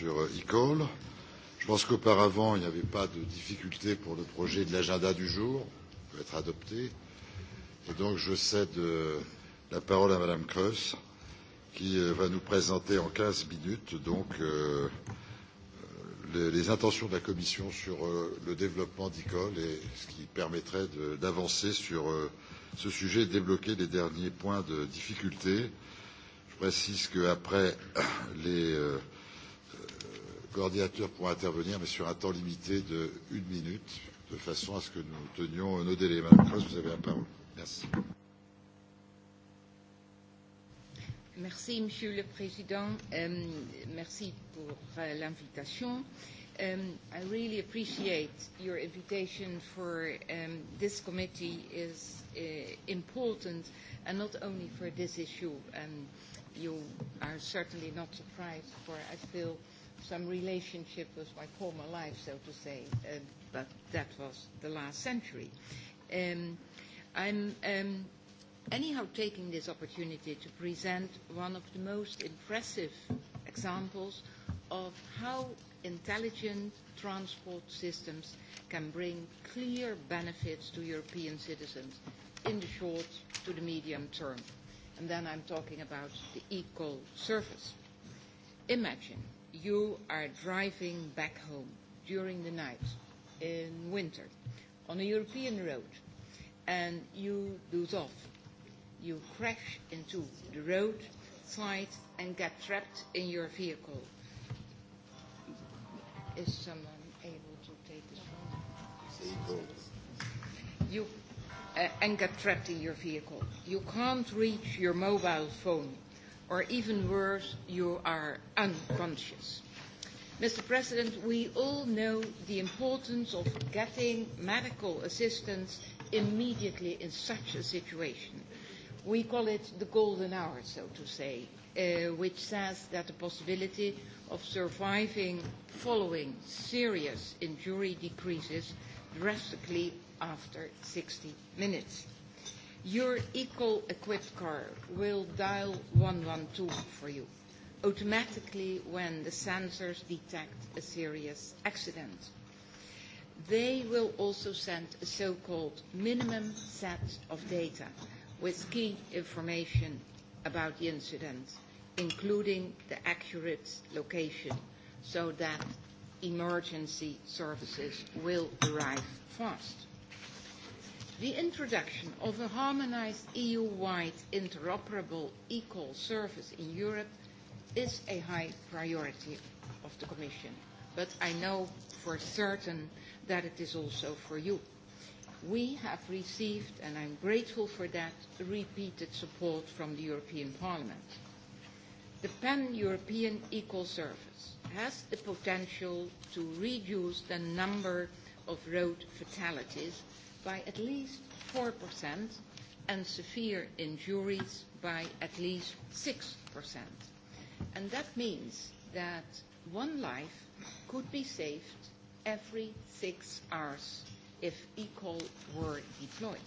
sur euh, e-call. Je pense qu'auparavant, il n'y avait pas de difficulté pour le projet de l'agenda du jour, il peut être adopté. Et donc, je cède euh, la parole à Madame Creus, qui euh, va nous présenter en 15 minutes donc, euh, les, les intentions de la Commission sur euh, le développement d'ICOL et ce qui permettrait d'avancer sur euh, ce sujet et de débloquer les derniers points de difficulté. Je précise qu'après les. Euh, coordinateurs pourront intervenir, mais sur un temps limité de une minute, de façon à ce que nous tenions nos délais. Madame Cross, vous avez la parole. Merci. Merci, Monsieur le Président. Um, merci pour uh, l'invitation. Um, I really appreciate your invitation for um, this committee is uh, important, and not only for this issue. Um, you are certainly not surprised, for I feel uh, some relationship with my former life, so to say, uh, but that was the last century. Um, I'm um, anyhow taking this opportunity to present one of the most impressive examples of how intelligent transport systems can bring clear benefits to European citizens in the short to the medium term. And then I'm talking about the equal service. Imagine you are driving back home during the night in winter on a European road and you doze off. You crash into the road, fight and get trapped in your vehicle. Is someone able to take this one? You uh, and get trapped in your vehicle. You can't reach your mobile phone or even worse, you are unconscious. Mr. President, we all know the importance of getting medical assistance immediately in such a situation. We call it the golden hour, so to say, uh, which says that the possibility of surviving following serious injury decreases drastically after 60 minutes. Your equal-equipped car will dial 112 for you automatically when the sensors detect a serious accident. They will also send a so-called minimum set of data with key information about the incident, including the accurate location, so that emergency services will arrive fast. The introduction of a harmonized EU-wide interoperable equal service in Europe is a high priority of the Commission, but I know for certain that it is also for you. We have received, and I'm grateful for that, repeated support from the European Parliament. The pan-European equal service has the potential to reduce the number of road fatalities by at least 4% and severe injuries by at least 6%. And that means that one life could be saved every six hours if ECOL were deployed.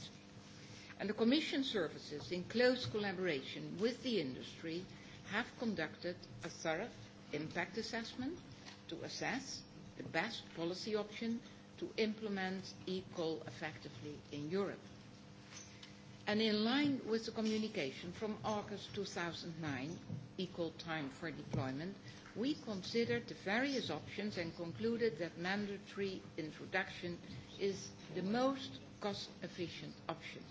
And the Commission services, in close collaboration with the industry, have conducted a thorough impact assessment to assess the best policy option to implement e-call effectively in Europe. And in line with the communication from August 2009, Equal Time for Deployment, we considered the various options and concluded that mandatory introduction is the most cost-efficient option.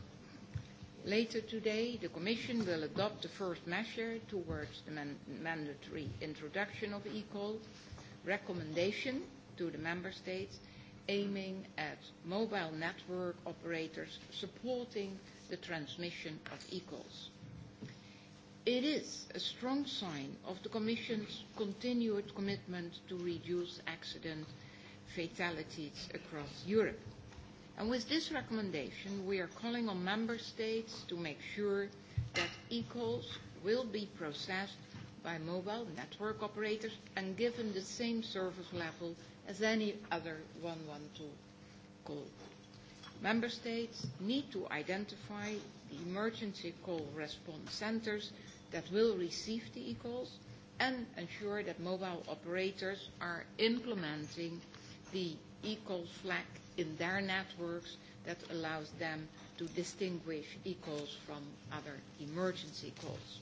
Later today, the Commission will adopt the first measure towards the man mandatory introduction of eCall, recommendation to the Member States, aiming at mobile network operators supporting the transmission of e-calls. It is a strong sign of the Commission's continued commitment to reduce accident fatalities across Europe. And with this recommendation, we are calling on member states to make sure that e-calls will be processed by mobile network operators and given the same service level as any other 112 call. Member States need to identify the emergency call response centers that will receive the e-calls and ensure that mobile operators are implementing the e-call flag in their networks that allows them to distinguish e-calls from other emergency calls.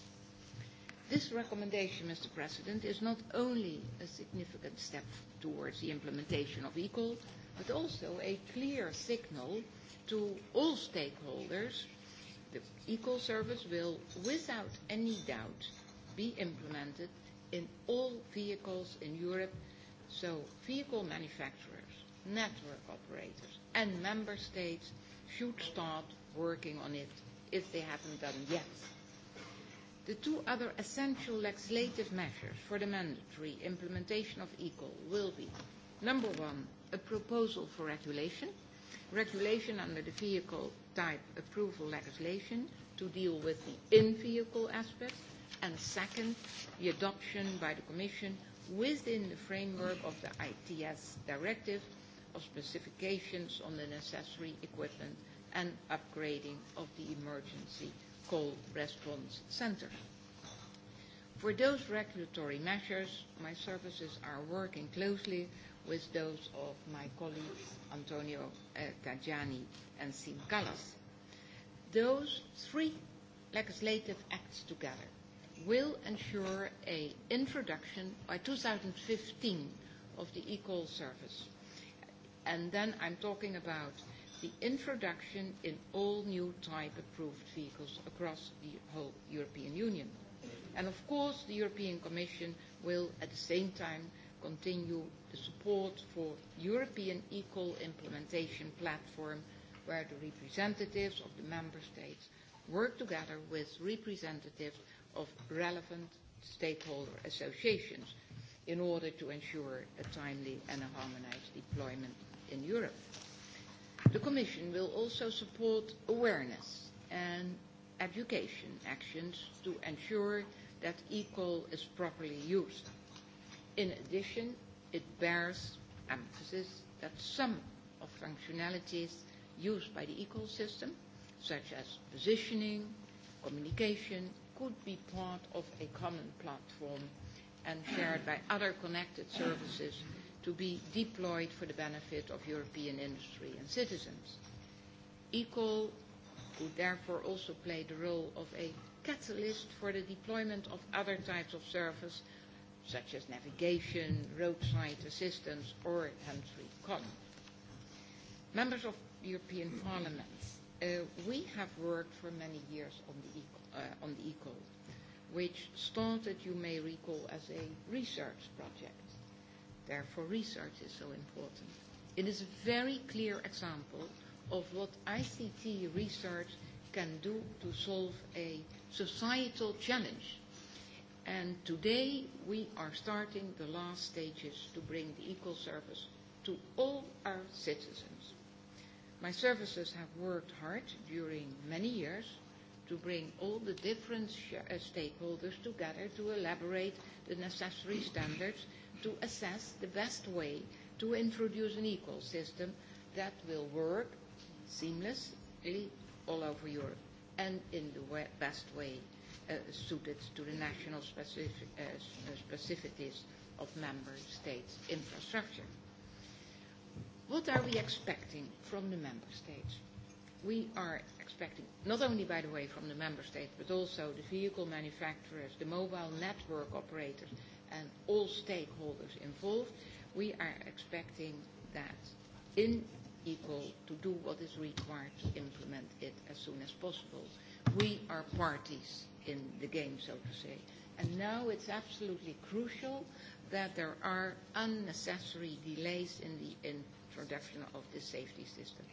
This recommendation, Mr. President, is not only a significant step towards the implementation of ECOL, but also a clear signal to all stakeholders the ECOL service will, without any doubt, be implemented in all vehicles in Europe, so vehicle manufacturers, network operators and member states should start working on it if they haven't done yet. The two other essential legislative measures for the mandatory implementation of ECOL will be, number one, a proposal for regulation, regulation under the vehicle type approval legislation to deal with the in-vehicle aspect, and second, the adoption by the Commission within the framework of the ITS directive of specifications on the necessary equipment and upgrading of the emergency call response centers. For those regulatory measures, my services are working closely with those of my colleagues Antonio uh, Tajani and Sim Callas. Those three legislative acts together will ensure a introduction by 2015 of the e-call service. And then I'm talking about uh, the introduction in all new type approved vehicles across the whole European Union. And of course, the European Commission will at the same time continue the support for European Equal Implementation Platform, where the representatives of the member states work together with representatives of relevant stakeholder associations in order to ensure a timely and a harmonized deployment in Europe. The Commission will also support awareness and education actions to ensure that eCall is properly used. In addition, it bears emphasis that some of functionalities used by the eCall system, such as positioning, communication, could be part of a common platform and shared by other connected services to be deployed for the benefit of European industry and citizens. ECOL could therefore also play the role of a catalyst for the deployment of other types of service, such as navigation, roadside assistance, or hands-free con. Members of European Parliament, uh, we have worked for many years on the, ECOL, uh, on the ECOL, which started, you may recall, as a research project Therefore, research is so important. It is a very clear example of what ICT research can do to solve a societal challenge. And today we are starting the last stages to bring the equal service to all our citizens. My services have worked hard during many years to bring all the different sh- uh, stakeholders together to elaborate the necessary standards to assess the best way to introduce an ecosystem that will work seamlessly all over Europe and in the best way uh, suited to the national specific, uh, uh, specificities of member states' infrastructure. What are we expecting from the member states? We are expecting, not only, by the way, from the member states, but also the vehicle manufacturers, the mobile network operators, and all stakeholders involved, we are expecting that in equal to do what is required to implement it as soon as possible. We are parties in the game, so to say. And now it's absolutely crucial that there are unnecessary delays in the introduction of the safety system.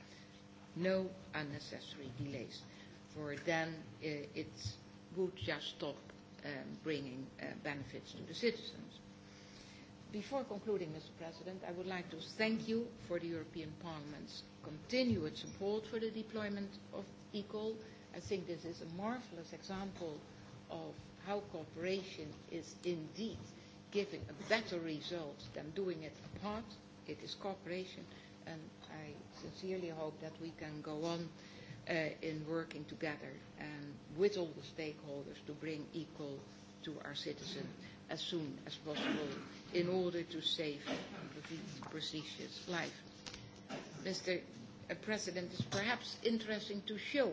No unnecessary delays. For then uh, it would just stop um, bringing uh, benefits to the citizens. Before concluding, Mr. President, I would like to thank you for the European Parliament's continued support for the deployment of ECOL. I think this is a marvelous example of how cooperation is indeed giving a better result than doing it apart. It is cooperation, and I sincerely hope that we can go on uh, uh, in working together and with all the stakeholders to bring equal to our citizen as soon as possible in order to save prestigious life. Mr. Uh, President, it's perhaps interesting to show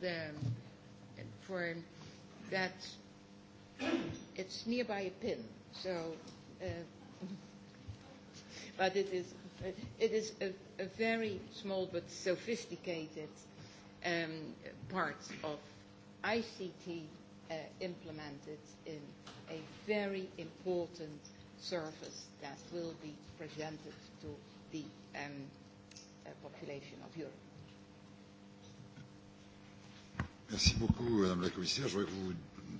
the, for that it's nearby a pin, so uh, but it is it is a, a very small but sophisticated um, parts of ICT uh, implemented in a very important service that will be presented to the um, uh, population of Europe. Merci beaucoup, Madame la Commissaire. Je vois que vous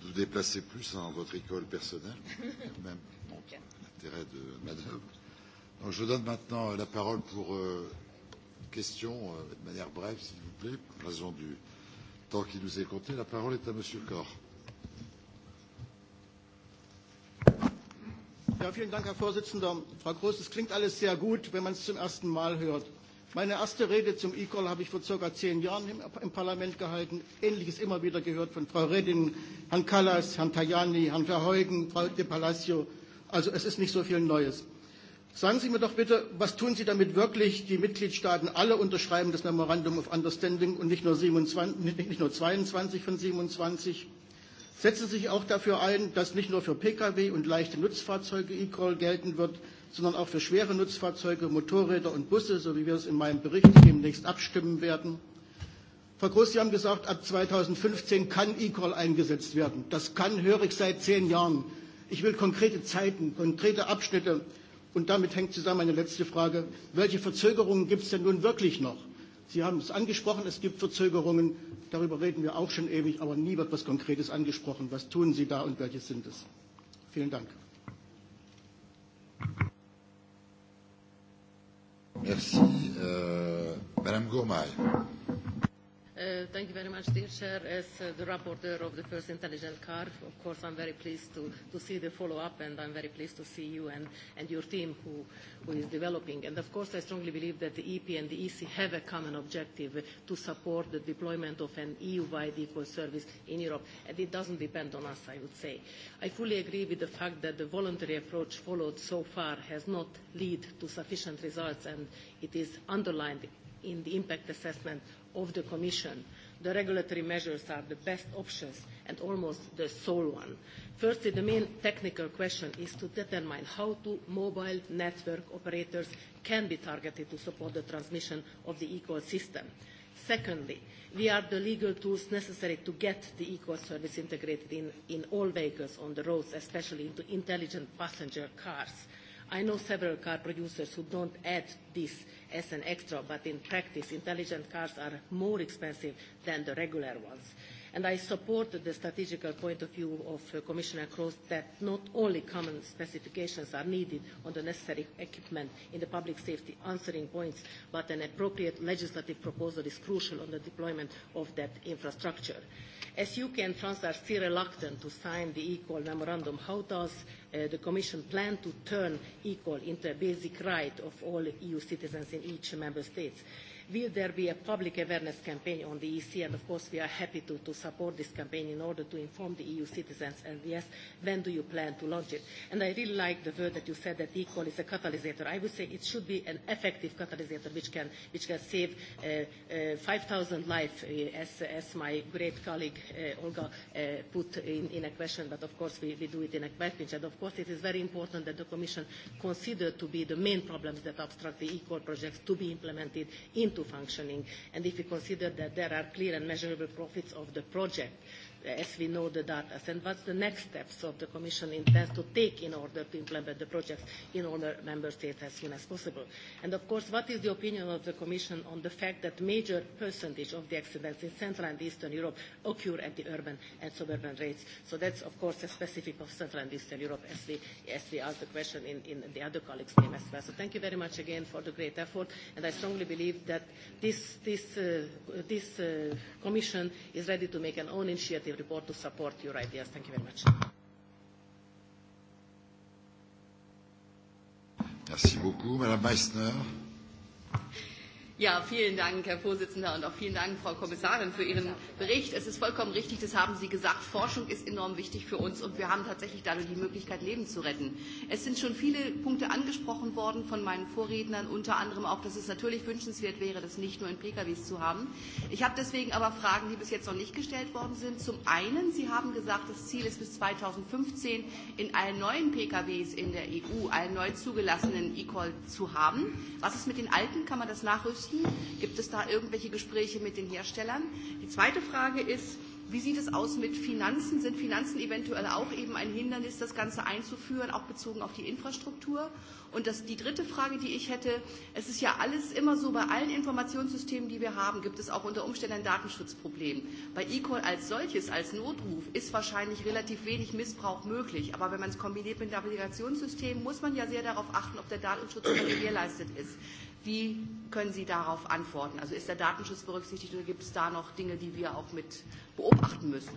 vous déplacez plus dans votre école personnelle, même donc, l'intérêt de Madame. Donc, je donne maintenant la parole pour euh, question euh, de manière brève, s'il vous plaît, en raison du temps qui nous est compté. La parole est à Monsieur Corr. Ja, vielen Dank, Herr Vorsitzender. Frau Groß, es klingt alles sehr gut, wenn man es zum ersten Mal hört. Meine erste Rede zum E-Call habe ich vor circa zehn Jahren im, im Parlament gehalten. Ähnliches immer wieder gehört von Frau Redin, Herrn Kallas, Herrn Tajani, Herrn Verheugen, Frau de Palacio. Also es ist nicht so viel Neues. Sagen Sie mir doch bitte, was tun Sie damit wirklich? Die Mitgliedstaaten alle unterschreiben das Memorandum of Understanding und nicht nur, 27, nicht nur 22 von 27. Setzen Sie sich auch dafür ein, dass nicht nur für Pkw und leichte Nutzfahrzeuge E-Call gelten wird, sondern auch für schwere Nutzfahrzeuge, Motorräder und Busse, so wie wir es in meinem Bericht demnächst abstimmen werden. Frau Groß, Sie haben gesagt, ab 2015 kann E-Call eingesetzt werden. Das kann, höre ich seit zehn Jahren. Ich will konkrete Zeiten, konkrete Abschnitte. Und damit hängt zusammen meine letzte Frage. Welche Verzögerungen gibt es denn nun wirklich noch? Sie haben es angesprochen, es gibt Verzögerungen. Darüber reden wir auch schon ewig, aber nie wird was Konkretes angesprochen. Was tun Sie da und welche sind es? Vielen Dank. Merci. Euh, Madame Gourmay. Uh, thank you very much, dear Chair. As uh, the rapporteur of the first intelligent car, of course, I'm very pleased to, to see the follow-up, and I'm very pleased to see you and, and your team who, who is developing. And of course, I strongly believe that the EP and the EC have a common objective to support the deployment of an EU-wide equal service in Europe, and it doesn't depend on us, I would say. I fully agree with the fact that the voluntary approach followed so far has not led to sufficient results, and it is underlined in the impact assessment of the Commission, the regulatory measures are the best options and almost the sole one. Firstly, the main technical question is to determine how two mobile network operators can be targeted to support the transmission of the equal system. Secondly, we are the legal tools necessary to get the equal service integrated in, in all vehicles on the roads, especially into intelligent passenger cars. I know several car producers who don't add this as an extra, but in practice, intelligent cars are more expensive than the regular ones. And I support the strategical point of view of uh, Commissioner Kroes that not only common specifications are needed on the necessary equipment in the public safety answering points, but an appropriate legislative proposal is crucial on the deployment of that infrastructure. As UK and France are still reluctant to sign the equal memorandum, how does uh, the Commission plan to turn equal into a basic right of all EU citizens in each member state? Uh, Will there be a public awareness campaign on the EC? And of course, we are happy to, to support this campaign in order to inform the EU citizens. And yes, when do you plan to launch it? And I really like the word that you said that ECOL is a catalyst. I would say it should be an effective catalyst which can, which can save uh, uh, 5,000 lives, uh, as, as my great colleague uh, Olga uh, put in, in a question. But of course, we, we do it in a package. And of course, it is very important that the Commission consider to be the main problems that obstruct the ECOL projects to be implemented into into functioning, and if we consider that there are clear and measurable profits of the project, as we know the data, and what's the next steps of the Commission intends to take in order to implement the projects in all the member states as soon as possible. And of course, what is the opinion of the Commission on the fact that major percentage of the accidents in Central and Eastern Europe occur at the urban and suburban rates? So that's, of course, a specific of Central and Eastern Europe as we, as we asked the question in, in the other colleagues' name as well. So thank you very much again for the great effort, and I strongly believe that this, this, uh, this uh, Commission is ready to make an own initiative initiative report to support your ideas. Thank you very much. Merci beaucoup, Madame Meissner. Ja, vielen Dank, Herr Vorsitzender, und auch vielen Dank, Frau Kommissarin, für Ihren Bericht. Es ist vollkommen richtig, das haben Sie gesagt. Forschung ist enorm wichtig für uns und wir haben tatsächlich dadurch die Möglichkeit, Leben zu retten. Es sind schon viele Punkte angesprochen worden von meinen Vorrednern, unter anderem auch, dass es natürlich wünschenswert wäre, das nicht nur in PKWs zu haben. Ich habe deswegen aber Fragen, die bis jetzt noch nicht gestellt worden sind. Zum einen, Sie haben gesagt, das Ziel ist bis 2015 in allen neuen PKWs in der EU, allen neu zugelassenen E-Call zu haben. Was ist mit den alten? Kann man das nachrüsten? kosten? Gibt es da irgendwelche Gespräche mit den Herstellern? Die zweite Frage ist, wie sieht es aus mit Finanzen? Sind Finanzen eventuell auch eben ein Hindernis, das Ganze einzuführen, auch bezogen auf die Infrastruktur? Und das, die dritte Frage, die ich hätte, es ist ja alles immer so, bei allen Informationssystemen, die wir haben, gibt es auch unter Umständen ein Datenschutzproblem. Bei eCall als solches, als Notruf, ist wahrscheinlich relativ wenig Missbrauch möglich. Aber wenn man es kombiniert mit Navigationssystemen, muss man ja sehr darauf achten, ob der Datenschutz gewährleistet ist. Wie können Sie darauf antworten? Also ist der Datenschutz berücksichtigt oder gibt es da noch Dinge, die wir auch mit beobachten müssen?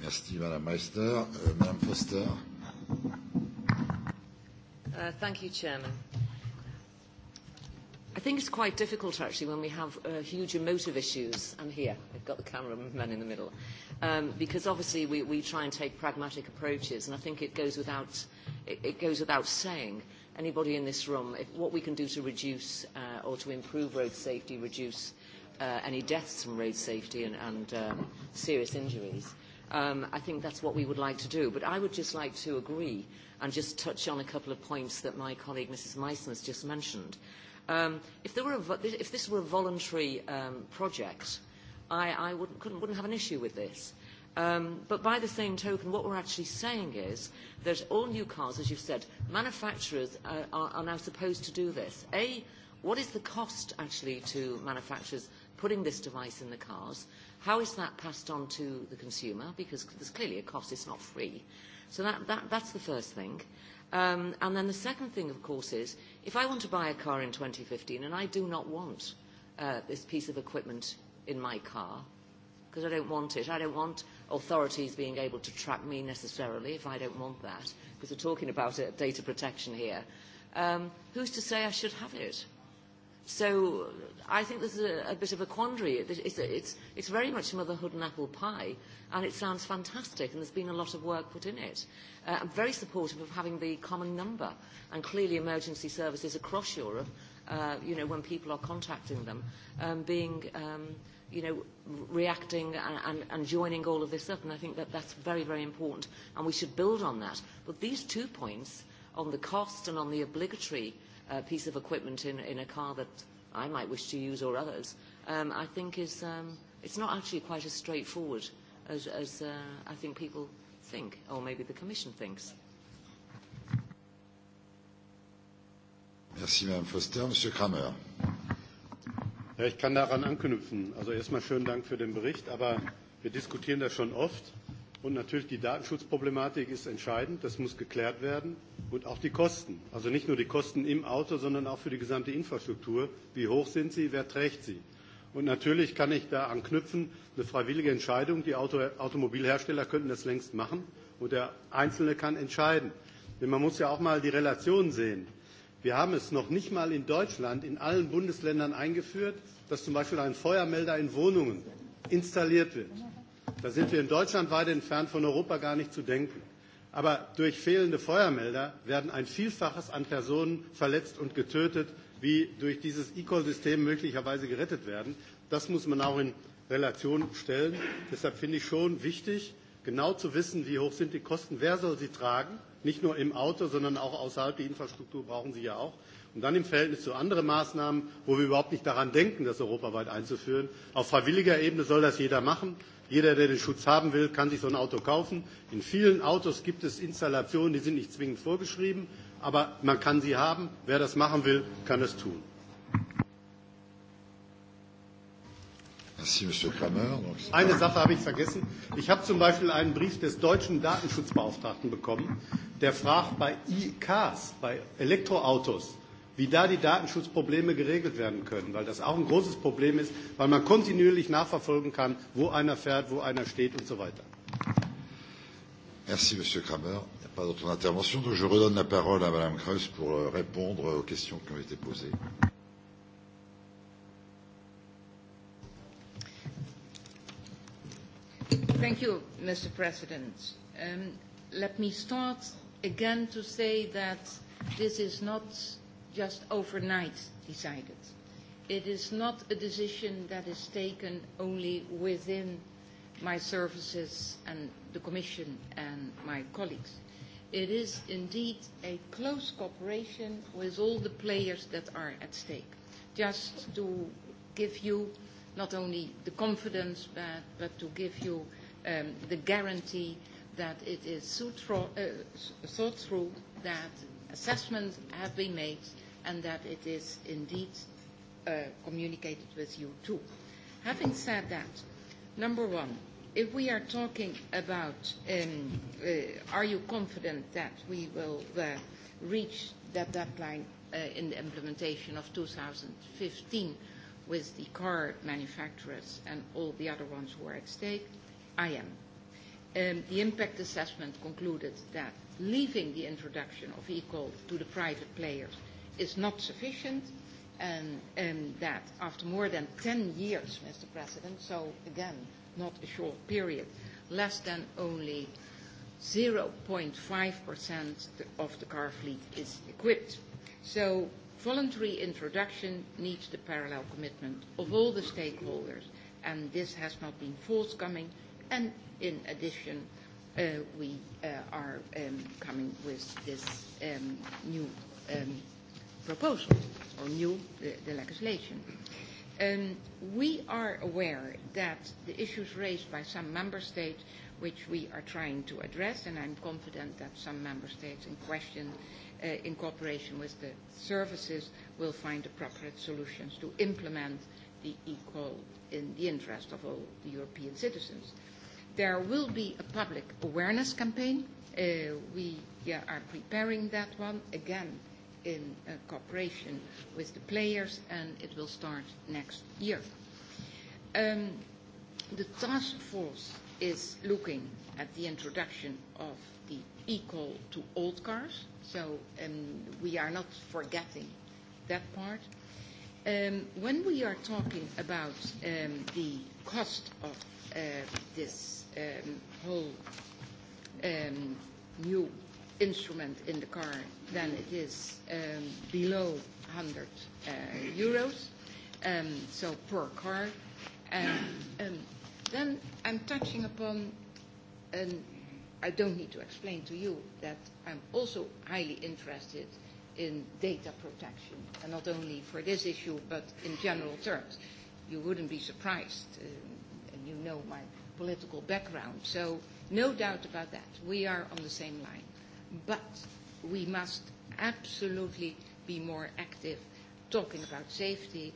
Merci, Madame Meister. Äh, Madame Foster. Uh, thank you, Chairman. I think it's quite difficult actually when we have uh, huge emotive issues, and here I've got the cameraman in the middle, um, because obviously we, we try and take pragmatic approaches, and I think it goes without, it, it goes without saying. Uh, anybody in this room, if, what we can do to reduce uh, or to improve road safety, reduce uh, any deaths from road safety and, and um, serious injuries. Um, I think that's what we would like to do. But I would just like to agree and just touch on a couple of points that my colleague Mrs Meissen has just mentioned. Um, if, there were a, if this were a voluntary um, project, I, I wouldn't, couldn't, wouldn't have an issue with this. Um, but by the same token, what we're actually saying is that all new cars, as you've said, manufacturers uh, are, are now supposed to do this. A, what is the cost actually to manufacturers putting this device in the cars? How is that passed on to the consumer? Because there's clearly a cost, it's not free. So that, that, that's the first thing. Um, and then the second thing, of course, is if I want to buy a car in 2015 and I do not want uh, this piece of equipment in my car, because I don't want it, I don't want authorities being able to track me necessarily if I don't want that, because we're talking about it, uh, data protection here. Um, who's to say I should have it? So I think this is a, a bit of a quandary. It, it's, it's, it's very much motherhood and apple pie, and it sounds fantastic, and there's been a lot of work put in it. Uh, I'm very supportive of having the common number, and clearly emergency services across Europe, uh, you know, when people are contacting them, um, being um, you know, reacting and, and, and joining all of this up. And I think that that's very, very important, and we should build on that. But these two points on the cost and on the obligatory uh, piece of equipment in, in a car that I might wish to use or others, um, I think is um, it's not actually quite as straightforward as, as uh, I think people think, or maybe the Commission thinks. Merci, Madame Foster. Monsieur Kramer. Ja, ich kann daran anknüpfen. Also erstmal schönen Dank für den Bericht, aber wir diskutieren das schon oft. Und natürlich die Datenschutzproblematik ist entscheidend, das muss geklärt werden. Und auch die Kosten. Also nicht nur die Kosten im Auto, sondern auch für die gesamte Infrastruktur. Wie hoch sind sie, wer trägt sie? Und natürlich kann ich da anknüpfen, eine freiwillige Entscheidung, die Auto, Automobilhersteller könnten das längst machen und der Einzelne kann entscheiden. Denn man muss ja auch mal die Relation sehen. Wir haben es noch nicht mal in Deutschland in allen Bundesländern eingeführt, dass zum Beispiel ein Feuermelder in Wohnungen installiert wird. Da sind wir in Deutschland weit entfernt von Europa gar nicht zu denken. Aber durch fehlende Feuermelder werden ein Vielfaches an Personen verletzt und getötet, wie durch dieses ECOL-System möglicherweise gerettet werden. Das muss man auch in Relation stellen. Deshalb finde ich schon wichtig, genau zu wissen, wie hoch sind die Kosten, wer soll sie tragen nicht nur im Auto, sondern auch außerhalb. Die Infrastruktur brauchen sie ja auch. Und dann im Verhältnis zu anderen Maßnahmen, wo wir überhaupt nicht daran denken, das europaweit einzuführen. Auf freiwilliger Ebene soll das jeder machen. Jeder, der den Schutz haben will, kann sich so ein Auto kaufen. In vielen Autos gibt es Installationen, die sind nicht zwingend vorgeschrieben, aber man kann sie haben. Wer das machen will, kann das tun. Merci, Monsieur Kramer. Eine Sache habe ich vergessen. Ich habe zum Beispiel einen Brief des deutschen Datenschutzbeauftragten bekommen, der fragt bei E-Cars, bei Elektroautos, wie da die Datenschutzprobleme geregelt werden können, weil das auch ein großes Problem ist, weil man kontinuierlich nachverfolgen kann, wo einer fährt, wo einer steht und so weiter. Merci, Monsieur Kramer. Il n'y a pas d'autres interventions, donc je redonne la parole à Madame Creus pour euh, répondre aux questions qui ont été posées. Thank you, Mr. President. Um, let me start again to say that this is not just overnight decided. It is not a decision that is taken only within my services and the Commission and my colleagues. It is indeed a close cooperation with all the players that are at stake. Just to give you not only the confidence, but, but to give you uh, um, the guarantee that it is thought through, uh, thought through, that assessments have been made, and that it is indeed uh, communicated with you too. Having said that, number one, if we are talking about um, uh, are you confident that we will uh, reach that deadline uh, in the implementation of 2015 with the car manufacturers and all the other ones who are at stake, uh, IAM. Um, the impact assessment concluded that leaving the introduction of ECOL to the private players is not sufficient and, um, and that after more than 10 years, Mr. President, so again, not a short period, less than only 0.5% of the car fleet is equipped. So voluntary introduction needs the parallel commitment of all the stakeholders, and this has not been forthcoming And in addition, uh, we uh, are um, coming with this um, new um, proposal or new the, uh, the legislation. Um, we are aware that the issues raised by some member states, which we are trying to address, and I'm confident that some member states in question, uh, in cooperation with the services, will find appropriate solutions to implement the equal in the interest of all the European citizens. Uh, there will be a public awareness campaign. Uh, we yeah, are preparing that one again in uh, cooperation with the players, and it will start next year. Um, the task force is looking at the introduction of the e-call to old cars, so um, we are not forgetting that part. Um, when we are talking about um, the cost of uh, this um, whole um, new instrument in the car than it is um, below 100 uh, euros, um, so per car. And um, um, then I'm touching upon, and I don't need to explain to you that I'm also highly interested in data protection, and not only for this issue, but in general terms. You wouldn't be surprised, um, and you know my political background. So no doubt about that. We are on the same line. But we must absolutely be more active talking about safety,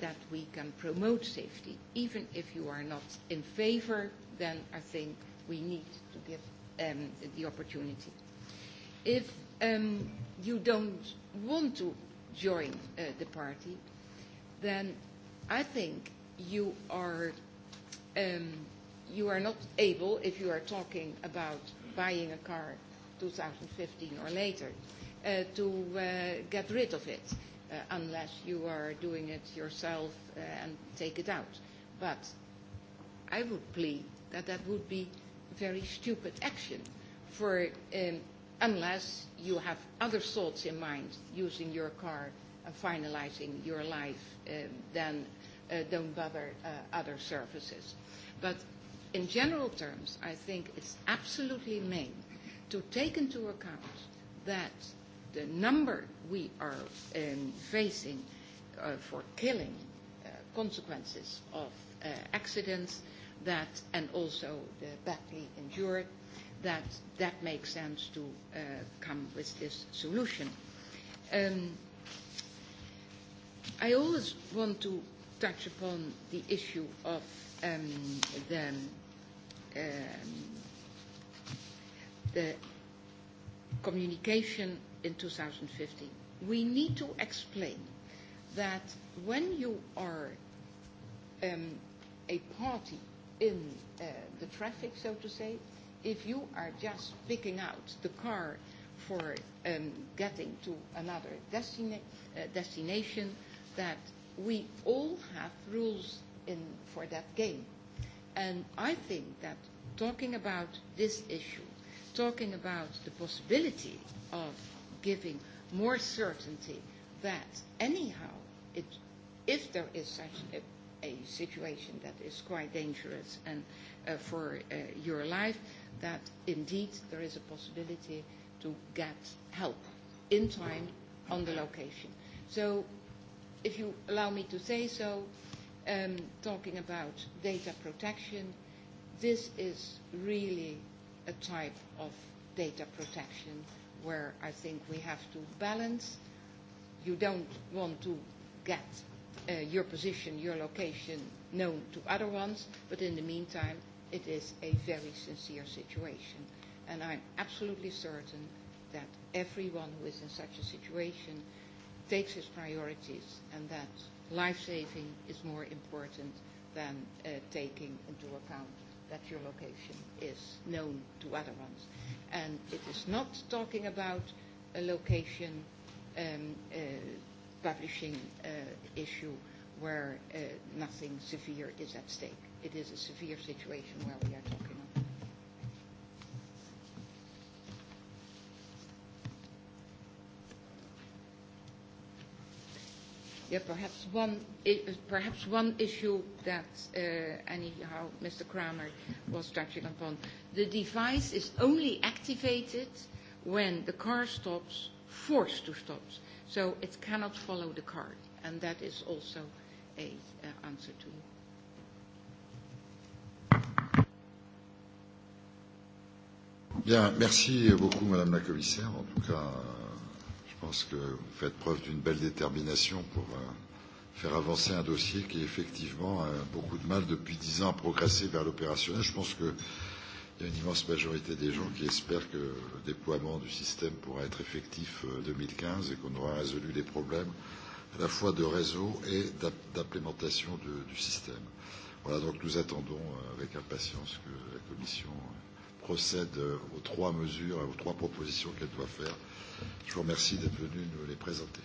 that we can promote safety. Even if you are not in favor, then I think we need to give um, the opportunity. If um, you don't want to join uh, the party, then I think you are um, you are not able, if you are talking about buying a car 2015 or later, uh, to uh, get rid of it uh, unless you are doing it yourself uh, and take it out. But I would plead that that would be very stupid action for um, unless you have other thoughts in mind using your car and finalizing your life, um, then uh, don't bother uh, other services. But in general terms, I think it's absolutely main to take into account that the number we are um, facing uh, for killing uh, consequences of uh, accidents that and also the badly injured that that makes sense to uh, come with this solution. Um, I always want to touch upon the issue of um, the um, the communication in 2015. We need to explain that when you are um, a party in uh, the traffic, so to say, if you are just picking out the car for um, getting to another destina- uh, destination, that we all have rules in, for that game And I think that talking about this issue, talking about the possibility of giving more certainty that anyhow, it, if there is such a, a situation that is quite dangerous and uh, for uh, your life, that indeed there is a possibility to get help in time on the location. So, if you allow me to say so, uh, um, talking about data protection, this is really a type of data protection where I think we have to balance. You don't want to get uh, your position, your location known to other ones, but in the meantime, it is a very sincere situation. And I'm absolutely certain that everyone who is in such a situation takes its priorities and that life saving is more important than uh, taking into account that your location is known to other ones. And it is not talking about a location um, uh, publishing uh, issue where uh, nothing severe is at stake. It is a severe situation where we are talking. Yeah, perhaps one, perhaps one issue that uh, anyhow Mr. Kramer was touching upon. The device is only activated when the car stops, forced to stop. So it cannot follow the car, and that is also a uh, answer to you. Bien, merci beaucoup, Madame la Commissaire. En tout cas, pense que vous faites preuve d'une belle détermination pour euh, faire avancer un dossier qui, effectivement, a beaucoup de mal depuis dix ans à progresser vers l'opérationnel. Je pense qu'il y a une immense majorité des gens qui espèrent que le déploiement du système pourra être effectif en euh, 2015 et qu'on aura résolu les problèmes à la fois de réseau et d'implémentation du système. Voilà, donc nous attendons euh, avec impatience que la Commission procède euh, aux trois mesures, aux trois propositions qu'elle doit faire Je vous remercie d'être venu nous les présenter.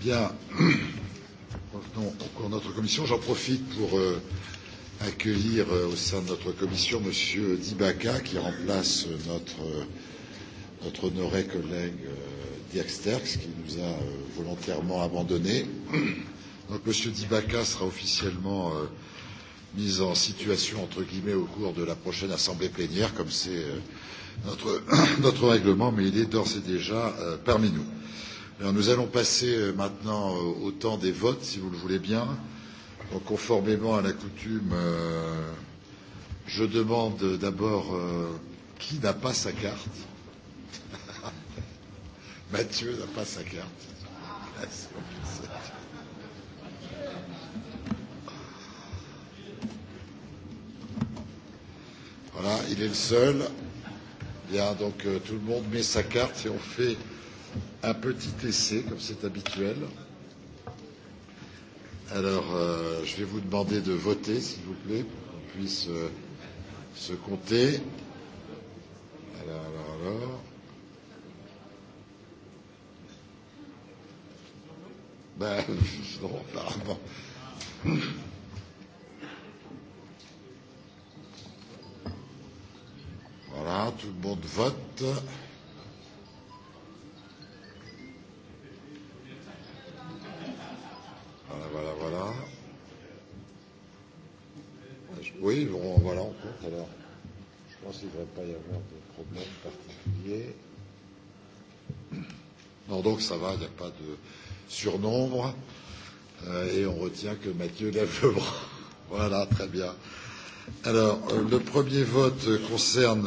Bien, revenons au cours de notre commission. J'en profite pour euh, accueillir euh, au sein de notre commission M. Dibaka, qui remplace euh, notre euh, notre honoré collègue euh, Diaxterx qui nous a euh, volontairement abandonnés. Donc M. Dibaka sera officiellement euh, mis en situation, entre guillemets, au cours de la prochaine assemblée plénière, comme c'est euh, notre, notre règlement, mais il est d'ores et déjà euh, parmi nous. Alors nous allons passer euh, maintenant euh, au temps des votes, si vous le voulez bien. Donc conformément à la coutume, euh, je demande d'abord euh, qui n'a pas sa carte. Mathieu n'a pas sa carte. Ah, That's complicit. Voilà, il est le seul. Bien, donc euh, tout le monde met sa carte et on fait un petit essai, comme c'est habituel. Alors, euh, je vais vous demander de voter, s'il vous plaît, pour qu'on puisse euh, se compter. Alors, alors, alors. Ben, bon, pardon. Voilà, tout le monde vote. Voilà, voilà, voilà. Oui, bon, voilà, on compte alors. Je pense qu'il ne devrait pas y avoir de problème particulier. Non, donc ça va, il n'y a pas de. Euh, surnombre. Euh, et on retient que Mathieu lève le bras. voilà, très bien. Alors, euh, le premier vote concerne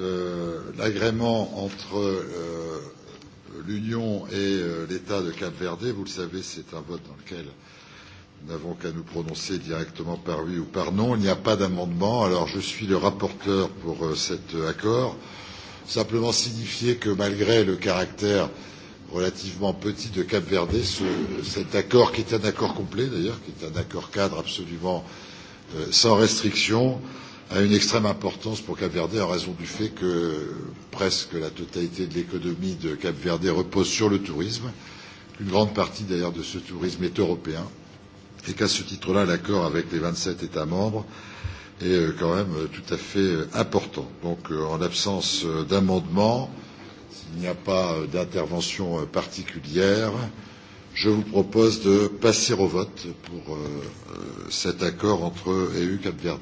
euh, l'agrément entre euh, l'Union et euh, l'État de Cap-Verde. Vous le savez, c'est un vote dans lequel nous n'avons qu'à nous prononcer directement par oui ou par non. Il n'y a pas d'amendement. Alors, je suis le rapporteur pour euh, cet accord. Simplement signifier que malgré le caractère euh, relativement petit de Cap Verde ce, cet accord, qui est un accord complet d'ailleurs, qui est un accord cadre absolument euh, sans restriction, a une extrême importance pour Cap Verde en raison du fait que presque la totalité de l'économie de Cap Verde repose sur le tourisme, qu'une grande partie d'ailleurs de ce tourisme est européen, et qu'à ce titre-là, l'accord avec les 27 États membres est euh, quand même euh, tout à fait euh, important. Donc en l'absence d'amendements, euh, Il n'y a pas euh, d'intervention euh, particulière. Je vous propose de passer au vote pour euh, euh cet accord entre EU Cap Verde.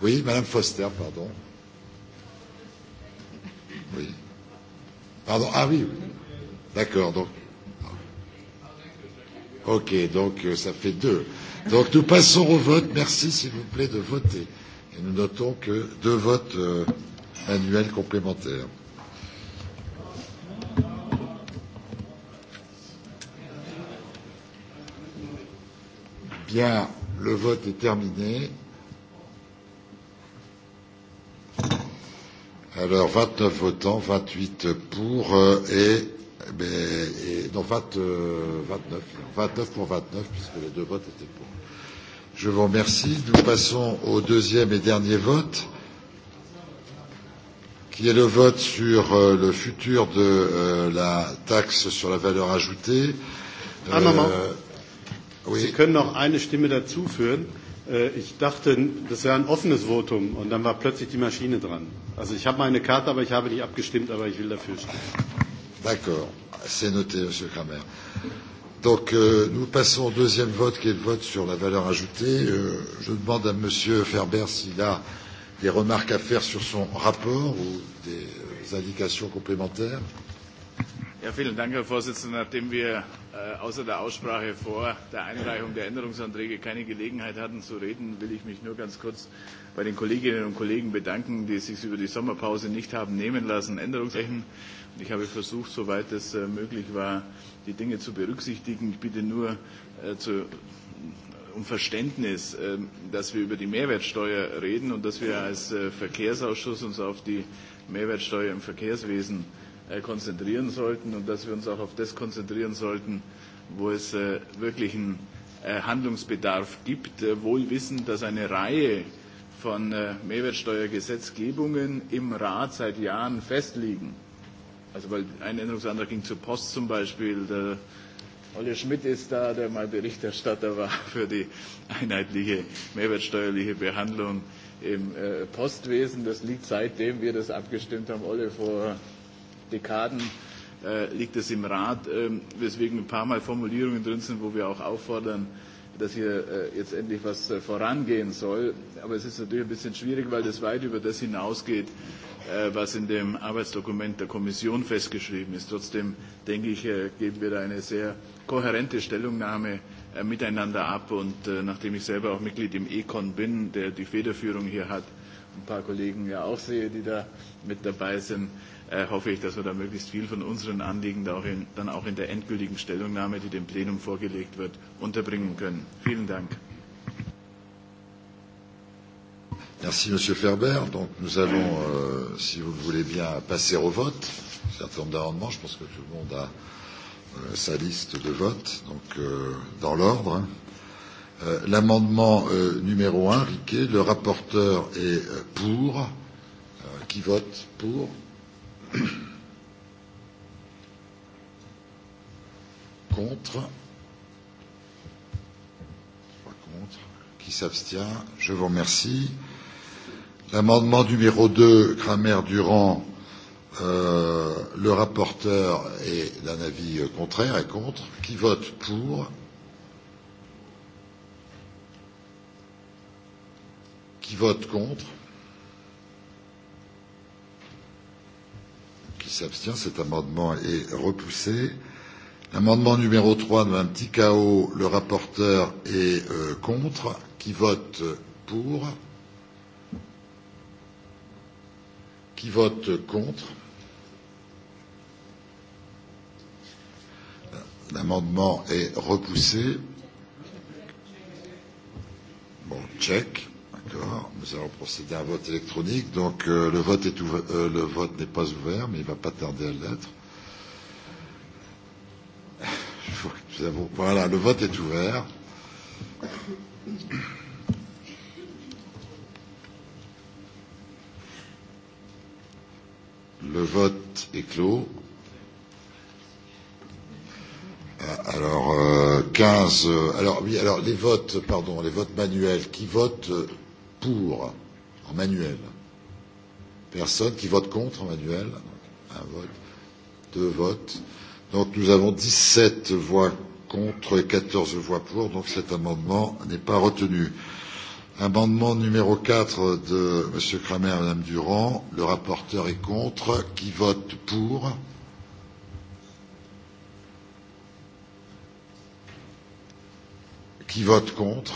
Oui, Madame Foster, pardon. Oui. Pardon. Ah oui. oui. D'accord. Donc. Ok. Donc euh, ça fait deux. Donc nous passons au vote. Merci, s'il vous plaît, de voter. Et nous notons que deux votes euh, annuels complémentaires. Bien, le vote est terminé. Alors 29 votants, 28 pour euh, et, et, et non 20, euh, 29, 29 pour 29 puisque les deux votes étaient pour. Je vous remercie. Nous passons au deuxième et dernier vote, qui est le vote sur euh, le futur de euh, la taxe sur la valeur ajoutée. Euh, Un moment. Euh, Oui. Sie können noch eine Stimme dazu führen. Äh, ich dachte, das wäre ein offenes Votum und dann war plötzlich die Maschine dran. Also ich habe meine Karte, aber ich habe nicht abgestimmt, aber ich will dafür stimmen. D'accord, c'est noté, Monsieur Kramer. Donc euh, nous passons au deuxième vote qui est le vote sur la valeur ajoutée. Euh, je demande à Monsieur Ferber s'il a des remarques à faire sur son rapport ou des euh, indications complémentaires. Euh, Ja, vielen Dank, Herr Vorsitzender. Nachdem wir äh, außer der Aussprache vor der Einreichung der Änderungsanträge keine Gelegenheit hatten zu reden, will ich mich nur ganz kurz bei den Kolleginnen und Kollegen bedanken, die es sich über die Sommerpause nicht haben nehmen lassen, Änderungsrechen. Ich habe versucht, soweit es äh, möglich war, die Dinge zu berücksichtigen. Ich bitte nur äh, zu, um Verständnis, äh, dass wir über die Mehrwertsteuer reden und dass wir als äh, Verkehrsausschuss uns auf die Mehrwertsteuer im Verkehrswesen äh, äh, konzentrieren sollten und dass wir uns auch auf das konzentrieren sollten, wo es äh, wirklich einen äh, Handlungsbedarf gibt, äh, wohl wissend, dass eine Reihe von äh, Mehrwertsteuergesetzgebungen im Rat seit Jahren festliegen. Also weil ein Änderungsantrag ging zur Post zum Beispiel, der Olle Schmidt ist da, der mal Berichterstatter war für die einheitliche mehrwertsteuerliche Behandlung im äh, Postwesen. Das liegt seitdem wir das abgestimmt haben, Olle, vor Dekaden äh, liegt es im Rat, äh, weswegen ein paar Mal Formulierungen drin sind, wo wir auch auffordern, dass hier äh, jetzt endlich was äh, vorangehen soll. Aber es ist natürlich ein bisschen schwierig, weil das weit über das hinausgeht, äh, was in dem Arbeitsdokument der Kommission festgeschrieben ist. Trotzdem denke ich, äh, geben wir da eine sehr kohärente Stellungnahme äh, miteinander ab. Und äh, nachdem ich selber auch Mitglied im Econ bin, der die Federführung hier hat, ein paar Kollegen ja auch sehe, die da mit dabei sind, äh, äh, hoffe ich, dass wir da möglichst viel von unseren Anliegen da auch in, dann auch in der endgültigen Stellungnahme, die dem Plenum vorgelegt wird, unterbringen können. Vielen Dank. Merci, Monsieur Ferber. Donc, nous allons, euh, si vous le voulez bien, passer au vote. Certain nombre d'amendements, je pense que tout le monde a euh, sa liste de votes, donc euh, dans l'ordre. Euh, L'amendement euh, numéro 1, Riquet, le rapporteur est euh, pour. Euh, qui vote pour euh, Contre. Trois contre. Qui s'abstient Je vous remercie. L'amendement numéro 2, Kramer-Durand, euh, le rapporteur est d'un avis euh, contraire et contre. Qui vote pour Qui vote contre qui s'abstient. Cet amendement est repoussé. L'amendement numéro 3 de Mme Ticao, le rapporteur est euh, contre. Qui vote pour Qui vote contre L'amendement est repoussé. Bon, check. D'accord. Nous allons procéder à un vote électronique. Donc euh, le vote est ouvert, euh, le vote n'est pas ouvert, mais il ne va pas tarder à l'être. Nous avons... Voilà, le vote est ouvert. Le vote est clos. Euh, alors, euh, 15. Euh, alors, oui, alors, les votes, pardon, les votes manuels. Qui vote euh, pour en manuel. Personne qui vote contre en manuel. Un vote, deux votes. Donc nous avons 17 voix contre et 14 voix pour, donc cet amendement n'est pas retenu. Amendement numéro 4 de M. Kramer et Mme Durand. Le rapporteur est contre. Qui vote pour Qui vote contre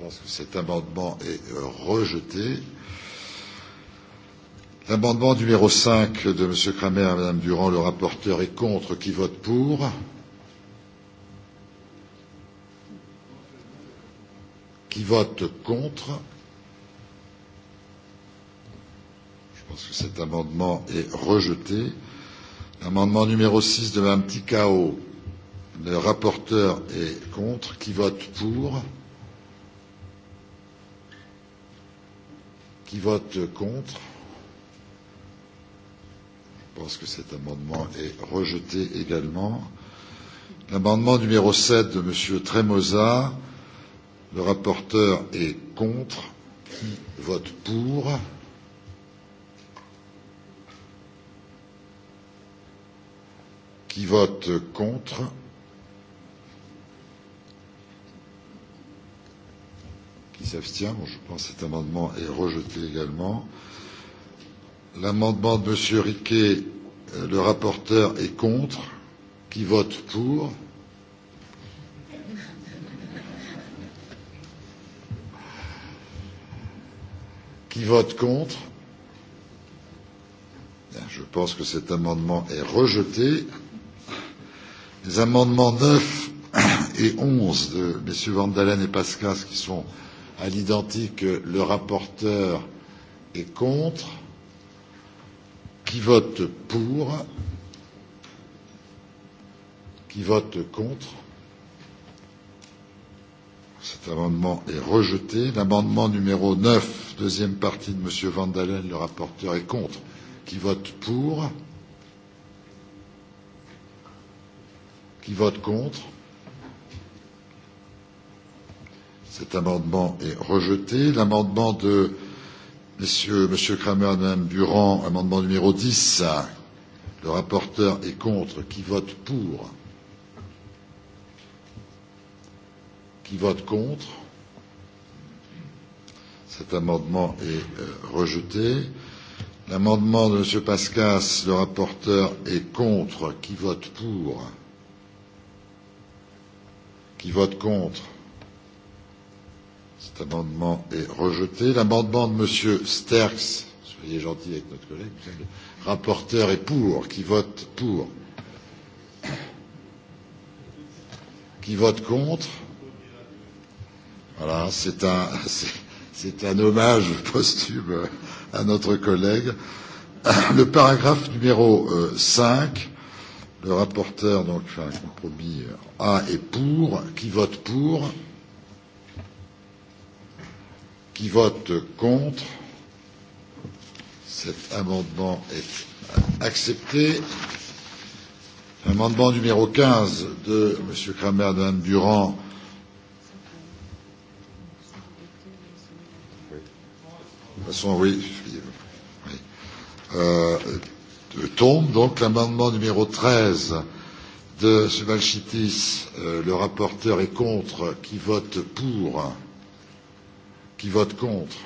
pense que cet amendement est euh, rejeté. L'amendement numéro 5 de M. Kramer à Mme Durand, le rapporteur, est contre. Qui vote pour Qui vote contre Je pense que cet amendement est rejeté. L'amendement numéro 6 de Mme Ticao, le rapporteur est contre. Qui vote pour Qui vote pour Qui vote contre Je pense que cet amendement est rejeté également. L'amendement numéro 7 de M. Tremosa, le rapporteur est contre. Qui vote pour Qui vote contre qui s'abstient. Bon, je pense que cet amendement est rejeté également. L'amendement de M. Riquet, euh, le rapporteur, est contre. Qui vote pour Qui vote contre Je pense que cet amendement est rejeté. Les amendements 9 et 11 de messieurs Vandalen et Pascas qui sont euh, À l'identique, le rapporteur est contre. Qui vote pour Qui vote contre Cet amendement est rejeté. L'amendement numéro 9, deuxième partie de M. Vandalen, le rapporteur, est contre. Qui vote pour Qui vote contre Cet amendement est rejeté. L'amendement de messieurs, Monsieur Kramer et Madame Durand, amendement numéro 10, le rapporteur est contre. Qui vote pour Qui vote contre Cet amendement est euh, rejeté. L'amendement de M. Pascas, le rapporteur, est contre. Qui vote pour Qui vote contre Cet amendement est rejeté. L'amendement de Monsieur Sterks, soyez gentil avec notre collègue, le rapporteur est pour. Qui vote pour Qui vote contre Voilà, c'est un, c'est un hommage posthume à notre collègue. Le paragraphe numéro 5, euh, le rapporteur, donc, fait un compromis euh, A est pour. Qui vote pour Qui vote contre Cet amendement est accepté. Amendement numéro 15 de M. Kramer et de Mme Durand. De toute façon, oui. oui. Euh, euh tombe donc l'amendement numéro 13 de M. Valchitis. Euh, le rapporteur est contre. Qui vote pour euh, Qui vote contre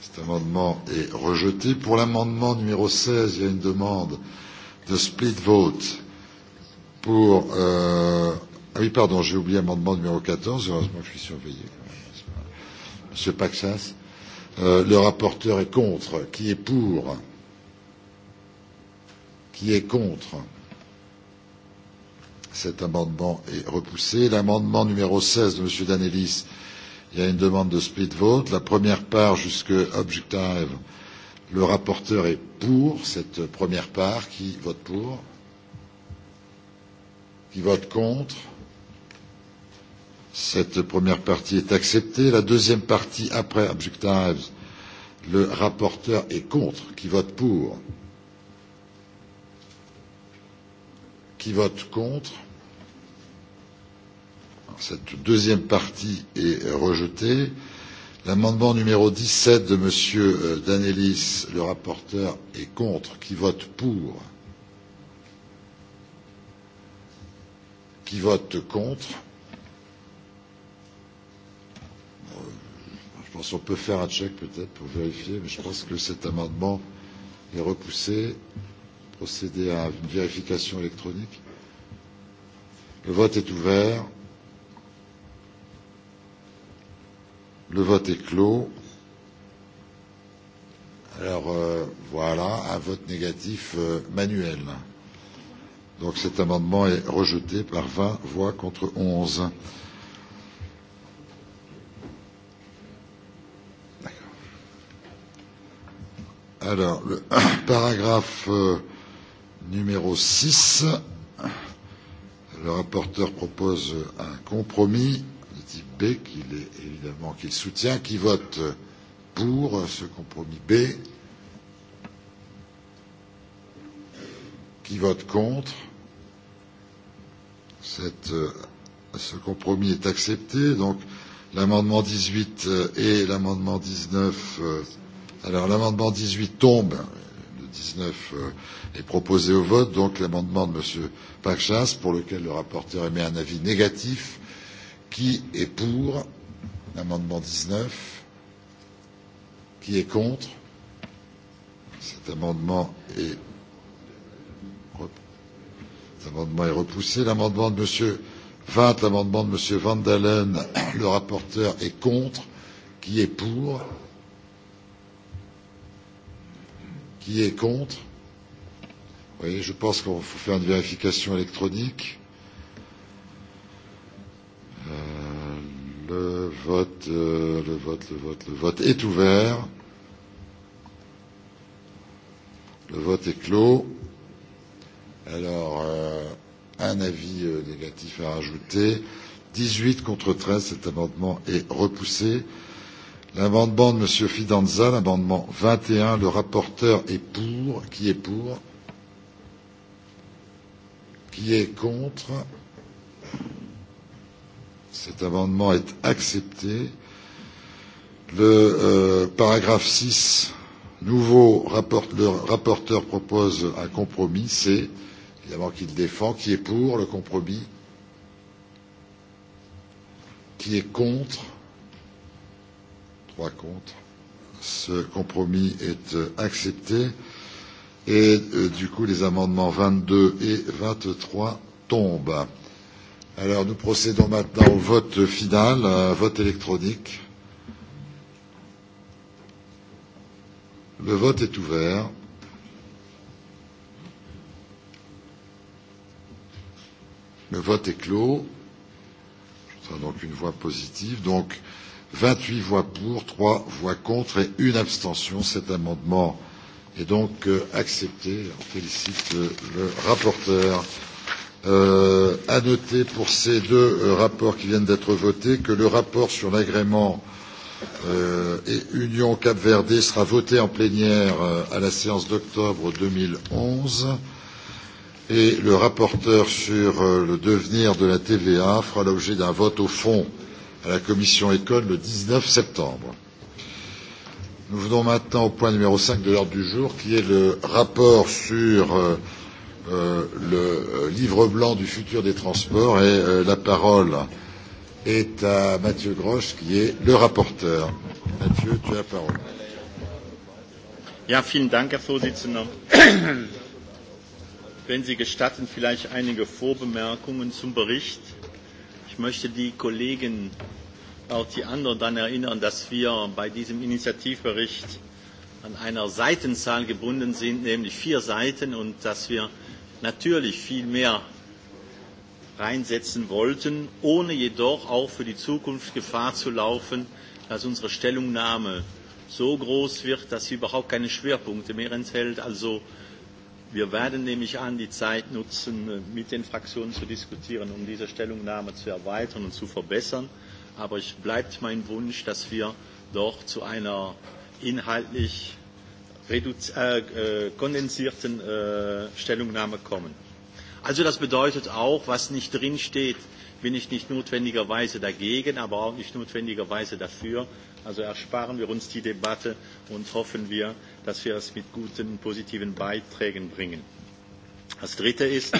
Cet amendement est rejeté. Pour l'amendement numéro 16, il y a une demande de split vote pour. Euh, ah oui, pardon, j'ai oublié l'amendement numéro 14. Heureusement que je suis surveillé. Monsieur Paxas, euh, le rapporteur est contre. Qui est pour Qui est contre Cet amendement est repoussé. L'amendement numéro 16 de Monsieur Danelis Il y a une demande de split vote. La première part jusque objective. Le rapporteur est pour cette première part. Qui vote pour Qui vote contre Cette première partie est acceptée. La deuxième partie après objectives. Le rapporteur est contre. Qui vote pour Qui vote contre cette deuxième partie est euh, rejetée. L'amendement numéro 17 de Monsieur euh, Danelis, le rapporteur, est contre. Qui vote pour Qui vote contre euh, Je pense qu'on peut faire un check peut-être pour vérifier, mais je pense que cet amendement est repoussé. Procéder à une vérification électronique. Le vote est ouvert. Le vote est clos. Alors euh, voilà, un vote négatif euh, manuel. Donc cet amendement est rejeté par 20 voix contre 11. Alors, le paragraphe euh, numéro 6, le rapporteur propose un compromis. Euh, rappeler qu'il est évidemment qu'il soutient, qui vote pour ce compromis B, qui vote contre. Cette, euh, ce compromis est accepté. Donc l'amendement 18 euh, et l'amendement 19. Euh, alors l'amendement 18 tombe. Le 19 est proposé au vote. Donc l'amendement de M. Pachas, pour lequel le rapporteur émet un avis négatif, Qui est pour l'amendement 19 Qui est contre Cet amendement est, Cet amendement est repoussé. L'amendement de Monsieur 20, l'amendement de Monsieur Van Dalen, le rapporteur est contre. Qui est pour Qui est contre Oui, je pense qu'on faut faire une vérification électronique. Euh, le vote, euh, le vote, le vote, le vote est ouvert. Le vote est clos. Alors, euh, un avis euh, négatif à rajouter. 18 contre 13, cet amendement est repoussé. L'amendement de M. Fidanza, l'amendement 21, le rapporteur est pour. Qui est pour Qui est contre Cet amendement est accepté. Le euh, paragraphe 6, nouveau rapporteur, rapporteur propose un compromis, c'est évidemment qu'il défend, qui est pour le compromis, qui est contre, trois contre, ce compromis est euh, accepté et euh, du coup les amendements 22 et 23 tombent. Alors nous procédons maintenant au vote final, euh, vote électronique. Le vote est ouvert. Le vote est clos. Ce sera donc une voix positive. Donc 28 voix pour, 3 voix contre et une abstention. Cet amendement est donc euh, accepté. On félicite euh, le rapporteur. Euh, Euh, à noter pour ces deux euh, rapports qui viennent d'être votés que le rapport sur l'agrément euh, et Union Cap Verde sera voté en plénière euh, à la séance d'octobre 2011 et le rapporteur sur euh, le devenir de la TVA fera l'objet d'un vote au fond à la commission Econ le 19 septembre. Nous venons maintenant au point numéro 5 de l'ordre du jour qui est le rapport sur euh, euh, le euh, livre blanc du futur des transports et euh, la parole est à Mathieu Grosch qui est le rapporteur. Mathieu, tu as la parole. Ja, vielen Dank, Herr Vorsitzender. Wenn Sie gestatten, vielleicht einige Vorbemerkungen zum Bericht. Ich möchte die Kollegen, auch die anderen daran erinnern, dass wir bei diesem Initiativbericht an einer Seitenzahl gebunden sind, nämlich vier Seiten, und dass wir natürlich viel mehr reinsetzen wollten, ohne jedoch auch für die Zukunft Gefahr zu laufen, dass unsere Stellungnahme so groß wird, dass sie überhaupt keine Schwerpunkte mehr enthält. Also wir werden nämlich an die Zeit nutzen, mit den Fraktionen zu diskutieren, um diese Stellungnahme zu erweitern und zu verbessern. Aber es bleibt mein Wunsch, dass wir doch zu einer inhaltlich Äh, äh, kondensierten äh, Stellungnahme kommen. Also das bedeutet auch, was nicht drin steht, bin ich nicht notwendigerweise dagegen, aber auch nicht notwendigerweise dafür. Also ersparen wir uns die Debatte und hoffen wir, dass wir es mit guten, positiven Beiträgen bringen. Das Dritte ist,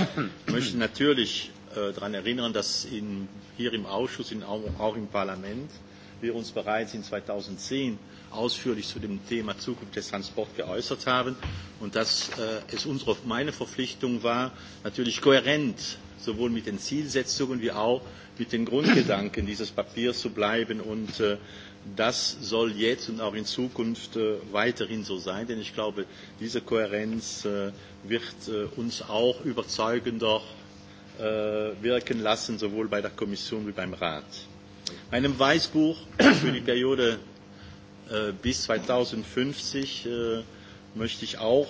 ich möchte natürlich äh, daran erinnern, dass in, hier im Ausschuss, in, auch im Parlament, äh, wir uns bereits in 2010 ausführlich zu dem Thema Zukunft des Transports geäußert haben und dass äh, es unsere, meine Verpflichtung war, natürlich kohärent sowohl mit den Zielsetzungen wie auch mit den Grundgedanken dieses Papiers zu bleiben und äh, das soll jetzt und auch in Zukunft äh, weiterhin so sein, denn ich glaube, diese Kohärenz äh, wird äh, uns auch überzeugender äh, wirken lassen, sowohl bei der Kommission wie beim Rat. Äh, meinem Weißbuch für die Periode äh, bis 2050 äh, möchte ich auch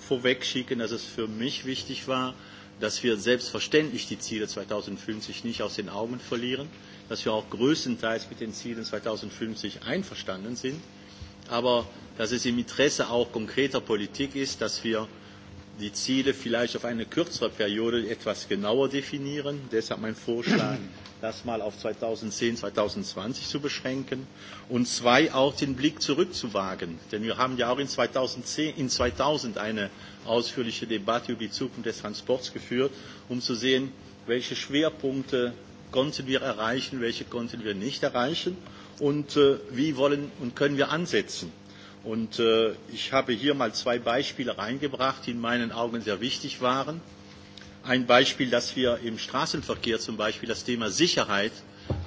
vorwegschicken, dass es für mich wichtig war, dass wir selbstverständlich die Ziele 2050 nicht aus den Augen verlieren, dass wir auch größtenteils mit den Zielen 2050 einverstanden sind, aber dass es im Interesse auch konkreter Politik ist, dass wir die Ziele vielleicht auf eine kürzere Periode etwas genauer definieren. Deshalb mein Vorschlag, das mal auf 2010, 2020 zu beschränken und zwei auch den Blick zurückzuwagen. Denn wir haben ja auch in 2010, in 2000 eine ausführliche Debatte über die Zukunft des Transports geführt, um zu sehen, welche Schwerpunkte konnten wir erreichen, welche konnten wir nicht erreichen und äh, wie wollen und können wir ansetzen. Und äh, ich habe hier mal zwei Beispiele reingebracht, die in meinen Augen sehr wichtig waren. Äh, ein Beispiel, dass wir im Straßenverkehr zum Beispiel das Thema Sicherheit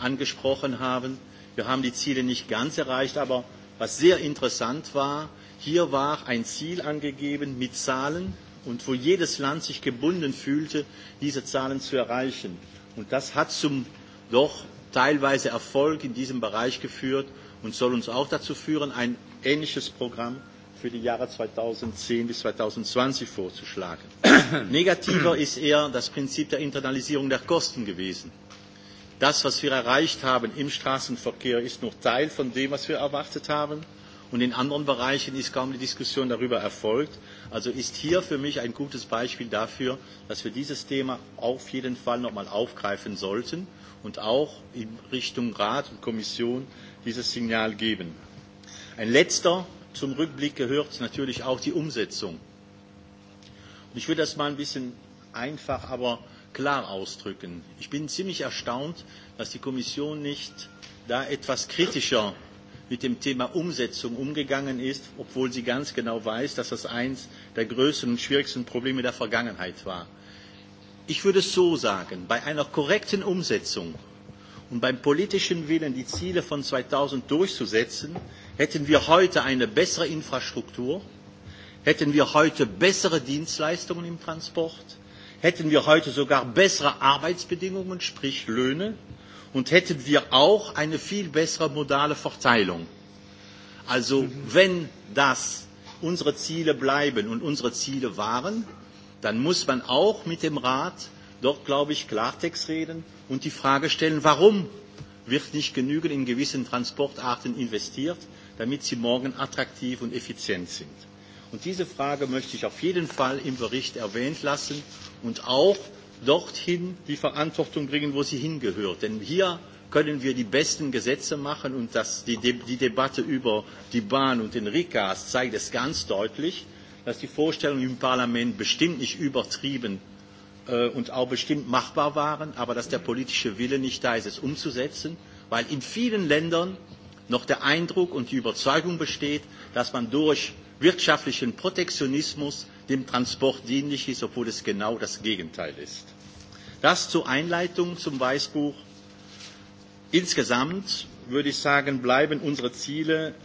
angesprochen haben. Wir haben die Ziele nicht ganz erreicht, aber was sehr interessant war, hier war ein Ziel angegeben mit Zahlen und wo jedes Land sich gebunden fühlte, diese Zahlen zu erreichen. Und das hat zum doch teilweise Erfolg in diesem Bereich geführt und soll uns auch dazu führen, ein ähnliches Programm für die Jahre 2010 bis 2020 vorzuschlagen. Negativer ist eher das Prinzip der Internalisierung der Kosten gewesen. Das, was wir erreicht haben im Straßenverkehr, ist nur Teil von dem, was wir erwartet haben. Und in anderen Bereichen ist kaum die Diskussion darüber erfolgt. Also ist hier für mich ein gutes Beispiel dafür, dass wir dieses Thema auf jeden Fall nochmal aufgreifen sollten und auch in Richtung Rat und Kommission dieses Signal geben. Ein letzter Zum Rückblick gehört natürlich auch die Umsetzung. Und ich will das mal ein bisschen einfach, aber klar ausdrücken. Ich bin ziemlich erstaunt, dass die Kommission nicht da etwas kritischer mit dem Thema Umsetzung umgegangen ist, obwohl sie ganz genau weiß, dass das eines der größten und schwierigsten Probleme der Vergangenheit war. Ich würde es so sagen, bei einer korrekten Umsetzung und beim politischen Willen, die Ziele von 2000 durchzusetzen, Hätten wir heute eine bessere Infrastruktur, hätten wir heute bessere Dienstleistungen im Transport, hätten wir heute sogar bessere Arbeitsbedingungen, sprich Löhne, und hätten wir auch eine viel bessere modale Verteilung. Also wenn das unsere Ziele bleiben und unsere Ziele waren, dann muss man auch mit dem Rat dort, glaube ich, Klartext reden und die Frage stellen, warum wird nicht genügend in gewissen Transportarten investiert? damit sie morgen attraktiv und effizient sind. Und diese Frage möchte ich auf jeden Fall im Bericht erwähnt lassen und auch dorthin die Verantwortung bringen, wo sie hingehört. Denn hier können wir die besten Gesetze machen und das, die, De die Debatte über die Bahn und den Rikas zeigt es ganz deutlich, dass die Vorstellungen im Parlament bestimmt nicht übertrieben äh, und auch bestimmt machbar waren, aber dass der politische Wille nicht da ist, es umzusetzen, weil in vielen Ländern noch der Eindruck und die Überzeugung besteht, dass man durch wirtschaftlichen Protektionismus dem Transport dienlich ist, obwohl es genau das Gegenteil ist. Das zur Einleitung zum Weißbuch. Insgesamt würde ich sagen, bleiben unsere Ziele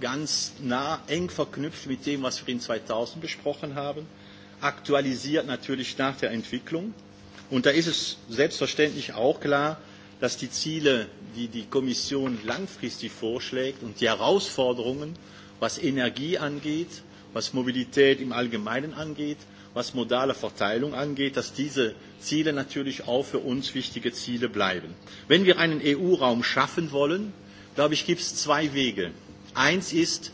ganz nah, eng verknüpft mit dem, was wir in 2000 besprochen haben, aktualisiert natürlich nach der Entwicklung. Und da ist es selbstverständlich auch klar, dass die Ziele, die die Kommission langfristig vorschlägt und die Herausforderungen, was Energie angeht, was Mobilität im Allgemeinen angeht, was modale Verteilung angeht, dass diese Ziele natürlich auch für uns wichtige Ziele bleiben. Wenn wir einen EU-Raum schaffen wollen, glaube ich, gibt es zwei Wege. Eins ist,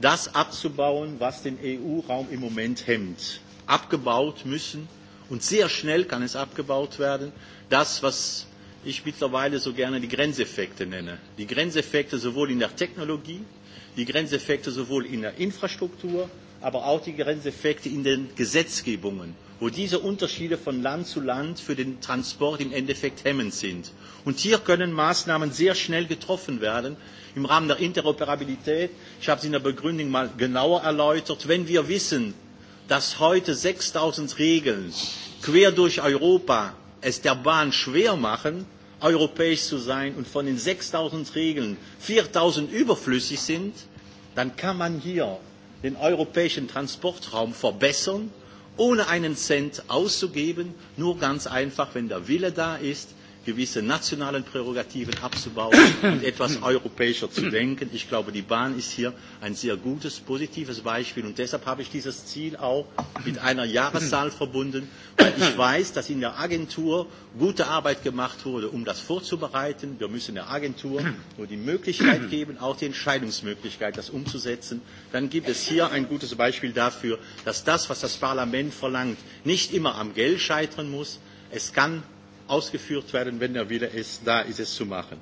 das abzubauen, was den EU-Raum im Moment hemmt. Abgebaut müssen, und sehr schnell kann es abgebaut werden, das, was ich mittlerweile so gerne die Grenzeffekte nenne. Die Grenzeffekte sowohl in der Technologie, die Grenzeffekte sowohl in der Infrastruktur, aber auch die Grenzeffekte in den Gesetzgebungen, wo diese Unterschiede von Land zu Land für den Transport im Endeffekt hemmend sind. Und hier können Maßnahmen sehr schnell getroffen werden im Rahmen der Interoperabilität. Ich habe es in der Begründung mal genauer erläutert. Wenn wir wissen, dass heute 6000 Regeln quer durch Europa es der Bahn schwer machen, europäisch zu sein und von den 6000 Regeln 4000 überflüssig sind, dann kann man hier den europäischen Transportraum verbessern, ohne einen Cent auszugeben, nur ganz einfach, wenn der Wille da ist, gewisse nationalen Prärogativen abzubauen und etwas europäischer zu denken. Ich glaube, die Bahn ist hier ein sehr gutes, positives Beispiel und deshalb habe ich dieses Ziel auch mit einer Jahreszahl verbunden, weil ich weiß, dass in der Agentur gute Arbeit gemacht wurde, um das vorzubereiten. Wir müssen der Agentur nur die Möglichkeit geben, auch die Entscheidungsmöglichkeit, das umzusetzen. Dann gibt es hier ein gutes Beispiel dafür, dass das, was das Parlament verlangt, nicht immer am Geld scheitern muss. Es kann ausgeführt werden, wenn der Wille ist, da ist es zu machen.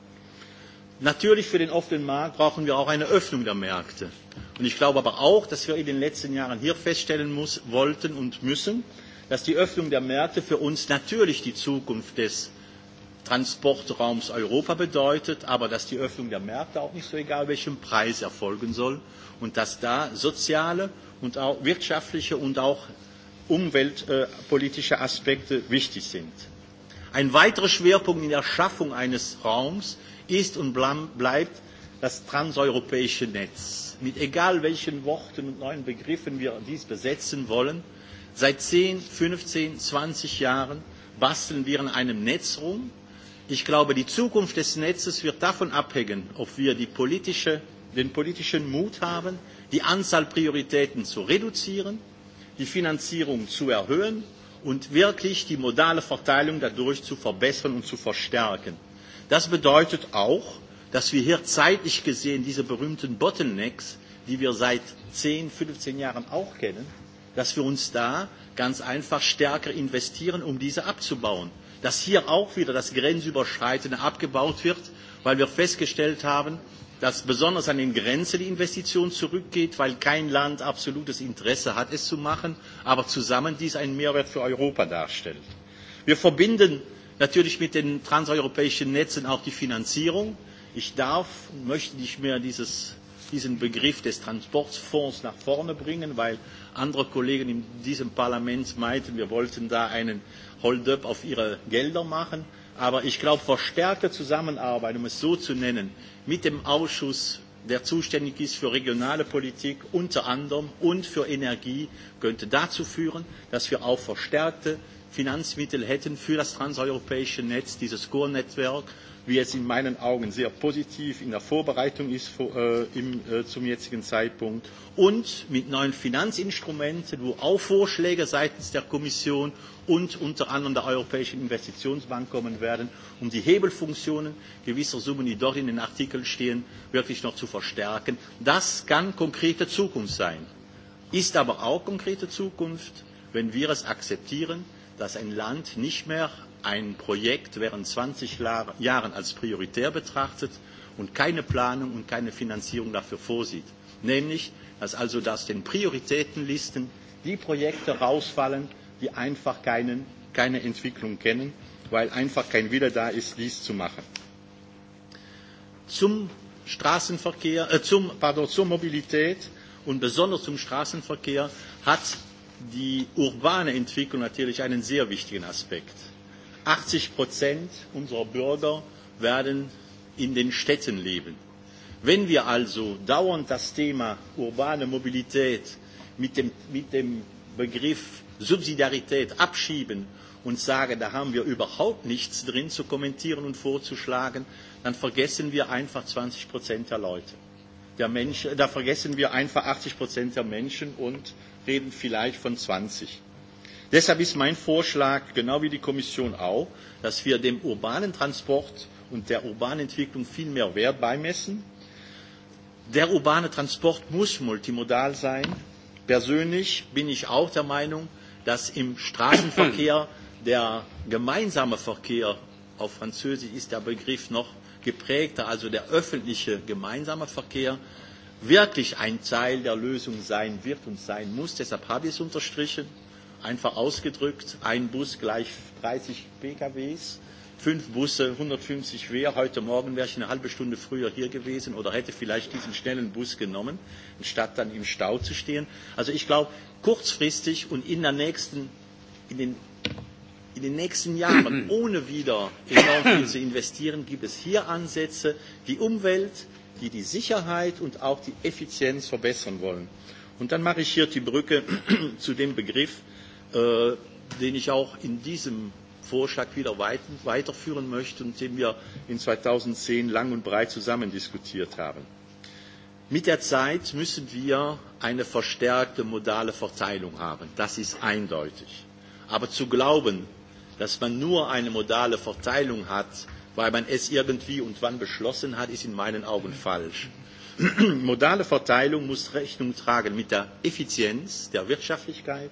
Natürlich für den offenen Markt brauchen wir auch eine Öffnung der Märkte. Und ich glaube aber auch, dass wir in den letzten Jahren hier feststellen muss, wollten und müssen, dass die Öffnung der Märkte für uns natürlich die Zukunft des Transportraums Europa bedeutet, aber dass die Öffnung der Märkte auch nicht so egal welchem Preis erfolgen soll und dass da soziale und auch wirtschaftliche und auch umweltpolitische Aspekte wichtig sind. Ein weiterer Schwerpunkt in der Schaffung eines Raums ist und bleibt das transeuropäische Netz. Mit egal welchen Worten und neuen Begriffen wir dies besetzen wollen, seit 10, 15, 20 Jahren basteln wir an einem Netz rum. Ich glaube, die Zukunft des Netzes wird davon abhängen, ob wir die politische, den politischen Mut haben, die Anzahl Prioritäten zu reduzieren, die Finanzierung zu erhöhen und wirklich die modale Verteilung dadurch zu verbessern und zu verstärken. Das bedeutet auch, dass wir hier zeitlich gesehen diese berühmten Bottlenecks, die wir seit 10, 15 Jahren auch kennen, dass wir uns da ganz einfach stärker investieren, um diese abzubauen. Dass hier auch wieder das Grenzüberschreitende abgebaut wird, weil wir festgestellt haben, dass besonders an den Grenzen die Investition zurückgeht, weil kein Land absolutes Interesse hat, es zu machen, aber zusammen dies einen Mehrwert für Europa darstellt. Wir verbinden natürlich mit den transeuropäischen Netzen auch die Finanzierung. Ich darf und möchte nicht mehr dieses, diesen Begriff des Transportfonds nach vorne bringen, weil andere Kollegen in diesem Parlament meinten, wir wollten da einen Hold-up auf ihre Gelder machen. Aber ich glaube, verstärkte Zusammenarbeit, um es so zu nennen, mit dem Ausschuss, der zuständig ist für regionale Politik unter anderem und für Energie, könnte dazu führen, dass wir auch verstärkte Finanzmittel hätten für das transeuropäische Netz, dieses Core-Netzwerk, wie es in meinen Augen sehr positiv in der Vorbereitung ist äh, im, äh, zum jetzigen Zeitpunkt und mit neuen Finanzinstrumenten, wo auch Vorschläge seitens der Kommission und unter anderem der Europäischen Investitionsbank kommen werden, um die Hebelfunktionen gewisser Summen, die dort in den Artikeln stehen, wirklich noch zu verstärken. Das kann konkrete Zukunft sein, ist aber auch konkrete Zukunft, wenn wir es akzeptieren, dass ein Land nicht mehr ein Projekt während 20 Jahren als prioritär betrachtet und keine Planung und keine Finanzierung dafür vorsieht. Nämlich, dass also aus den Prioritätenlisten die Projekte rausfallen, die einfach keinen, keine Entwicklung kennen, weil einfach kein Wille da ist, dies zu machen. Zum Straßenverkehr, äh, zum, pardon, zur Mobilität und besonders zum Straßenverkehr hat die urbane Entwicklung natürlich einen sehr wichtigen Aspekt. 80 Prozent unserer Bürger werden in den Städten leben. Wenn wir also dauernd das Thema urbane Mobilität mit dem, mit dem Begriff Subsidiarität abschieben und sage, da haben wir überhaupt nichts drin zu kommentieren und vorzuschlagen, dann vergessen wir einfach 20 Prozent der Leute. Der Mensch, da vergessen wir einfach 80 Prozent der Menschen und reden vielleicht von 20. Deshalb ist mein Vorschlag, genau wie die Kommission auch, dass wir dem urbanen Transport und der urbanen Entwicklung viel mehr Wert beimessen. Der urbane Transport muss multimodal sein. Persönlich bin ich auch der Meinung, dass im Straßenverkehr der gemeinsame Verkehr auf Französisch ist der Begriff noch geprägter, also der öffentliche gemeinsame Verkehr, wirklich ein Teil der Lösung sein wird und sein muss. Deshalb habe ich es unterstrichen, einfach ausgedrückt, ein Bus gleich 30 PKWs fünf Busse, 150 schwer. Heute Morgen wäre ich eine halbe Stunde früher hier gewesen oder hätte vielleicht diesen schnellen Bus genommen, anstatt dann im Stau zu stehen. Also ich glaube, kurzfristig und in, der nächsten, in, den, in den nächsten Jahren, ohne wieder enorm viel zu investieren, gibt es hier Ansätze, die Umwelt, die die Sicherheit und auch die Effizienz verbessern wollen. Und dann mache ich hier die Brücke zu dem Begriff, äh, den ich auch in diesem Vorschlag wieder weit, weiterführen möchte und den wir in 2010 lang und breit zusammen diskutiert haben. Mit der Zeit müssen wir eine verstärkte modale Verteilung haben. Das ist eindeutig. Aber zu glauben, dass man nur eine modale Verteilung hat, weil man es irgendwie und wann beschlossen hat, ist in meinen Augen falsch. modale Verteilung muss Rechnung tragen mit der Effizienz, der Wirtschaftlichkeit,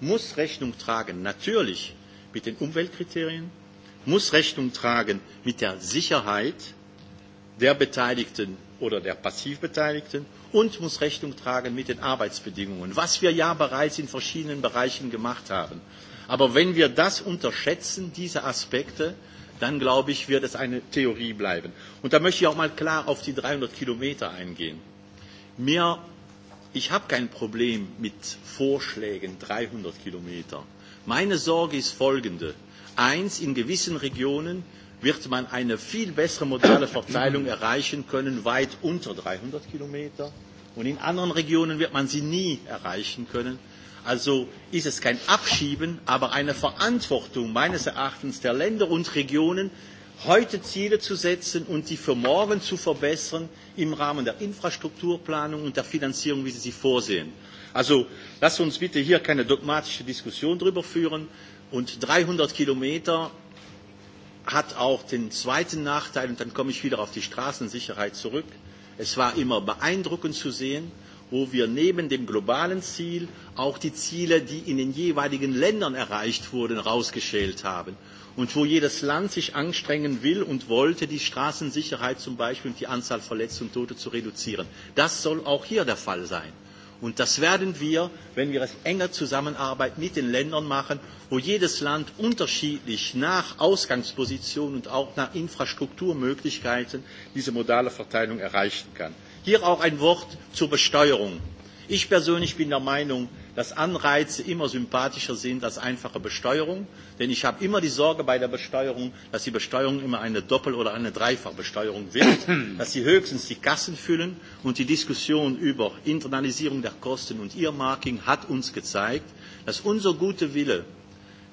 muss Rechnung tragen natürlich mit den Umweltkriterien, muss Rechnung tragen mit der Sicherheit der Beteiligten oder der Passivbeteiligten und muss Rechnung tragen mit den Arbeitsbedingungen, was wir ja bereits in verschiedenen Bereichen gemacht haben. Aber wenn wir das unterschätzen, diese Aspekte, dann glaube ich, wird es eine Theorie bleiben. Und da möchte ich auch mal klar auf die 300 Kilometer eingehen. Mir, ich habe kein Problem mit Vorschlägen 300 Kilometer. Meine Sorge ist folgende. Eins, in gewissen Regionen wird man eine viel bessere modale Verteilung erreichen können, weit unter 300 Kilometer. Und in anderen Regionen wird man sie nie erreichen können. Also ist es kein Abschieben, aber eine Verantwortung meines Erachtens der Länder und Regionen, heute Ziele zu setzen und die für morgen zu verbessern im Rahmen der Infrastrukturplanung und der Finanzierung, wie sie sie vorsehen. Also lasst uns bitte hier keine dogmatische Diskussion darüber führen. Und 300 Kilometer hat auch den zweiten Nachteil, und dann komme ich wieder auf die Straßensicherheit zurück. Es war immer beeindruckend zu sehen, wo wir neben dem globalen Ziel auch die Ziele, die in den jeweiligen Ländern erreicht wurden, rausgeschält haben. Und wo jedes Land sich anstrengen will und wollte, die Straßensicherheit zum Beispiel und die Anzahl Verletzter und Tote zu reduzieren. Das soll auch hier der Fall sein. Und das werden wir, wenn wir es enger Zusammenarbeit mit den Ländern machen, wo jedes Land unterschiedlich nach Ausgangsposition und auch nach Infrastrukturmöglichkeiten diese modale Verteilung erreichen kann. Hier auch ein Wort zur Besteuerung. Ich persönlich bin der Meinung, dass Anreize immer sympathischer sind als einfache Besteuerung. Denn ich habe immer die Sorge bei der Besteuerung, dass die Besteuerung immer eine Doppel- oder eine Dreifachbesteuerung wird, dass sie höchstens die Kassen füllen. Und die Diskussion über Internalisierung der Kosten und Earmarking hat uns gezeigt, dass unser guter Wille,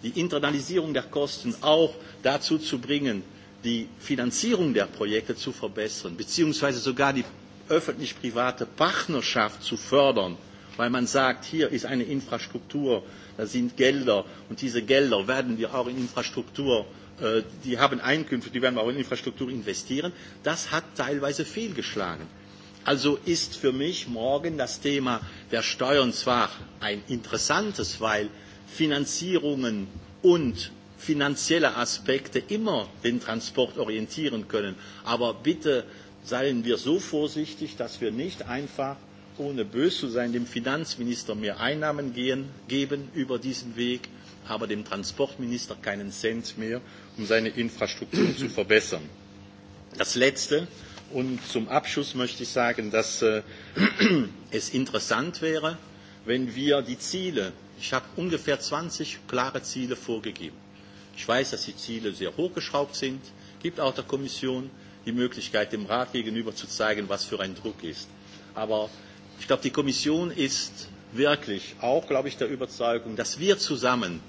die Internalisierung der Kosten auch dazu zu bringen, die Finanzierung der Projekte zu verbessern, beziehungsweise sogar die öffentlich-private Partnerschaft zu fördern, weil man sagt, hier ist eine Infrastruktur, da sind Gelder und diese Gelder werden wir auch in Infrastruktur, äh, die haben Einkünfte, die werden wir auch in Infrastruktur investieren, das hat teilweise fehlgeschlagen. Also ist für mich morgen das Thema der Steuern zwar ein interessantes, weil Finanzierungen und finanzielle Aspekte immer den Transport orientieren können. Aber bitte seien wir so vorsichtig, dass wir nicht einfach äh, ohne bös zu sein, dem Finanzminister mehr Einnahmen gehen, geben über diesen Weg, aber dem Transportminister keinen Cent mehr, um seine Infrastruktur zu verbessern. Das Letzte, und zum Abschluss möchte ich sagen, dass äh, es interessant wäre, wenn wir die Ziele, ich habe ungefähr 20 klare Ziele vorgegeben. Ich weiß, dass die Ziele sehr hochgeschraubt sind, gibt auch der Kommission die Möglichkeit, dem Rat gegenüber zu zeigen, was für ein Druck ist. Aber Ich glaube, die Kommission ist wirklich auch, glaube ich, der Überzeugung, dass wir zusammen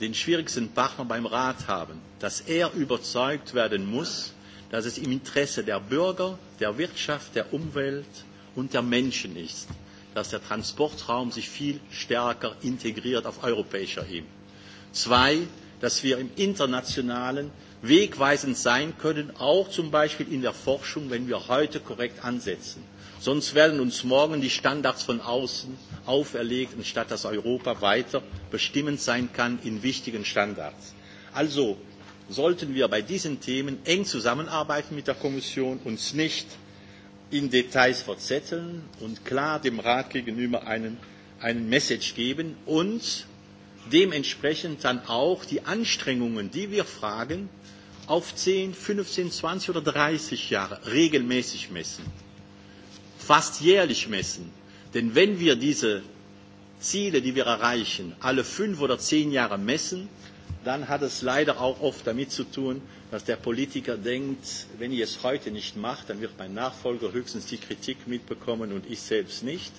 den schwierigsten Partner beim Rat haben, dass er überzeugt werden muss, dass es im Interesse der Bürger, der Wirtschaft, der Umwelt und der Menschen ist, dass der Transportraum sich viel stärker integriert auf europäischer Ebene. Zwei, dass wir im internationalen wegweisend sein können, auch zum Beispiel in der Forschung, wenn wir heute korrekt ansetzen. Sonst werden uns morgen die Standards von außen auferlegt, anstatt dass Europa weiter bestimmend sein kann in wichtigen Standards. Also sollten wir bei diesen Themen eng zusammenarbeiten mit der Kommission, uns nicht in Details verzetteln und klar dem Rat gegenüber einen, einen Message geben und dementsprechend dann auch die Anstrengungen, die wir fragen, auf 10, 15, 20 oder 30 Jahre regelmäßig messen fast jährlich messen. Denn wenn wir diese Ziele, die wir erreichen, alle fünf oder zehn Jahre messen, dann hat es leider auch oft damit zu tun, dass der Politiker denkt, wenn ich es heute nicht mache, dann wird mein Nachfolger höchstens die Kritik mitbekommen und ich selbst nicht.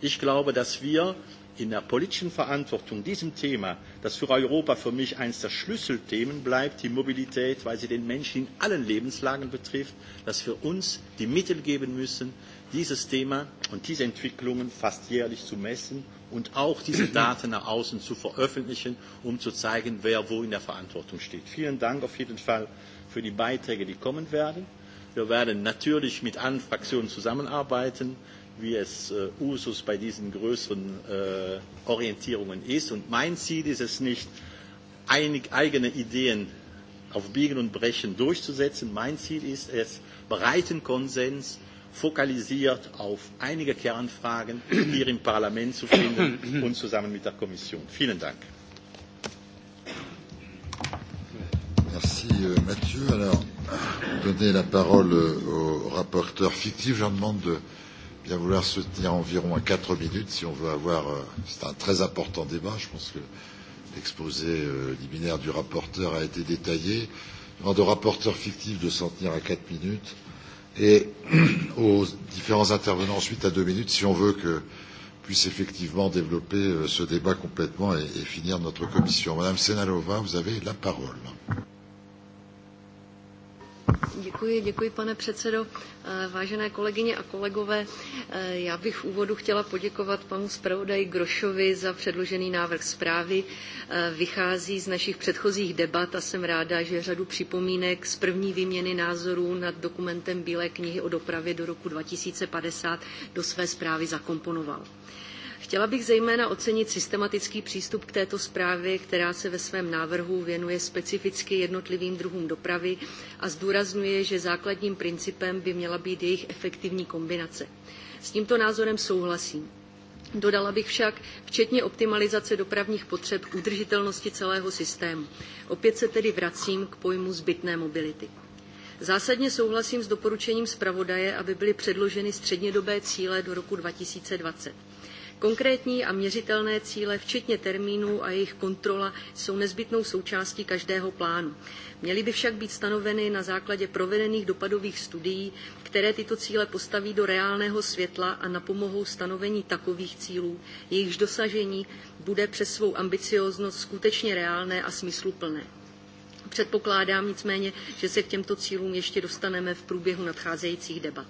Ich glaube, dass wir in der politischen Verantwortung diesem Thema, das für Europa für mich eines der Schlüsselthemen bleibt, die Mobilität, weil sie den Menschen in allen Lebenslagen betrifft, dass wir uns die Mittel geben müssen, dieses Thema und diese Entwicklungen fast jährlich zu messen und auch diese Daten nach außen zu veröffentlichen, um zu zeigen, wer wo in der Verantwortung steht. Vielen Dank auf jeden Fall für die Beiträge, die kommen werden. Wir werden natürlich mit allen Fraktionen zusammenarbeiten, wie es äh, Usus bei diesen größeren äh, Orientierungen ist. Und mein Ziel ist es nicht, einig, eigene Ideen auf Biegen und Brechen durchzusetzen. Mein Ziel ist es, breiten Konsens fokalisiert auf einige Kernfragen hier im Parlament zu finden und zusammen mit der Kommission. Vielen Dank. Merci euh, Mathieu. Alors, donner la parole euh, au rapporteur fictif, j'en demande de bien vouloir se tenir environ à 4 minutes si on veut avoir. Euh, c'est un très important débat. Je pense que l'exposé liminaire du rapporteur a été détaillé. Je demande au rapporteur fictif de s'en tenir à 4 minutes et aux différents intervenants ensuite à deux minutes si on veut que puisse effectivement développer euh, ce débat complètement et, et finir notre commission. Madame Senalova, vous avez la parole. Děkuji, děkuji pane předsedo. Eh, vážené kolegyně a kolegové, eh, já bych v úvodu chtěla poděkovat panu zpravodaji Grošovi za předložený návrh zprávy. Eh, vychází z našich předchozích debat a jsem ráda, že řadu připomínek z první výměny názorů nad dokumentem Bílé knihy o dopravě do roku 2050 do své zprávy zakomponoval. Uh, Chtěla bych zejména ocenit systematický přístup k této zprávě, která se ve svém návrhu věnuje specificky jednotlivým druhům dopravy a zdůrazňuje, že základním principem by měla být jejich efektivní kombinace. S tímto názorem souhlasím. Dodala bych však, včetně optimalizace dopravních potřeb, udržitelnosti celého systému. Opět se tedy vracím k pojmu zbytné mobility. Zásadně souhlasím s doporučením zpravodaje, aby byly předloženy střednědobé cíle do roku 2020. Konkrétní a měřitelné cíle, včetně termínů a jejich kontrola, jsou nezbytnou součástí každého plánu. Měly by však být stanoveny na základě provedených dopadových studií, které tyto cíle postaví do reálného světla a napomohou stanovení takových cílů, jejichž dosažení bude přes svou ambicioznost skutečně reálné a smysluplné. Předpokládám nicméně, že se k těmto cílům ještě dostaneme v průběhu nadcházejících debat.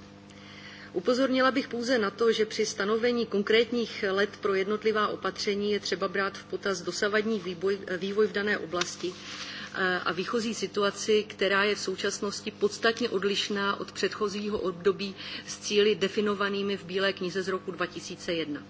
Upozornila bych pouze na to, že při stanovení konkrétních let pro jednotlivá opatření je třeba brát v potaz dosavadní výboj, vývoj v dané oblasti eh, a výchozí situaci, která je v současnosti podstatně odlišná od předchozího období s cíly definovanými v Bílé knize z roku 2001.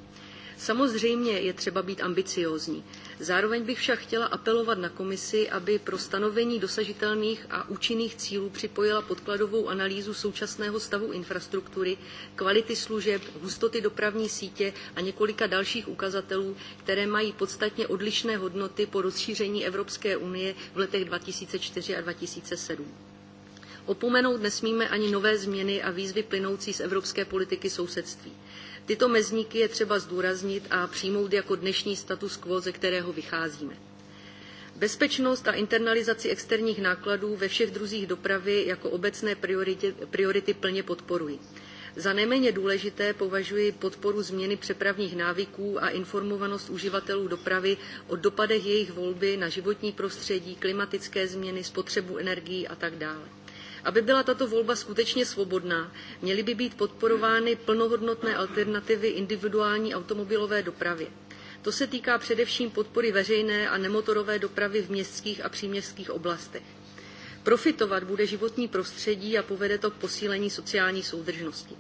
Samozřejmě je třeba být ambiciózní. Zároveň bych však chtěla apelovat na komisi, aby pro stanovení dosažitelných a účinných cílů připojila podkladovou analýzu současného stavu infrastruktury, kvality služeb, hustoty dopravní sítě a několika dalších ukazatelů, které mají podstatně odlišné hodnoty po rozšíření Evropské unie v letech 2004 a 2007. Opomenout nesmíme ani nové změny a výzvy plynoucí z evropské politiky sousedství. Tyto mezníky je třeba zdůraznit a přijmout jako dnešní status quo, ze kterého vycházíme. Bezpečnost a internalizaci externích nákladů ve všech druzích dopravy jako obecné priority, priority plně podporuji. Za neméně důležité považuji podporu změny přepravních návyků a informovanost uživatelů dopravy o dopadech jejich volby na životní prostředí, klimatické změny, spotřebu energií a tak dále. Aby byla tato volba skutečně svobodná, měly by být podporovány plnohodnotné alternativy individuální automobilové dopravě. To se týká především podpory veřejné a nemotorové dopravy v městských a příměstských oblastech. Profitovat bude životní prostředí a povede to k posílení sociální soudržnosti.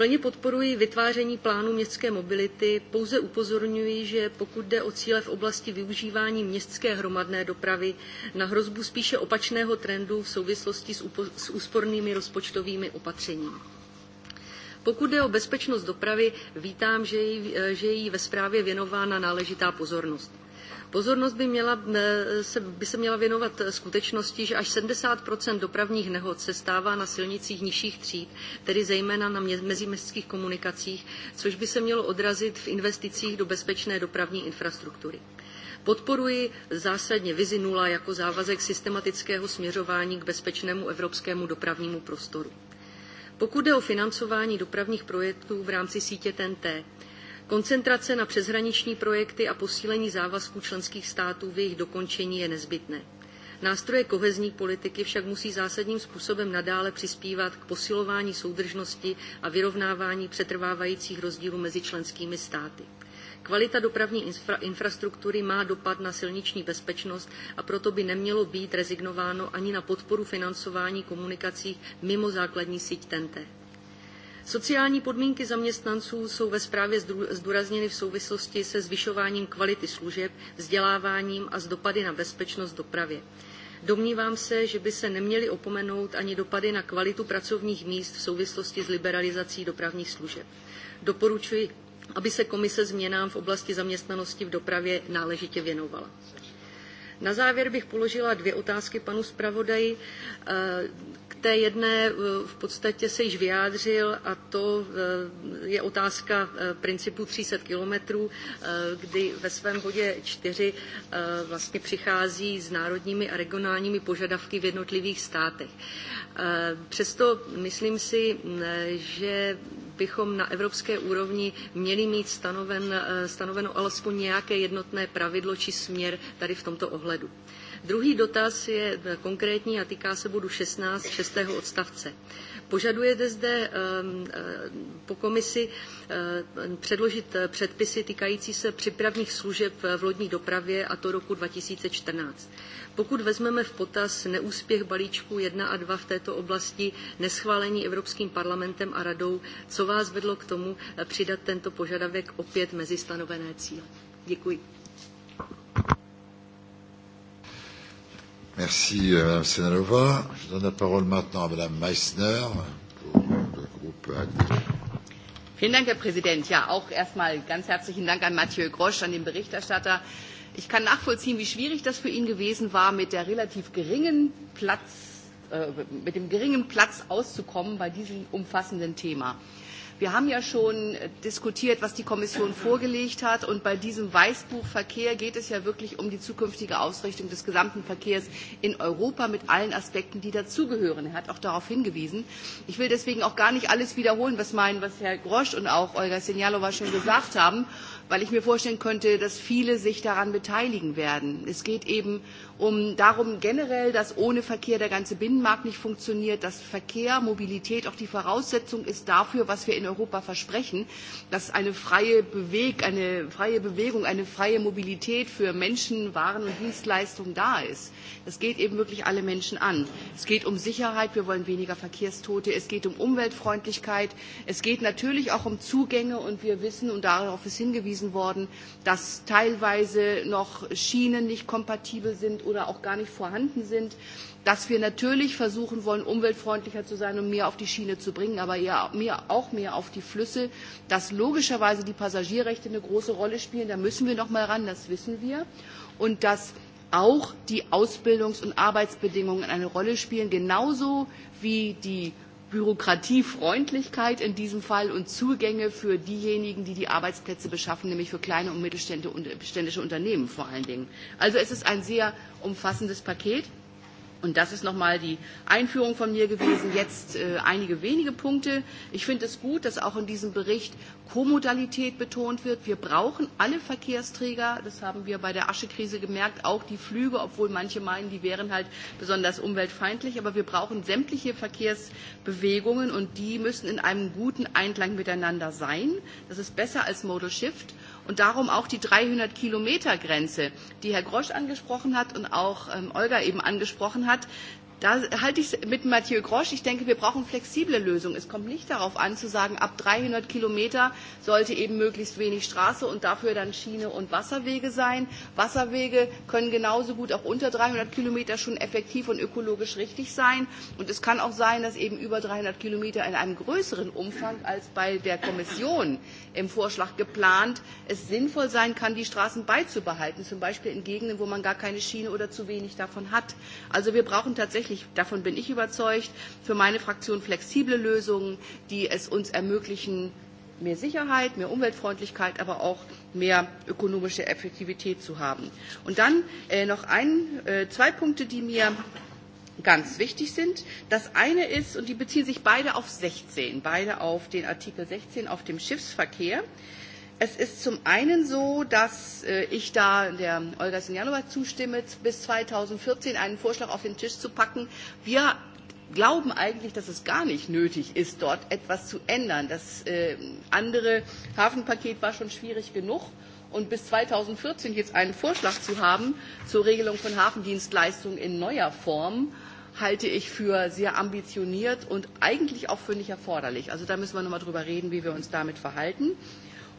Plně podporuji vytváření plánu městské mobility, pouze upozorňuji, že pokud jde o cíle v oblasti využívání městské hromadné dopravy, na hrozbu spíše opačného trendu v souvislosti s, s úspornými rozpočtovými opatřeními. Pokud jde o bezpečnost dopravy, vítám, že je jí ve zprávě věnována náležitá pozornost. Pozornost by, měla, eh, se, by se měla věnovat eh, skutečnosti, že až 70 dopravních nehod se stává na silnicích nižších tříd, tedy zejména na mě, meziměstských komunikacích, což by se mělo odrazit v investicích do bezpečné dopravní infrastruktury. Podporuji zásadně vizi nula jako závazek systematického směřování k bezpečnému evropskému dopravnímu prostoru. Pokud jde o financování dopravních projektů v rámci sítě TNT, Koncentrace na přeshraniční projekty a posílení závazků členských států v jejich dokončení je nezbytné. Nástroje kohezní politiky však musí zásadním způsobem nadále přispívat k posilování soudržnosti a vyrovnávání přetrvávajících rozdílů mezi členskými státy. Kvalita dopravní infra- infrastruktury má dopad na silniční bezpečnost a proto by nemělo být rezignováno ani na podporu financování komunikací mimo základní síť TNT. Sociální podmínky zaměstnanců jsou ve zprávě zdůrazněny v souvislosti se zvyšováním kvality služeb, vzděláváním a z dopady na bezpečnost dopravě. Domnívám se, že by se neměly opomenout ani dopady na kvalitu pracovních míst v souvislosti s liberalizací dopravních služeb. Doporučuji, aby se komise změnám v oblasti zaměstnanosti v dopravě náležitě věnovala. Na závěr bych položila dvě otázky panu zpravodaji té jedné eh, v podstatě se již vyjádřil a to eh, je otázka eh, principu 300 kilometrů, kdy ve svém bodě 4 vlastně přichází s národními a regionálními požadavky v jednotlivých státech. Přesto myslím si, že bychom na evropské úrovni měli mít stanoven, stanoveno alespoň nějaké jednotné pravidlo či směr tady v tomto ohledu. Druhý dotaz je eh, konkrétní a týká se bodu 16, 6. odstavce. Požadujete zde ehm, eh, po komisi eh, předložit předpisy týkající se připravních služeb v lodní dopravě a to roku 2014. Pokud vezmeme v potaz neúspěch balíčku 1 a 2 v této oblasti, neschválení Evropským parlamentem a radou, co vás vedlo k tomu přidat tento požadavek opět mezi stanovené cíle? Děkuji. Merci, euh, Madame Senalova. Je donne la parole maintenant à Madame Meissner pour le groupe AG. Vielen Dank, Herr Präsident. Ja, auch erstmal ganz herzlichen Dank an Mathieu Grosch, an den Berichterstatter. Ich kann nachvollziehen, wie schwierig das für ihn gewesen war, mit der relativ geringen Platz, äh, mit dem geringen Platz auszukommen bei diesem umfassenden Thema. Äh, Wir haben ja schon diskutiert, was die Kommission vorgelegt hat. Und bei diesem Weißbuch Verkehr geht es ja wirklich um die zukünftige Ausrichtung des gesamten Verkehrs in Europa mit allen Aspekten, die dazugehören. Er hat auch darauf hingewiesen. Ich will deswegen auch gar nicht alles wiederholen, was, mein, was Herr Grosch und auch Olga Senjalowa schon gesagt haben weil ich mir vorstellen könnte, dass viele sich daran beteiligen werden. Es geht eben um darum generell, dass ohne Verkehr der ganze Binnenmarkt nicht funktioniert, dass Verkehr, Mobilität auch die Voraussetzung ist dafür, was wir in Europa versprechen, dass eine freie, Beweg, eine freie Bewegung, eine freie Mobilität für Menschen, Waren und Dienstleistungen da ist. Das geht eben wirklich alle Menschen an. Es geht um Sicherheit, wir wollen weniger Verkehrstote, es geht um Umweltfreundlichkeit, es geht natürlich auch um Zugänge und wir wissen, und darauf ist hingewiesen worden, dass teilweise noch Schienen nicht kompatibel sind oder auch gar nicht vorhanden sind, dass wir natürlich versuchen wollen, umweltfreundlicher zu sein und mehr auf die Schiene zu bringen, aber eher mehr, auch mehr auf die Flüsse, dass logischerweise die Passagierrechte eine große Rolle spielen. Da müssen wir noch mal ran, das wissen wir. Und dass auch die Ausbildungs- und Arbeitsbedingungen eine Rolle spielen, genauso wie die Bürokratiefreundlichkeit in diesem Fall und Zugänge für diejenigen, die die Arbeitsplätze beschaffen, nämlich für kleine und mittelständische Unternehmen vor allen Dingen. Also es ist ein sehr umfassendes Paket. Und das ist nochmal die Einführung von mir gewesen. Jetzt äh, einige wenige Punkte. Ich finde es gut, dass auch in diesem Bericht Komodalität betont wird. Wir brauchen alle Verkehrsträger. Das haben wir bei der Aschekrise gemerkt. Auch die Flüge, obwohl manche meinen, die wären halt besonders umweltfeindlich. Aber wir brauchen sämtliche Verkehrsbewegungen und die müssen in einem guten Einklang miteinander sein. Das ist besser als Modal Shift und darum auch die 300 Kilometer Grenze, die Herr Grosch angesprochen hat und auch ähm, Olga eben angesprochen hat. Da halte ich es mit Mathieu Grosch. Ich denke, wir brauchen flexible Lösungen. Es kommt nicht darauf an, zu sagen, ab 300 Kilometer sollte eben möglichst wenig Straße und dafür dann Schiene und Wasserwege sein. Wasserwege können genauso gut auch unter 300 Kilometer schon effektiv und ökologisch richtig sein. Und es kann auch sein, dass eben über 300 Kilometer in einem größeren Umfang als bei der Kommission im Vorschlag geplant es sinnvoll sein kann, die Straßen beizubehalten, zum Beispiel in Gegenden, wo man gar keine Schiene oder zu wenig davon hat. Also wir brauchen tatsächlich tatsächlich, davon bin ich überzeugt, für meine Fraktion flexible Lösungen, die es uns ermöglichen, mehr Sicherheit, mehr Umweltfreundlichkeit, aber auch mehr ökonomische Effektivität zu haben. Und dann äh, noch ein, äh, zwei Punkte, die mir ganz wichtig sind. Das eine ist, und die beziehen sich beide auf 16, beide auf den Artikel 16, auf dem Schiffsverkehr. Äh, Es ist zum einen so, dass äh, ich da der Olga Sinjanova zustimme, bis 2014 einen Vorschlag auf den Tisch zu packen. Wir glauben eigentlich, dass es gar nicht nötig ist, dort etwas zu ändern. Das äh, andere Hafenpaket war schon schwierig genug. Und bis 2014 jetzt einen Vorschlag zu haben zur Regelung von Hafendienstleistungen in neuer Form, halte ich für sehr ambitioniert und eigentlich auch für nicht erforderlich. Also da müssen wir nochmal drüber reden, wie wir uns damit verhalten. Äh,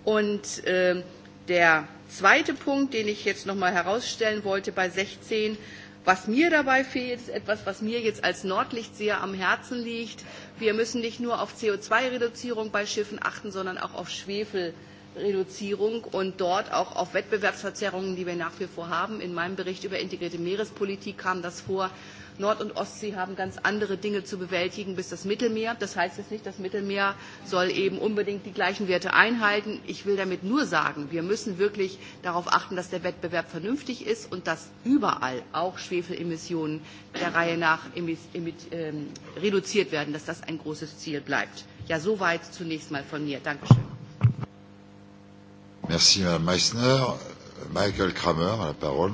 Und äh, der zweite Punkt, den ich jetzt nochmal herausstellen wollte bei 16, was mir dabei fehlt, ist etwas, was mir jetzt als Nordlicht sehr am Herzen liegt. Wir müssen nicht nur auf CO2-Reduzierung bei Schiffen achten, sondern auch auf Schwefelreduzierung und dort auch auf Wettbewerbsverzerrungen, die wir nach wie vor haben. In meinem Bericht über integrierte Meerespolitik kam das vor, Nord- und Ostsee haben ganz andere Dinge zu bewältigen bis das Mittelmeer. Das heißt jetzt nicht, das Mittelmeer soll eben unbedingt die gleichen Werte einhalten. Ich will damit nur sagen, wir müssen wirklich darauf achten, dass der Wettbewerb vernünftig ist und dass überall auch Schwefelemissionen der Reihe nach ähm, reduziert werden, dass das ein großes Ziel bleibt. Ja, soweit zunächst mal von mir. Dankeschön. Merci, Madame Meissner. Michael Kramer a la parole.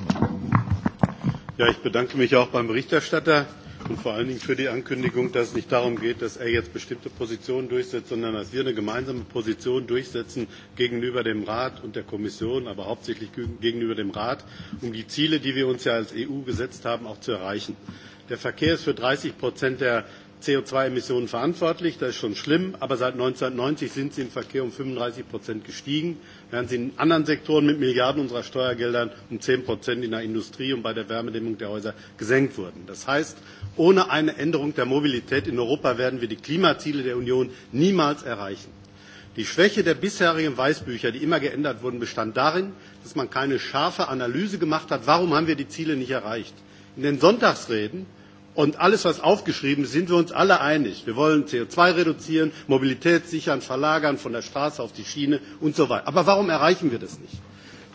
Ja, ich bedanke mich auch beim Berichterstatter und vor allen Dingen für die Ankündigung, dass es nicht darum geht, dass er jetzt bestimmte Positionen durchsetzt, sondern dass wir eine gemeinsame Position durchsetzen gegenüber dem Rat und der Kommission, aber hauptsächlich gegenüber dem Rat, um die Ziele, die wir uns ja als EU gesetzt haben, auch zu erreichen. Der Verkehr ist für 30 Prozent der CO2-Emissionen verantwortlich. Das ist schon schlimm, aber seit 1990 sind sie im Verkehr um 35 Prozent gestiegen während sie in anderen Sektoren mit Milliarden unserer Steuergeldern um 10 Prozent in der Industrie und bei der Wärmedämmung der Häuser gesenkt wurden. Das heißt, ohne eine Änderung der Mobilität in Europa werden wir die Klimaziele der Union niemals erreichen. Die Schwäche der bisherigen Weißbücher, die immer geändert wurden, bestand darin, dass man keine scharfe Analyse gemacht hat, warum haben wir die Ziele nicht erreicht. In den Sonntagsreden Und alles, was aufgeschrieben ist, sind wir uns alle einig. Wir wollen CO2 reduzieren, Mobilität sichern, verlagern von der Straße auf die Schiene und so weiter. Aber warum erreichen wir das nicht?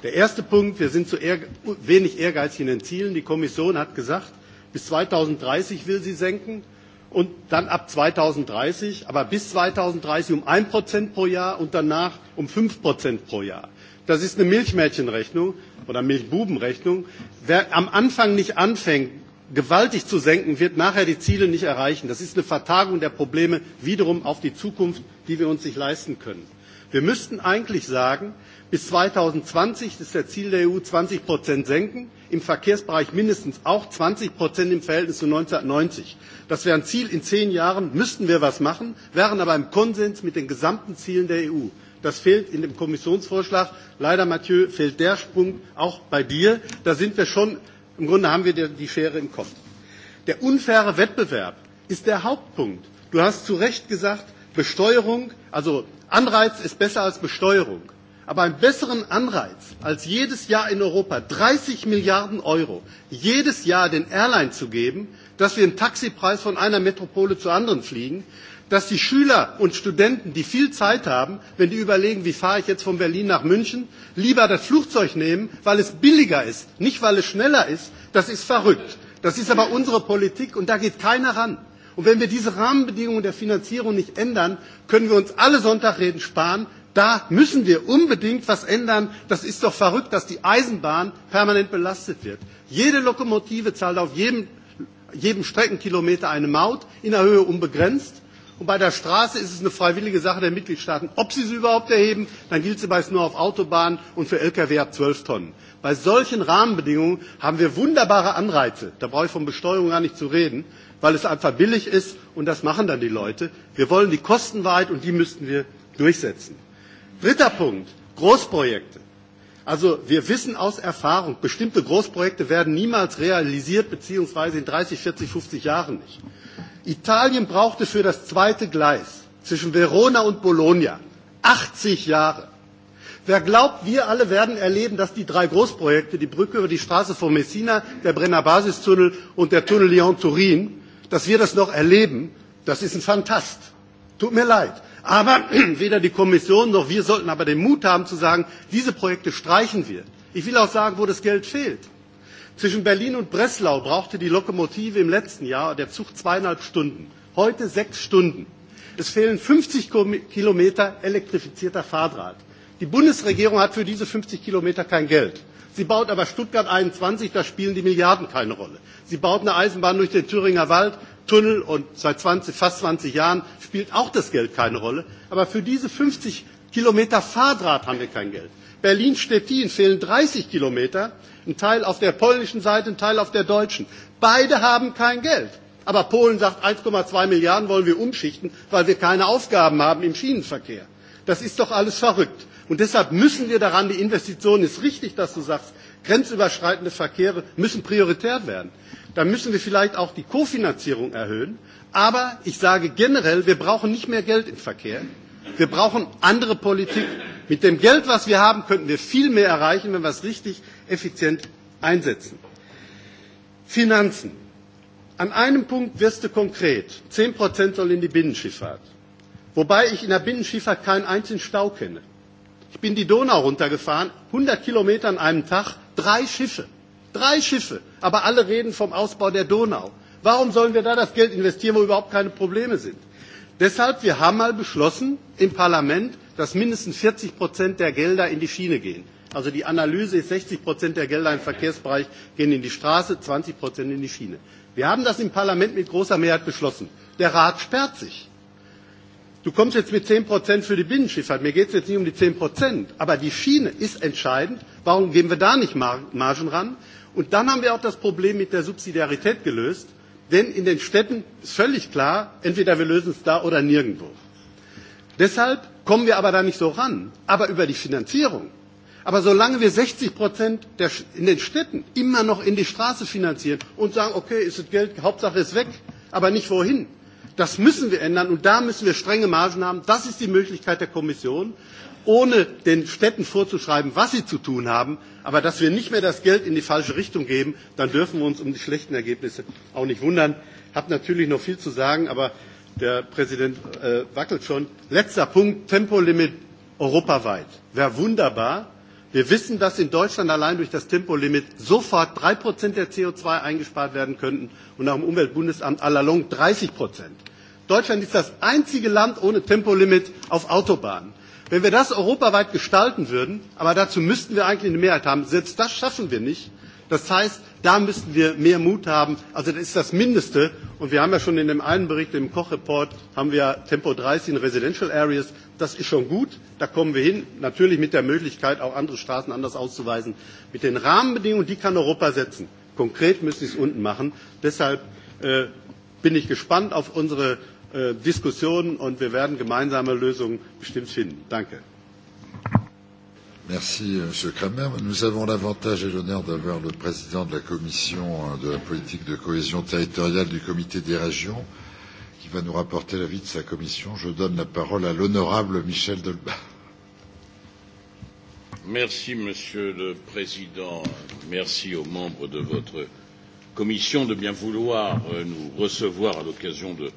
Der erste Punkt, wir sind zu ehr wenig ehrgeizig in den Zielen. Die Kommission hat gesagt, bis 2030 will sie senken und dann ab 2030, aber bis 2030 um 1% pro Jahr und danach um 5% pro Jahr. Das ist eine Milchmädchenrechnung oder Milchbubenrechnung. Wer am Anfang nicht anfängt, gewaltig zu senken, wird nachher die Ziele nicht erreichen. Das ist eine Vertagung der Probleme wiederum auf die Zukunft, die wir uns nicht leisten können. Wir müssten eigentlich sagen, bis 2020 ist das Ziel der EU 20 Prozent senken, im Verkehrsbereich mindestens auch 20 Prozent im Verhältnis zu 1990. Das wäre ein Ziel, in zehn Jahren müssten wir was machen, wären aber im Konsens mit den gesamten Zielen der EU. Das fehlt in dem Kommissionsvorschlag. Leider, Mathieu, fehlt der Sprung auch bei dir. Da sind wir schon Im Grunde haben wir die Schere im Kopf. Der unfaire Wettbewerb ist der Hauptpunkt. Du hast zu Recht gesagt, Besteuerung, also Anreiz ist besser als Besteuerung. Aber einen besseren Anreiz, als jedes Jahr in Europa 30 Milliarden Euro jedes Jahr den Airline zu geben, dass wir einen Taxipreis von einer Metropole zur anderen fliegen, dass die Schüler und Studenten, die viel Zeit haben, wenn die überlegen, wie fahre ich jetzt von Berlin nach München, lieber das Flugzeug nehmen, weil es billiger ist, nicht weil es schneller ist. Das ist verrückt. Das ist aber unsere Politik und da geht keiner ran. Und wenn wir diese Rahmenbedingungen der Finanzierung nicht ändern, können wir uns alle Sonntagreden sparen. Da müssen wir unbedingt was ändern. Das ist doch verrückt, dass die Eisenbahn permanent belastet wird. Jede Lokomotive zahlt auf jedem, jedem Streckenkilometer eine Maut in der Höhe unbegrenzt. Und bei der Straße ist es eine freiwillige Sache der Mitgliedstaaten, ob sie sie überhaupt erheben. Dann gilt sie meist nur auf Autobahnen und für Lkw ab 12 Tonnen. Bei solchen Rahmenbedingungen haben wir wunderbare Anreize. Da brauche ich von Besteuerung gar nicht zu reden, weil es einfach billig ist und das machen dann die Leute. Wir wollen die Kostenwahrheit und die müssten wir durchsetzen. Dritter Punkt, Großprojekte. Also wir wissen aus Erfahrung, bestimmte Großprojekte werden niemals realisiert, beziehungsweise in 30, 40, 50 Jahren nicht. Italien brauchte für das zweite Gleis zwischen Verona und Bologna 80 Jahre. Wer glaubt, wir alle werden erleben, dass die drei Großprojekte, die Brücke über die Straße von Messina, der Brenner Basistunnel und der Tunnel Lyon-Turin, dass wir das noch erleben, das ist ein Fantast. Tut mir leid. Aber weder die Kommission noch wir sollten aber den Mut haben zu sagen, diese Projekte streichen wir. Ich will auch sagen, wo das Geld fehlt. Zwischen Berlin und Breslau brauchte die Lokomotive im letzten Jahr der Zug zweieinhalb Stunden, heute sechs Stunden. Es fehlen 50 Kilometer elektrifizierter Fahrdraht. Die Bundesregierung hat für diese 50 Kilometer kein Geld. Sie baut aber Stuttgart 21, da spielen die Milliarden keine Rolle. Sie baut eine Eisenbahn durch den Thüringer Wald, Tunnel und seit 20, fast 20 Jahren spielt auch das Geld keine Rolle. Aber für diese 50 Kilometer Fahrdraht haben wir kein Geld. Berlin-Stettin fehlen 30 Kilometer ein Teil auf der polnischen Seite, ein Teil auf der deutschen. Beide haben kein Geld. Aber Polen sagt, 1,2 Milliarden wollen wir umschichten, weil wir keine Aufgaben haben im Schienenverkehr. Das ist doch alles verrückt. Und deshalb müssen wir daran, die Investition ist richtig, dass du sagst, grenzüberschreitende Verkehre müssen prioritär werden. Da müssen wir vielleicht auch die Kofinanzierung erhöhen. Aber ich sage generell, wir brauchen nicht mehr Geld im Verkehr. Wir brauchen andere Politik. Mit dem Geld, was wir haben, könnten wir viel mehr erreichen, wenn wir es richtig effizient einsetzen. Finanzen. An einem Punkt wirst du konkret. Zehn Prozent soll in die Binnenschifffahrt. Wobei ich in der Binnenschifffahrt keinen einzigen Stau kenne. Ich bin die Donau runtergefahren, 100 Kilometer an einem Tag, drei Schiffe. Drei Schiffe. Aber alle reden vom Ausbau der Donau. Warum sollen wir da das Geld investieren, wo überhaupt keine Probleme sind? Deshalb, wir haben mal beschlossen im Parlament, dass mindestens 40 Prozent der Gelder in die Schiene gehen. Also die Analyse ist, 60 Prozent der Gelder im Verkehrsbereich gehen in die Straße, 20 Prozent in die Schiene. Wir haben das im Parlament mit großer Mehrheit beschlossen. Der Rat sperrt sich. Du kommst jetzt mit 10 Prozent für die Binnenschifffahrt. Mir geht es jetzt nicht um die 10 Prozent. Aber die Schiene ist entscheidend. Warum gehen wir da nicht Margen ran? Und dann haben wir auch das Problem mit der Subsidiarität gelöst. Denn in den Städten ist völlig klar, entweder wir lösen es da oder nirgendwo. Deshalb kommen wir aber da nicht so ran. Aber über die Finanzierung Aber solange wir 60 Prozent der, in den Städten immer noch in die Straße finanzieren und sagen, okay, ist das Geld, Hauptsache ist weg, aber nicht wohin, das müssen wir ändern und da müssen wir strenge Margen haben. Das ist die Möglichkeit der Kommission, ohne den Städten vorzuschreiben, was sie zu tun haben, aber dass wir nicht mehr das Geld in die falsche Richtung geben, dann dürfen wir uns um die schlechten Ergebnisse auch nicht wundern. Ich habe natürlich noch viel zu sagen, aber der Präsident äh, wackelt schon. Letzter Punkt, Tempolimit europaweit. Wäre wunderbar, Wir wissen, dass in Deutschland allein durch das Tempolimit sofort 3% der CO2 eingespart werden könnten und nach dem Umweltbundesamt à la longue 30%. Deutschland ist das einzige Land ohne Tempolimit auf Autobahnen. Wenn wir das europaweit gestalten würden, aber dazu müssten wir eigentlich eine Mehrheit haben, selbst das schaffen wir nicht. Das heißt, da müssten wir mehr Mut haben. Also das ist das Mindeste. Und wir haben ja schon in dem einen Bericht, dem Koch-Report, haben wir Tempo 30 in Residential Areas. Das ist schon gut. Da kommen wir hin. Natürlich mit der Möglichkeit, auch andere Staaten anders auszuweisen. Mit den Rahmenbedingungen, die kann Europa setzen. Konkret müssen sie es unten machen. Deshalb äh, bin ich gespannt auf unsere äh, Diskussionen und wir werden gemeinsame Lösungen bestimmt finden. Danke. Merci, euh, Monsieur Kramer. Nous avons l'avantage et l'honneur d'avoir le président de la commission euh, de la politique de cohésion territoriale du comité des régions, qui va nous rapporter l'avis de sa commission. Je donne la parole à l'honorable Michel Delbas. Merci, Monsieur le Président. Merci aux membres de votre Commission de bien vouloir euh, nous recevoir à l'occasion de,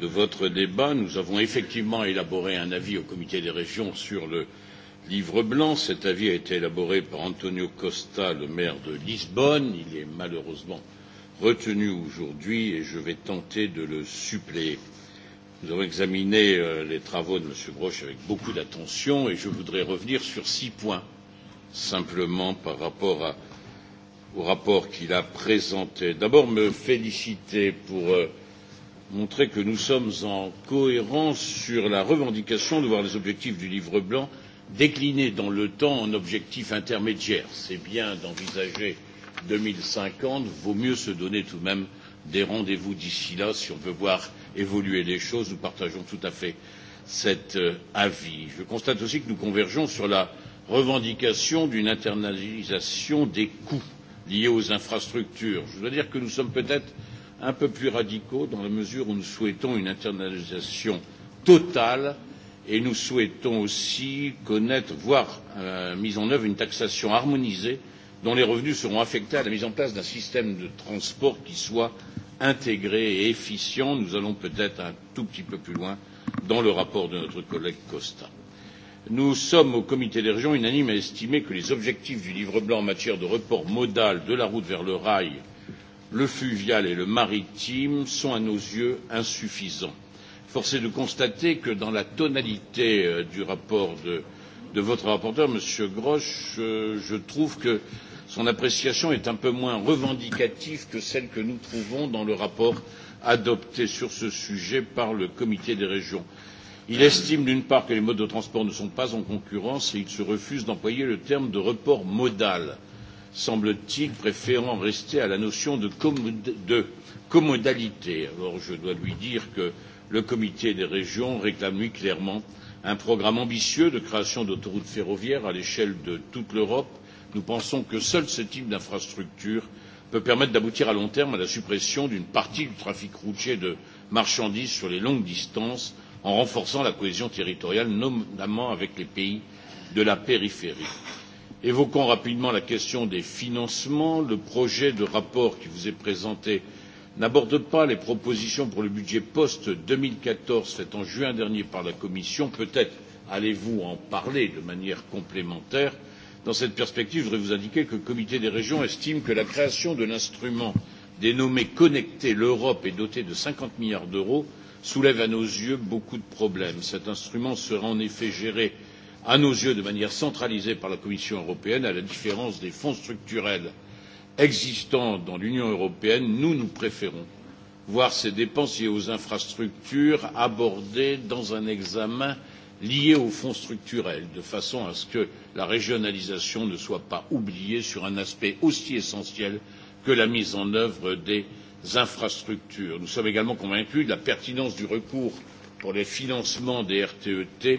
de votre débat. Nous avons effectivement élaboré un avis au Comité des régions sur le livre blanc. Cet avis a été élaboré par Antonio Costa, le maire de Lisbonne. Il est malheureusement euh, retenu aujourd'hui et je vais tenter de le suppléer. Nous avons examiné euh, les travaux de M. Broch avec beaucoup d'attention et je voudrais revenir sur six points simplement par rapport à, au rapport qu'il a présenté. D'abord, me féliciter pour euh, montrer que nous sommes en cohérence sur la revendication de voir les objectifs du livre blanc déclinés dans le temps en objectifs intermédiaires. C'est bien d'envisager euh, deux mille cinquante vaut mieux se donner tout de même des rendez vous d'ici là si on veut voir évoluer les choses. nous partageons tout à fait cet euh, avis. je constate aussi que nous convergeons sur la revendication d'une internalisation des coûts liés aux infrastructures. je dois dire que nous sommes peut être un peu plus radicaux dans la mesure où nous souhaitons une internalisation totale et nous souhaitons aussi connaître voire euh, mise en œuvre une taxation harmonisée euh, dont les revenus seront affectés à la mise en place d'un système de transport qui soit intégré et efficient. Nous allons peut-être un tout petit peu plus loin dans le rapport de notre collègue Costa. Nous sommes au comité des régions unanimes à estimer que les objectifs du livre blanc en matière de report modal de la route vers le rail, le fluvial et le maritime sont à nos yeux insuffisants. Force est de constater que dans la tonalité euh, du rapport de, de votre rapporteur, Monsieur Grosch, je, euh, je trouve que euh, son appréciation est un peu moins revendicative que celle que nous trouvons dans le rapport adopté sur ce sujet par le comité des régions. Il estime d'une part que les modes de transport ne sont pas en concurrence et il se refuse d'employer le terme de report modal, semble t il, préférant rester à la notion de, commod de commodalité. Alors je dois lui dire que le comité des régions réclame lui clairement un programme ambitieux de création d'autoroutes ferroviaires à l'échelle de toute l'Europe nous pensons que seul ce type d'infrastructure peut permettre d'aboutir à long terme à la suppression d'une partie du trafic routier de marchandises sur les longues distances en renforçant la cohésion territoriale notamment avec les pays de la périphérie. évoquons rapidement la question des financements le projet de rapport qui vous est présenté n'aborde pas les propositions pour le budget post deux mille quatorze faites en juin dernier par la commission peut être allez vous en parler de manière complémentaire mais Dans cette perspective, je voudrais vous indiquer que le comité des régions estime que la création de l'instrument dénommé Connecter l'Europe et doté de 50 milliards d'euros soulève à nos yeux beaucoup de problèmes. Cet instrument sera en effet géré à nos yeux de manière centralisée par la Commission européenne, à la différence des fonds structurels existants dans l'Union européenne, nous, nous préférons voir ces dépenses liées aux infrastructures abordées dans un examen euh, liées aux fonds structurels, de façon à ce que la régionalisation ne soit pas oubliée sur un aspect aussi essentiel que la mise en œuvre des infrastructures. Nous sommes également convaincus de la pertinence du recours pour les financements des RTET e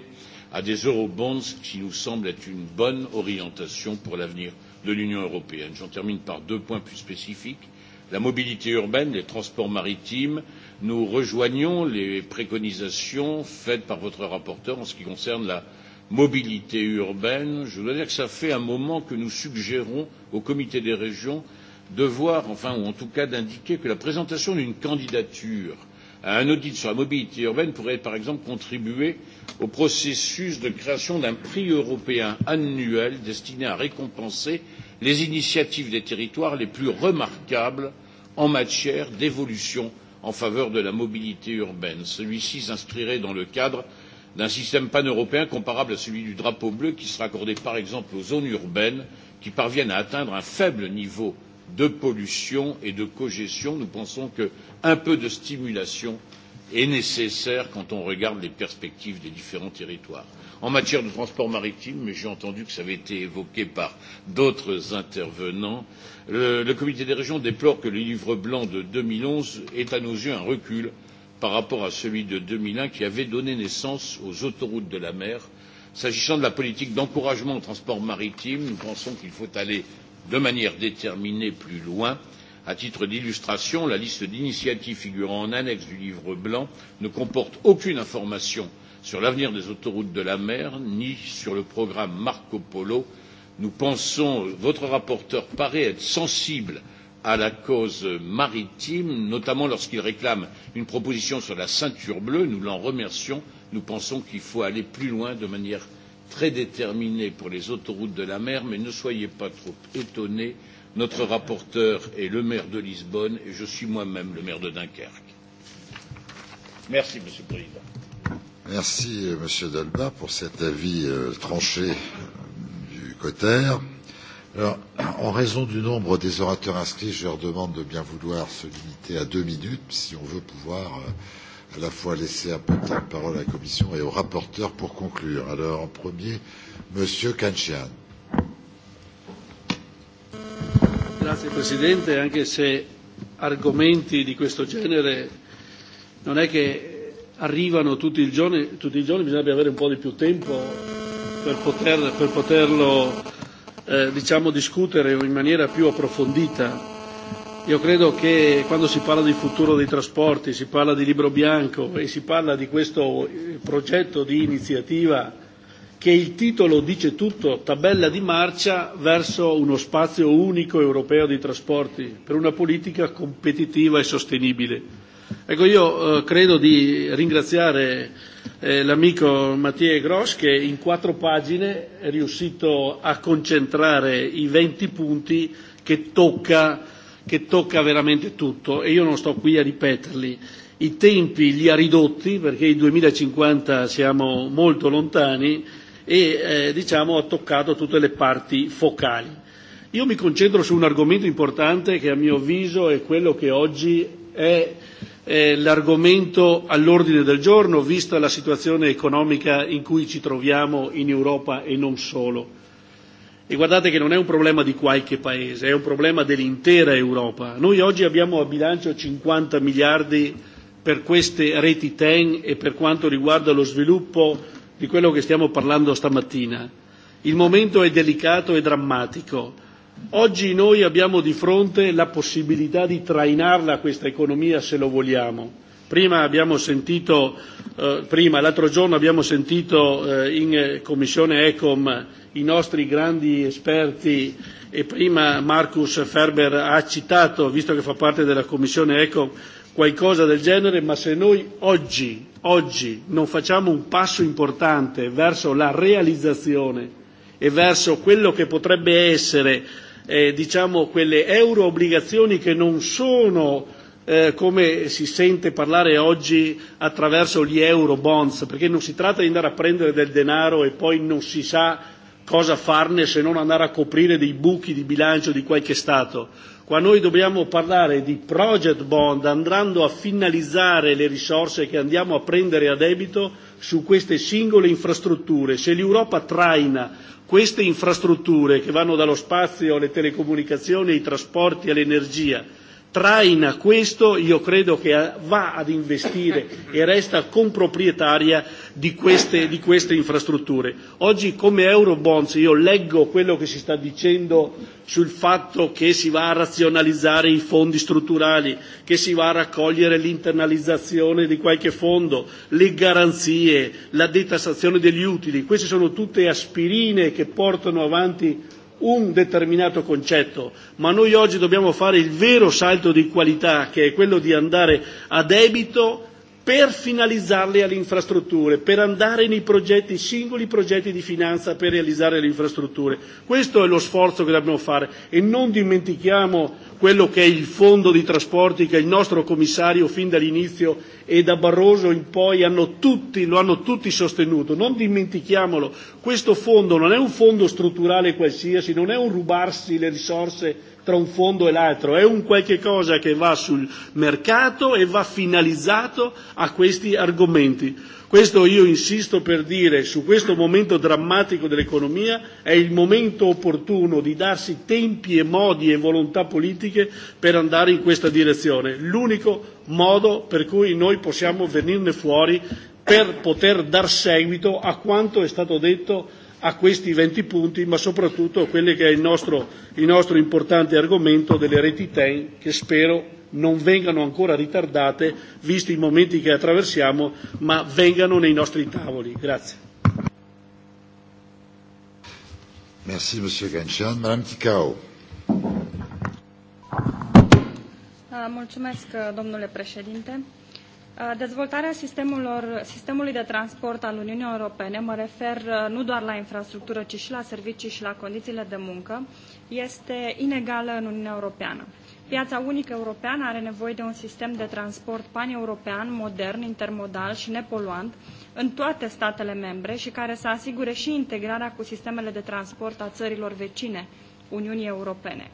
à des eurobonds qui nous semble être une bonne orientation pour l'avenir de l'Union européenne. J'en termine par deux points plus spécifiques la mobilité urbaine, les transports maritimes nous rejoignons les préconisations faites par votre rapporteur en ce qui concerne la mobilité urbaine. Je dois dire que cela fait un moment que nous suggérons au comité des régions de voir, enfin, ou en tout cas d'indiquer que la présentation d'une candidature à un audit sur la mobilité urbaine pourrait par exemple contribuer au processus de création d'un prix européen annuel destiné à récompenser les initiatives des territoires les plus remarquables en matière d'évolution en faveur de la mobilité urbaine. Celui ci s'inscrirait dans le cadre d'un système paneuropéen comparable à celui du drapeau bleu qui sera accordé par exemple aux zones urbaines qui parviennent à atteindre un faible niveau de pollution et de cogestion. Nous pensons qu'un peu de stimulation est nécessaire quand on regarde les perspectives des différents territoires. En matière de transport maritime, mais j'ai entendu que ça avait été évoqué par d'autres intervenants, le, le comité des régions déplore que le livre blanc de 2011 est à nos yeux un recul par rapport à celui de 2001 qui avait donné naissance aux autoroutes de la mer. S'agissant de la politique d'encouragement au transport maritime, nous pensons qu'il faut aller de manière déterminée plus loin. À titre d'illustration, la liste d'initiatives figurant en annexe du livre blanc ne comporte aucune information euh, sur l'avenir des autoroutes de la mer ni sur le programme marco polo. nous pensons votre rapporteur paraît être sensible à la cause maritime notamment lorsqu'il réclame une proposition sur la ceinture bleue nous l'en remercions nous pensons qu'il faut aller plus loin de manière très déterminée pour les autoroutes de la mer mais ne soyez pas trop étonnés notre rapporteur est le maire de lisbonne et je suis moi même le maire de dunkerque. merci monsieur le président. Merci, euh, Monsieur Delba, pour cet avis euh, tranché euh, du Cotter. Alors, en raison du nombre des orateurs inscrits, je leur demande de bien vouloir se limiter à deux minutes, si on veut pouvoir euh, à la fois laisser un peu de temps de parole à la Commission et au rapporteur pour conclure. Alors, en premier, Monsieur Kanchian. Grazie Presidente, anche se argomenti di questo genere non è che arrivano tutti i giorni, tutti i giorni bisognerebbe avere un po' di più tempo per, poter, per poterlo eh, diciamo, discutere in maniera più approfondita. Io credo che quando si parla di futuro dei trasporti, si parla di libro bianco e si parla di questo progetto di iniziativa che il titolo dice tutto, tabella di marcia verso uno spazio unico europeo di trasporti per una politica competitiva e sostenibile Ecco, io eh, credo di ringraziare eh, l'amico Mattia Grosch che in quattro pagine è riuscito a concentrare i 20 punti che tocca, che tocca veramente tutto e io non sto qui a ripeterli. I tempi li ha ridotti perché il 2050 siamo molto lontani e eh, diciamo, ha toccato tutte le parti focali. Io mi concentro su un argomento importante che a mio avviso è quello che oggi è eh, l'argomento all'ordine del giorno, vista la situazione economica in cui ci troviamo in Europa e non solo. E guardate che non è un problema di qualche paese, è un problema dell'intera Europa. Noi oggi abbiamo a bilancio 50 miliardi per queste reti TEN e per quanto riguarda lo sviluppo di quello che stiamo parlando stamattina. Il momento è delicato e drammatico Oggi noi abbiamo di fronte la possibilità di trainarla questa economia se lo vogliamo. Prima abbiamo sentito, eh, prima, l'altro giorno abbiamo sentito eh, in eh, commissione ECOM i nostri grandi esperti e prima Marcus Ferber ha citato, visto che fa parte della commissione ECOM, qualcosa del genere, ma se noi oggi, oggi non facciamo un passo importante verso la realizzazione e verso quello che potrebbe essere eh, diciamo, quelle euro obbligazioni che non sono eh, come si sente parlare oggi attraverso gli euro bonds, perché non si tratta di andare a prendere del denaro e poi non si sa cosa farne se non andare a coprire dei buchi di bilancio di qualche Stato. Qua noi dobbiamo parlare di project bond andando a finalizzare le risorse che andiamo a prendere a debito su queste singole infrastrutture, se l'Europa traina queste infrastrutture che vanno dallo spazio alle telecomunicazioni, ai trasporti, all'energia, traina questo, io credo che va ad investire e resta comproprietaria di queste, di queste infrastrutture. Oggi come Eurobonds io leggo quello che si sta dicendo sul fatto che si va a razionalizzare i fondi strutturali, che si va a raccogliere l'internalizzazione di qualche fondo, le garanzie, la detassazione degli utili. Queste sono tutte aspirine che portano avanti un determinato concetto, ma noi oggi dobbiamo fare il vero salto di qualità che è quello di andare a debito per finalizzarle alle infrastrutture, per andare nei progetti, singoli progetti di finanza per realizzare le infrastrutture. Questo è lo sforzo che dobbiamo fare e non dimentichiamo quello che è il fondo di trasporti che il nostro commissario fin dall'inizio e da Barroso in poi hanno tutti, lo hanno tutti sostenuto. Non dimentichiamolo, questo fondo non è un fondo strutturale qualsiasi, non è un rubarsi le risorse tra un fondo e l'altro, è un qualche cosa che va sul mercato e va finalizzato a questi argomenti. Questo io insisto per dire, su questo momento drammatico dell'economia è il momento opportuno di darsi tempi e modi e volontà politiche per andare in questa direzione. L'unico modo per cui noi possiamo venirne fuori per poter dar seguito a quanto è stato detto a questi 20 punti, ma soprattutto a quello che è il nostro, il nostro importante argomento delle reti TEN, che spero non vengano ancora ritardate, visti i momenti che attraversiamo, ma vengano nei nostri tavoli. Grazie. Merci, Monsieur Gancian. Madame Ticao. Ah, mulțumesc, domnule președinte. Uh, Uh, dezvoltarea sistemelor, sistemului de transport al Uniunii Europene, mă refer uh, nu doar la infrastructură, ci și la servicii și la condițiile de muncă, este inegală în Uniunea Europeană. Piața unică europeană are nevoie de un sistem de transport paneuropean, modern, intermodal și nepoluant în toate statele membre și care să asigure și integrarea cu sistemele de transport a țărilor vecine Uniunii Europene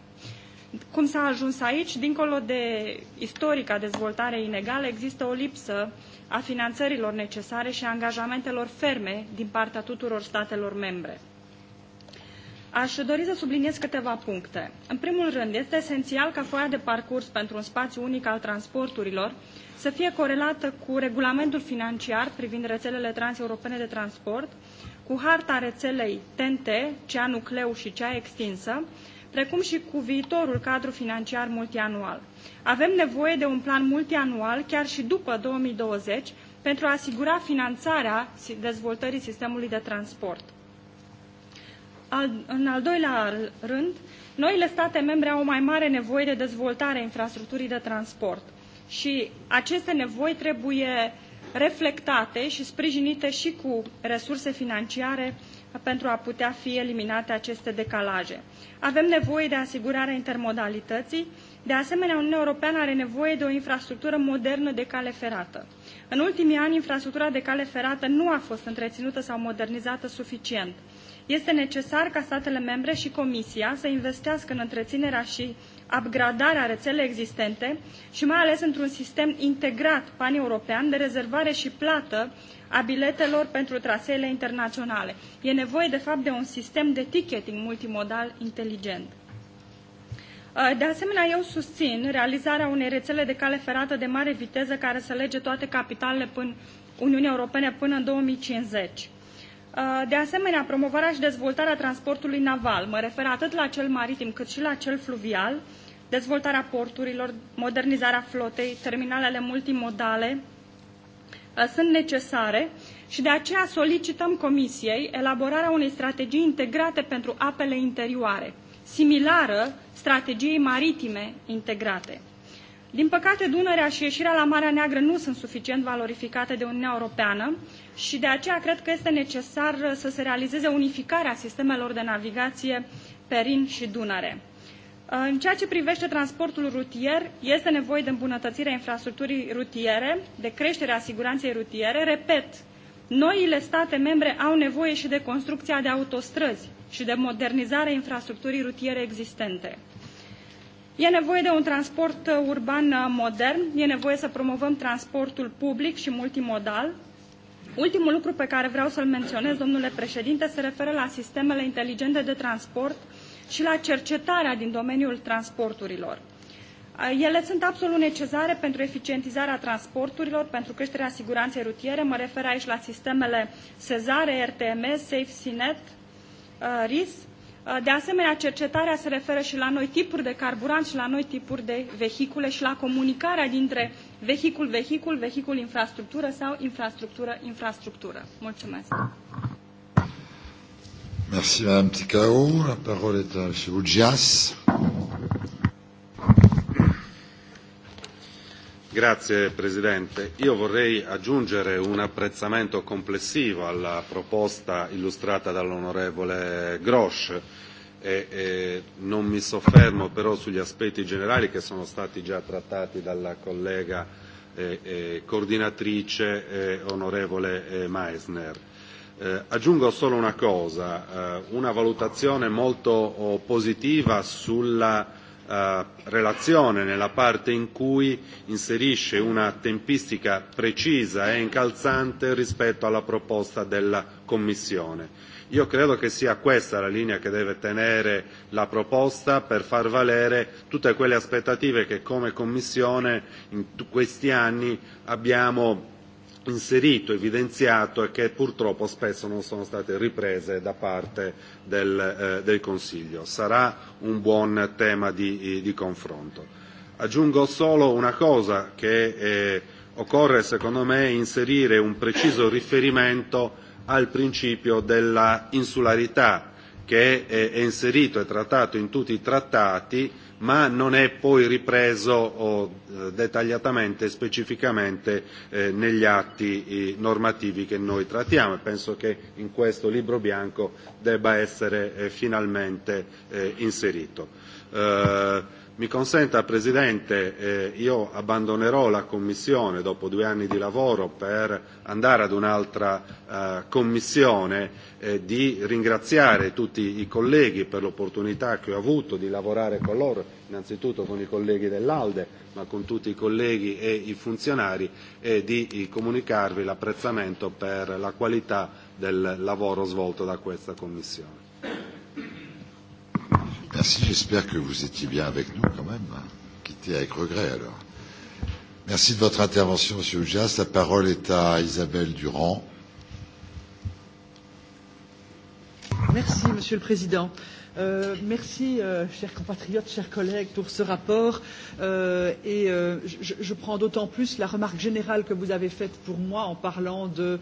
cum s-a ajuns aici, dincolo de istorica dezvoltare inegală, există o lipsă a finanțărilor necesare și a angajamentelor ferme din partea tuturor statelor membre. Aș dori să subliniez câteva puncte. În primul rând, este esențial ca foaia de parcurs pentru un spațiu unic al transporturilor să fie corelată cu regulamentul financiar privind rețelele transeuropene de transport, cu harta rețelei TNT, cea nucleu și cea extinsă, precum și cu viitorul cadru financiar multianual. Avem nevoie de un plan multianual chiar și după 2020 pentru a asigura finanțarea dezvoltării sistemului de transport. Al, în al doilea rând, noile state membre au o mai mare nevoie de dezvoltare a infrastructurii de transport și aceste nevoi trebuie reflectate și sprijinite și cu resurse financiare uh, pentru a putea fi eliminate aceste decalaje. Avem nevoie de asigurarea intermodalității, de asemenea, Uniunea Europeană are nevoie de o infrastructură modernă de cale ferată. În ultimii ani, infrastructura de cale ferată nu a fost întreținută sau modernizată suficient. Este necesar ca statele membre și Comisia să investească în întreținerea și upgradarea rețelei existente și mai ales într-un sistem integrat pan-european de rezervare și plată a biletelor pentru traseele internaționale. E nevoie, de fapt, de un sistem de ticketing multimodal inteligent. Uh, de asemenea, eu susțin realizarea unei rețele de cale ferată de mare viteză care să lege toate capitalele până Uniunii Europene până în 2050. Uh, de asemenea, promovarea și dezvoltarea transportului naval, mă refer atât la cel maritim cât și la cel fluvial, dezvoltarea porturilor, modernizarea flotei, terminalele multimodale, Uh, sunt necesare și de aceea solicităm Comisiei elaborarea unei strategii integrate pentru apele interioare, similară strategiei maritime integrate. Din păcate, Dunărea și ieșirea la Marea Neagră nu sunt suficient valorificate de Uniunea Europeană și de aceea cred că este necesar să se realizeze unificarea sistemelor de navigație pe Rin și Dunăre. În ceea ce privește transportul rutier, este nevoie de îmbunătățirea infrastructurii rutiere, de creșterea siguranței rutiere. Repet, noile state membre au nevoie și de construcția de autostrăzi și de modernizarea infrastructurii rutiere existente. E nevoie de un transport urban modern, e nevoie să promovăm transportul public și multimodal. Ultimul lucru pe care vreau să-l menționez, domnule președinte, se referă la sistemele inteligente de transport, și la cercetarea din domeniul transporturilor. Ele sunt absolut necesare pentru eficientizarea transporturilor, pentru creșterea siguranței rutiere. Mă refer aici la sistemele Sezare, RTMS, SafeSeaNet, RIS. De asemenea, cercetarea se referă și la noi tipuri de carburant și la noi tipuri de vehicule și la comunicarea dintre vehicul-vehicul, vehicul-infrastructură sau infrastructură-infrastructură. Mulțumesc! Merci Madame Ticao. La parole est à Monsieur Ugias. Grazie Presidente. Io vorrei aggiungere un apprezzamento complessivo alla proposta illustrata dall'onorevole Grosch e, e non mi soffermo però sugli aspetti generali che sono stati già trattati dalla collega eh, eh, coordinatrice eh, onorevole eh, Meissner. Eh, aggiungo solo una cosa, eh, una valutazione molto oh, positiva sulla eh, relazione nella parte in cui inserisce una tempistica precisa e incalzante rispetto alla proposta della Commissione. Io credo che sia questa la linea che deve tenere la proposta per far valere tutte quelle aspettative che come Commissione in questi anni abbiamo inserito, evidenziato e che purtroppo spesso non sono state riprese da parte del, eh, del Consiglio. Sarà un buon tema di, eh, di confronto. Aggiungo solo una cosa che eh, occorre secondo me inserire un preciso riferimento al principio della insularità che è, è inserito e trattato in tutti i trattati ma non è poi ripreso o, eh, dettagliatamente e specificamente eh, negli atti eh, normativi che noi trattiamo e penso che in questo libro bianco debba essere eh, finalmente eh, inserito. Eh, Mi consenta, Presidente, eh, io abbandonerò la Commissione dopo due anni di lavoro per andare ad un'altra eh, Commissione, eh, di ringraziare tutti i colleghi per l'opportunità che ho avuto di lavorare con loro, innanzitutto con i colleghi dell'Alde, ma con tutti i colleghi e i funzionari, e di eh, comunicarvi l'apprezzamento per la qualità del lavoro svolto da questa Commissione. Merci, j'espère que vous étiez bien avec nous quand même. Hein. Quittez avec regret alors. Merci de votre intervention, Monsieur Oujas. La parole est à Isabelle Durand. Merci, Monsieur le Président. Euh, merci, euh, chers compatriotes, chers collègues, pour ce rapport. Euh, et euh, je, je prends d'autant plus la remarque générale que vous avez faite pour moi en parlant de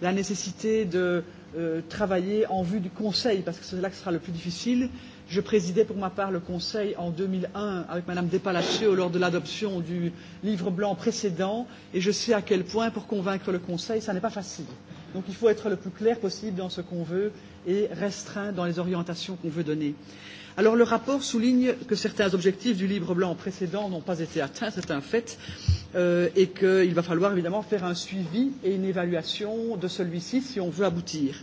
la nécessité de euh, travailler en vue du Conseil, parce que c'est là que ce sera le plus difficile. Euh, Je présidais pour ma part le Conseil en 2001 avec Madame Despalacio lors de l'adoption du livre blanc précédent et je sais à quel point pour convaincre le Conseil, ça n'est pas facile. Donc il faut être le plus clair possible dans ce qu'on veut et restreint dans les orientations qu'on veut donner. Alors le rapport souligne que certains objectifs du livre blanc précédent n'ont pas été atteints, c'est un fait, euh, et qu'il va falloir évidemment faire un suivi et une évaluation de celui-ci si on veut aboutir.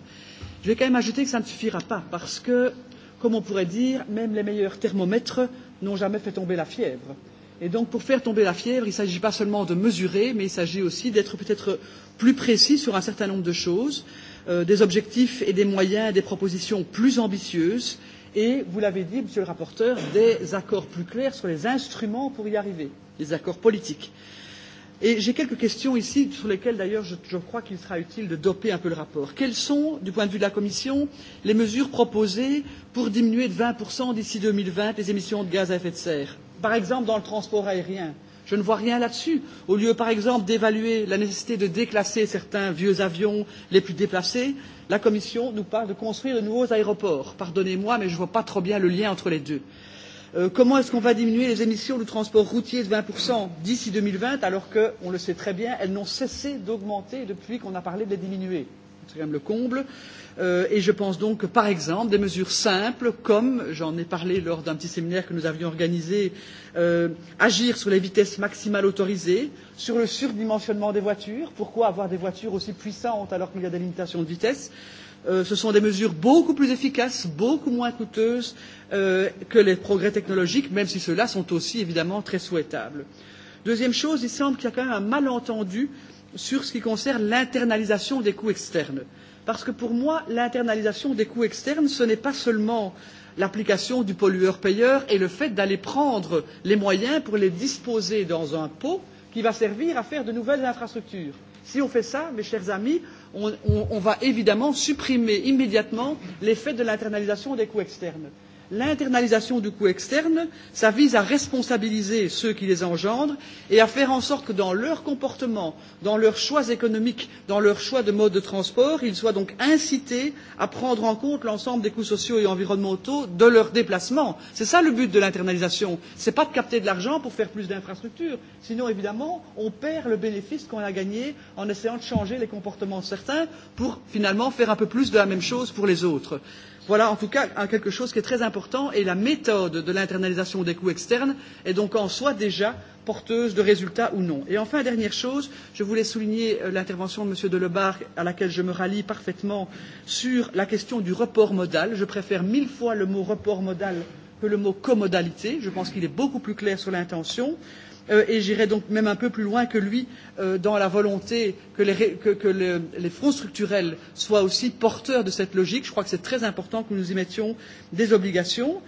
Je vais quand même ajouter que ça ne suffira pas parce que comme on pourrait dire, même les meilleurs thermomètres n'ont jamais fait tomber la fièvre. Et donc, pour faire tomber la fièvre, il ne s'agit pas seulement de mesurer, mais il s'agit aussi d'être peut-être plus précis sur un certain nombre de choses, euh, des objectifs et des moyens, des propositions plus ambitieuses, et, vous l'avez dit, monsieur le rapporteur, des accords plus clairs sur les instruments pour y arriver, les accords politiques. Euh, Et j'ai quelques questions ici sur lesquelles d'ailleurs je, je crois qu'il sera utile de doper un peu le rapport. Quelles sont, du point de vue de la Commission, les mesures proposées pour diminuer de 20% d'ici 2020 les émissions de gaz à effet de serre Par exemple dans le transport aérien. Je ne vois rien là-dessus. Au lieu, par exemple, d'évaluer la nécessité de déclasser certains vieux avions les plus déplacés, la Commission nous parle de construire de nouveaux aéroports. Pardonnez-moi, mais je ne vois pas trop bien le lien entre les deux. Euh, Euh, comment est ce qu'on va diminuer les émissions du transport routier de vingt d'ici deux mille vingt alors que on le sait très bien elles n'ont cessé d'augmenter depuis qu'on a parlé de les diminuer? c'est quand même le comble euh, et je pense donc que par exemple des mesures simples comme j'en ai parlé lors d'un petit séminaire que nous avions organisé euh, agir sur les vitesses maximales autorisées sur le surdimensionnement des voitures pourquoi avoir des voitures aussi puissantes alors qu'il y a des limitations de vitesse euh, Euh, ce sont des mesures beaucoup plus efficaces, beaucoup moins coûteuses euh, que les progrès technologiques, même si ceux-là sont aussi évidemment très souhaitables. Deuxième chose, il semble qu'il y a quand même un malentendu sur ce qui concerne l'internalisation des coûts externes. Parce que pour moi, l'internalisation des coûts externes, ce n'est pas seulement l'application du pollueur-payeur et le fait d'aller prendre les moyens pour les disposer dans un pot qui va servir à faire de nouvelles infrastructures. Si on fait ça, mes chers amis, on, on, on va évidemment supprimer immédiatement l'effet de l'internalisation des coûts externes. L'internalisation du coût externe, ça vise à responsabiliser ceux qui les engendrent et à faire en sorte que dans leur comportement, dans leurs choix économiques, dans leurs choix de mode de transport, ils soient donc incités à prendre en compte l'ensemble des coûts sociaux et environnementaux de leurs déplacements. C'est ça le but de l'internalisation. Ce n'est pas de capter de l'argent pour faire plus d'infrastructures. Sinon, évidemment, on perd le bénéfice qu'on a gagné en essayant de changer les comportements de certains pour finalement faire un peu plus de la même chose pour les autres. Euh, Voilà en tout cas quelque chose qui est très important et la méthode de l'internalisation des coûts externes est donc en soi déjà porteuse de résultats ou non. Et enfin, dernière chose, je voulais souligner euh, l'intervention de M. Delebarre à laquelle je me rallie parfaitement sur la question du report modal. Je préfère mille fois le mot report modal que le mot comodalité. Je pense qu'il est beaucoup plus clair sur l'intention. Euh, euh, et j'irai donc même un peu plus loin que lui euh, dans la volonté que les, que, que le, les fonds structurels soient aussi porteurs de cette logique. Je crois que c'est très important que nous y mettions des obligations.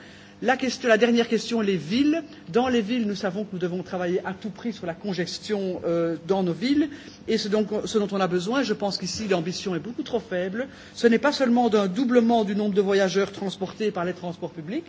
La, question, la dernière question, les villes. Dans les villes, nous savons que nous devons travailler à tout prix sur la congestion euh, dans nos villes et ce, donc, ce dont on a besoin, je pense qu'ici l'ambition est beaucoup trop faible. Ce n'est pas seulement d'un doublement du nombre de voyageurs transportés par les transports publics,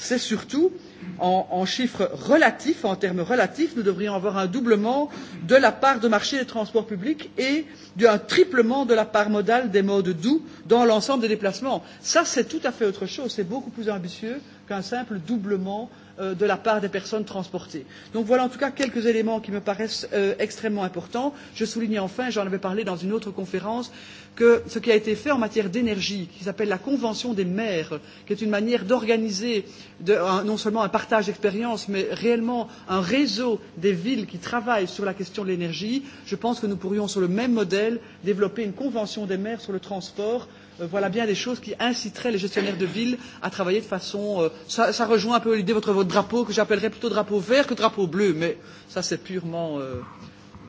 c'est surtout en, en chiffres relatifs, en termes relatifs, nous devrions avoir un doublement de la part de marché des transports publics et un triplement de la part modale des modes doux dans l'ensemble des déplacements. Ça, c'est tout à fait autre chose, c'est beaucoup plus ambitieux qu'un simple doublement euh, de la part des personnes transportées. Donc voilà en tout cas quelques éléments qui me paraissent euh, extrêmement importants. Je souligne enfin, j'en avais parlé dans une autre conférence, que ce qui a été fait en matière d'énergie, qui s'appelle la Convention des maires, qui est une manière d'organiser non seulement un partage d'expérience, mais réellement un réseau des villes qui travaillent sur la question de l'énergie, je pense que nous pourrions, sur le même modèle, développer une Convention des maires sur le transport euh, voilà bien des choses qui inciteraient les gestionnaires de ville à travailler de façon. Euh, ça, ça rejoint un peu l'idée de votre, votre drapeau que j'appellerais plutôt drapeau vert que drapeau bleu, mais ça c'est purement, euh,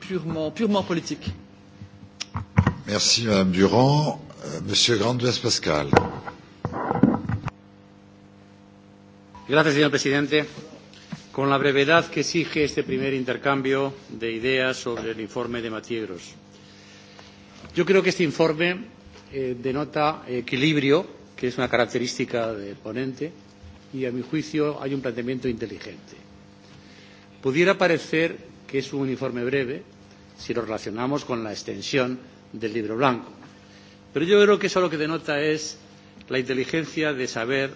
purement, purement politique. Merci Madame Durand. Euh, Monsieur Grandes Pascal. Gracias, señor presidente. Con la brevedad que exige este primer intercambio de ideas sobre el informe de Matiegros. Yo creo que este informe eh, denota equilibrio, que es una característica del ponente, y a mi juicio hay un planteamiento inteligente. Pudiera parecer que es un informe breve si lo relacionamos con la extensión del libro blanco, pero yo creo que eso lo que denota es la inteligencia de saber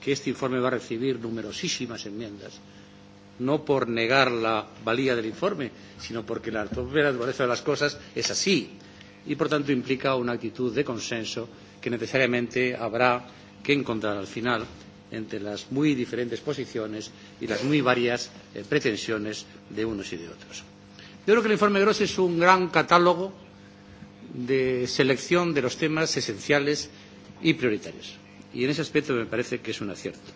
que este informe va a recibir numerosísimas enmiendas, no por negar la valía del informe, sino porque la propia naturaleza de las cosas es así y, por tanto, implica una actitud de consenso que necesariamente habrá que encontrar al final entre las muy diferentes posiciones y las muy varias eh, pretensiones de unos y de otros. Yo creo que el informe Gross es un gran catálogo de selección de los temas esenciales y prioritarios. Y en ese aspecto me parece que es un acierto.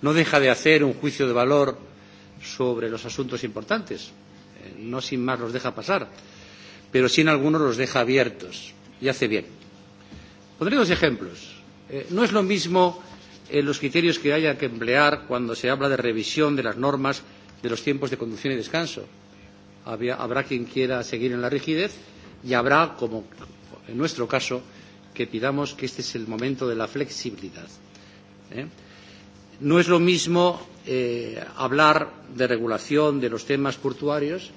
No deja de hacer un juicio de valor sobre los asuntos importantes. Eh, no sin más los deja pasar pero sí en algunos los deja abiertos y hace bien. Pondré dos ejemplos. Eh, no es lo mismo eh, los criterios que haya que emplear cuando se habla de revisión de las normas de los tiempos de conducción y descanso. Había, habrá quien quiera seguir en la rigidez y habrá, como en nuestro caso, que pidamos que este es el momento de la flexibilidad. ¿eh? No es lo mismo eh, hablar de regulación de los temas portuarios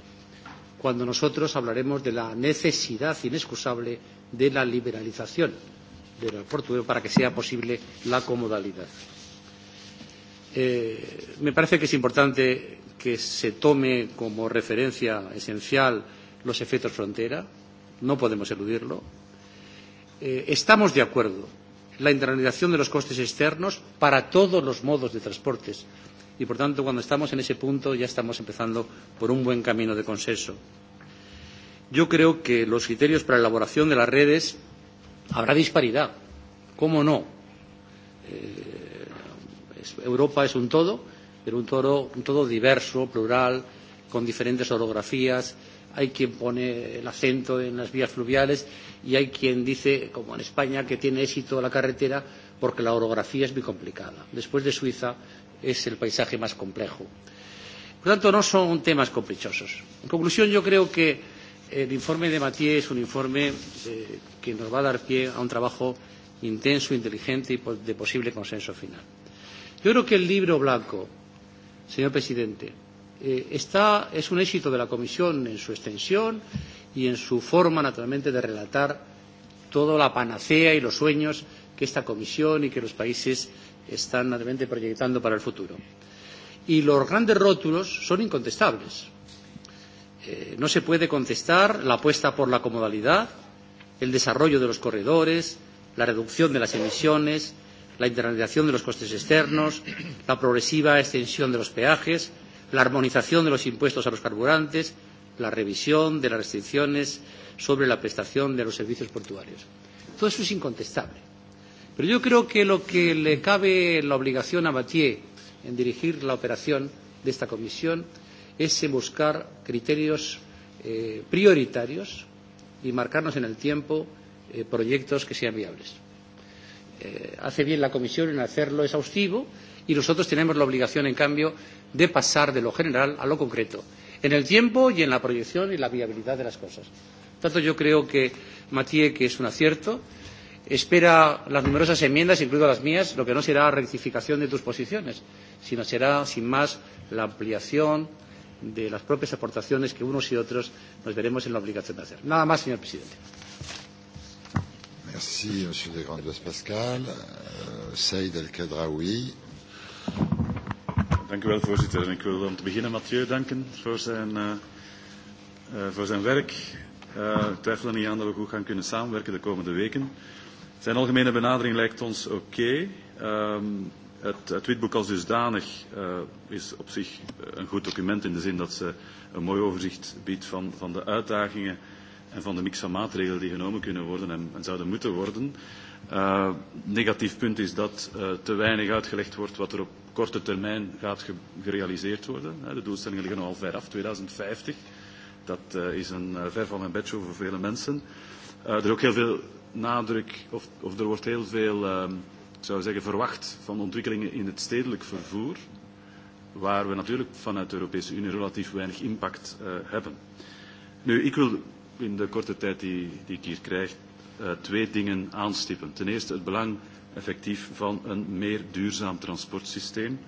cuando nosotros hablaremos de la necesidad inexcusable de la liberalización del aeropuerto para que sea posible la comodalidad. Eh, me parece que es importante que se tome como referencia esencial los efectos frontera, no podemos eludirlo. Eh, estamos de acuerdo la internalización de los costes externos para todos los modos de transportes, y, por tanto, cuando estamos en ese punto ya estamos empezando por un buen camino de consenso. Yo creo que los criterios para la elaboración de las redes habrá disparidad. ¿Cómo no? Eh, es, Europa es un todo, pero un todo, un todo diverso, plural, con diferentes orografías. Hay quien pone el acento en las vías fluviales y hay quien dice, como en España, que tiene éxito la carretera porque la orografía es muy complicada. Después de Suiza es el paisaje más complejo. Por tanto, no son temas caprichosos. En conclusión, yo creo que el informe de Mathieu es un informe eh, que nos va a dar pie a un trabajo intenso, inteligente y de posible consenso final. Yo creo que el libro blanco, señor presidente, eh, está, es un éxito de la Comisión en su extensión y en su forma, naturalmente, de relatar toda la panacea y los sueños que esta Comisión y que los países están realmente proyectando para el futuro. Y los grandes rótulos son incontestables. Eh, no se puede contestar la apuesta por la comodalidad, el desarrollo de los corredores, la reducción de las emisiones, la internalización de los costes externos, la progresiva extensión de los peajes, la armonización de los impuestos a los carburantes, la revisión de las restricciones sobre la prestación de los servicios portuarios. Todo eso es incontestable Pero yo creo que lo que le cabe la obligación a Mathieu en dirigir la operación de esta comisión es buscar criterios eh, prioritarios y marcarnos en el tiempo eh, proyectos que sean viables. Eh, hace bien la Comisión en hacerlo exhaustivo y nosotros tenemos la obligación, en cambio, de pasar de lo general a lo concreto, en el tiempo y en la proyección y la viabilidad de las cosas. Por tanto, yo creo que Mathieu, que es un acierto, eh, espera las numerosas enmiendas, incluidas las mías, lo que no será rectificación de tus posiciones, sino será, sin más, la ampliación de las propias aportaciones que unos y otros nos veremos en la obligación de hacer. Nada más, señor presidente. Merci, Monsieur de Grandes Pascal. Uh, Saïd El Kadraoui. Dank u wel, voorzitter. En ik wil om te beginnen Mathieu danken voor zijn, uh, uh, voor zijn werk. Uh, ik twijfel er niet aan dat we goed gaan kunnen samenwerken de komende weken. Uh, Zijn algemene benadering lijkt ons oké. Okay. Um, ehm, het, het witboek als dusdanig uh, is op zich eh, een goed document in de zin dat ze een mooi overzicht biedt van, van de uitdagingen en van de mix van maatregelen die genomen kunnen worden en, en zouden moeten worden. Uh, negatief punt is dat uh, te weinig uitgelegd wordt wat er op korte termijn gaat ge gerealiseerd worden. Uh, de doelstellingen liggen al ver af, 2050. Dat uh, is een uh, ver van mijn bedshow voor vele mensen. Uh, er ook heel veel nadruk, of, of er wordt heel veel, um, ik zou zeggen, verwacht van ontwikkelingen in het stedelijk vervoer, waar we natuurlijk vanuit de Europese Unie relatief weinig impact uh, hebben. Nu, ik wil in de korte tijd die, die ik hier krijg uh, twee dingen aanstippen. Ten eerste het belang effectief van een meer duurzaam transportsysteem.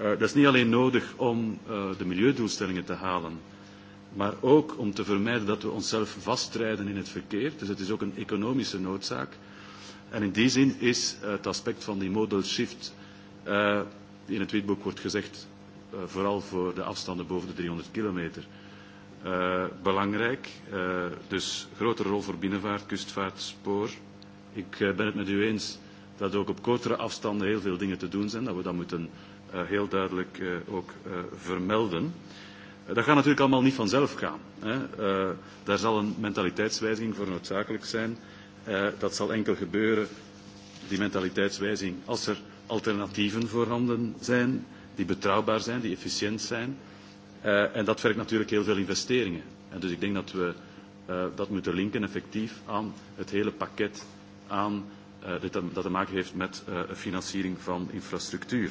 Uh, dat is niet alleen nodig om uh, de milieudoelstellingen te halen, maar ook om te vermijden dat we onszelf vastrijden in het verkeer. Dus het is ook een economische noodzaak. En in die zin is uh, het aspect van die modal shift, uh, eh, die in het witboek wordt gezegd, uh, vooral voor de afstanden boven de 300 kilometer, uh, belangrijk. Uh, dus grotere rol voor binnenvaart, kustvaart, spoor. Ik uh, ben het met u eens dat ook op kortere afstanden heel veel dingen te doen zijn, dat we dat moeten uh, heel duidelijk uh, ook uh, vermelden. Uh, Eh, dat gaat natuurlijk allemaal niet vanzelf gaan. Hè. Uh, daar zal een mentaliteitswijziging voor noodzakelijk zijn. Uh, dat zal enkel gebeuren, die mentaliteitswijziging, als er alternatieven voorhanden zijn die betrouwbaar zijn, die efficiënt zijn. Uh, en dat vergt natuurlijk heel veel investeringen. En dus ik denk dat we uh, dat moeten linken effectief aan het hele pakket aan, uh, dit, dat te maken heeft met uh, financiering van infrastructuur.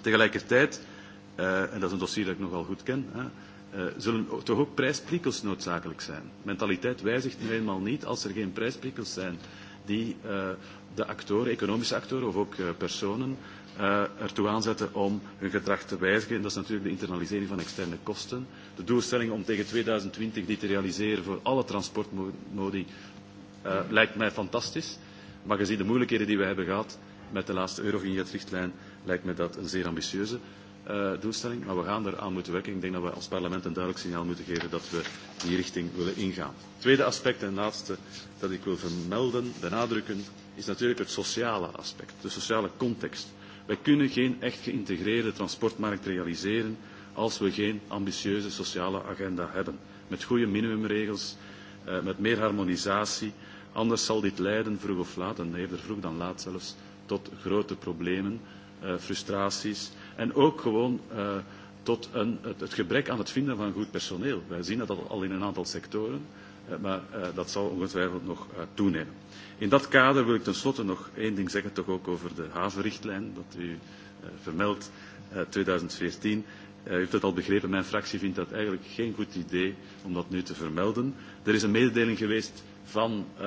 Tegelijkertijd uh, en dat is een dossier dat ik nogal goed ken, hè, uh, zullen toch ook prijsprikkels noodzakelijk zijn. Mentaliteit wijzigt nu eenmaal niet als er geen prijsprikkels zijn die uh, de actoren, economische actoren of ook uh, personen, uh, ertoe aanzetten om hun gedrag te wijzigen. En dat is natuurlijk de internalisering van externe kosten. De doelstelling om tegen 2020 die te realiseren voor alle transportmodi uh, lijkt mij fantastisch. Maar gezien de moeilijkheden die we hebben gehad met de laatste Eurovignetrichtlijn, lijkt mij dat een zeer ambitieuze uh, doelstelling. Maar we gaan eraan moeten werken. Ik denk dat we als parlement een duidelijk signaal moeten geven dat we die richting willen ingaan. Tweede aspect en laatste dat ik wil vermelden, benadrukken, is natuurlijk het sociale aspect, de sociale context. Wij kunnen geen echt geïntegreerde transportmarkt realiseren als we geen ambitieuze sociale agenda hebben. Met goede minimumregels, uh, met meer harmonisatie. Anders zal dit leiden, vroeg of laat, en eerder vroeg dan laat zelfs, tot grote problemen, uh, frustraties En ook gewoon uh, tot een, het, het gebrek aan het vinden van goed personeel. Wij zien dat al in een aantal sectoren, uh, maar uh, dat zal ongetwijfeld nog uh, toenemen. In dat kader wil ik tenslotte nog één ding zeggen, toch ook over de havenrichtlijn, dat u uh, vermeldt, uh, 2014. Uh, u heeft het al begrepen, mijn fractie vindt dat eigenlijk geen goed idee om dat nu te vermelden. Er is een mededeling geweest van uh,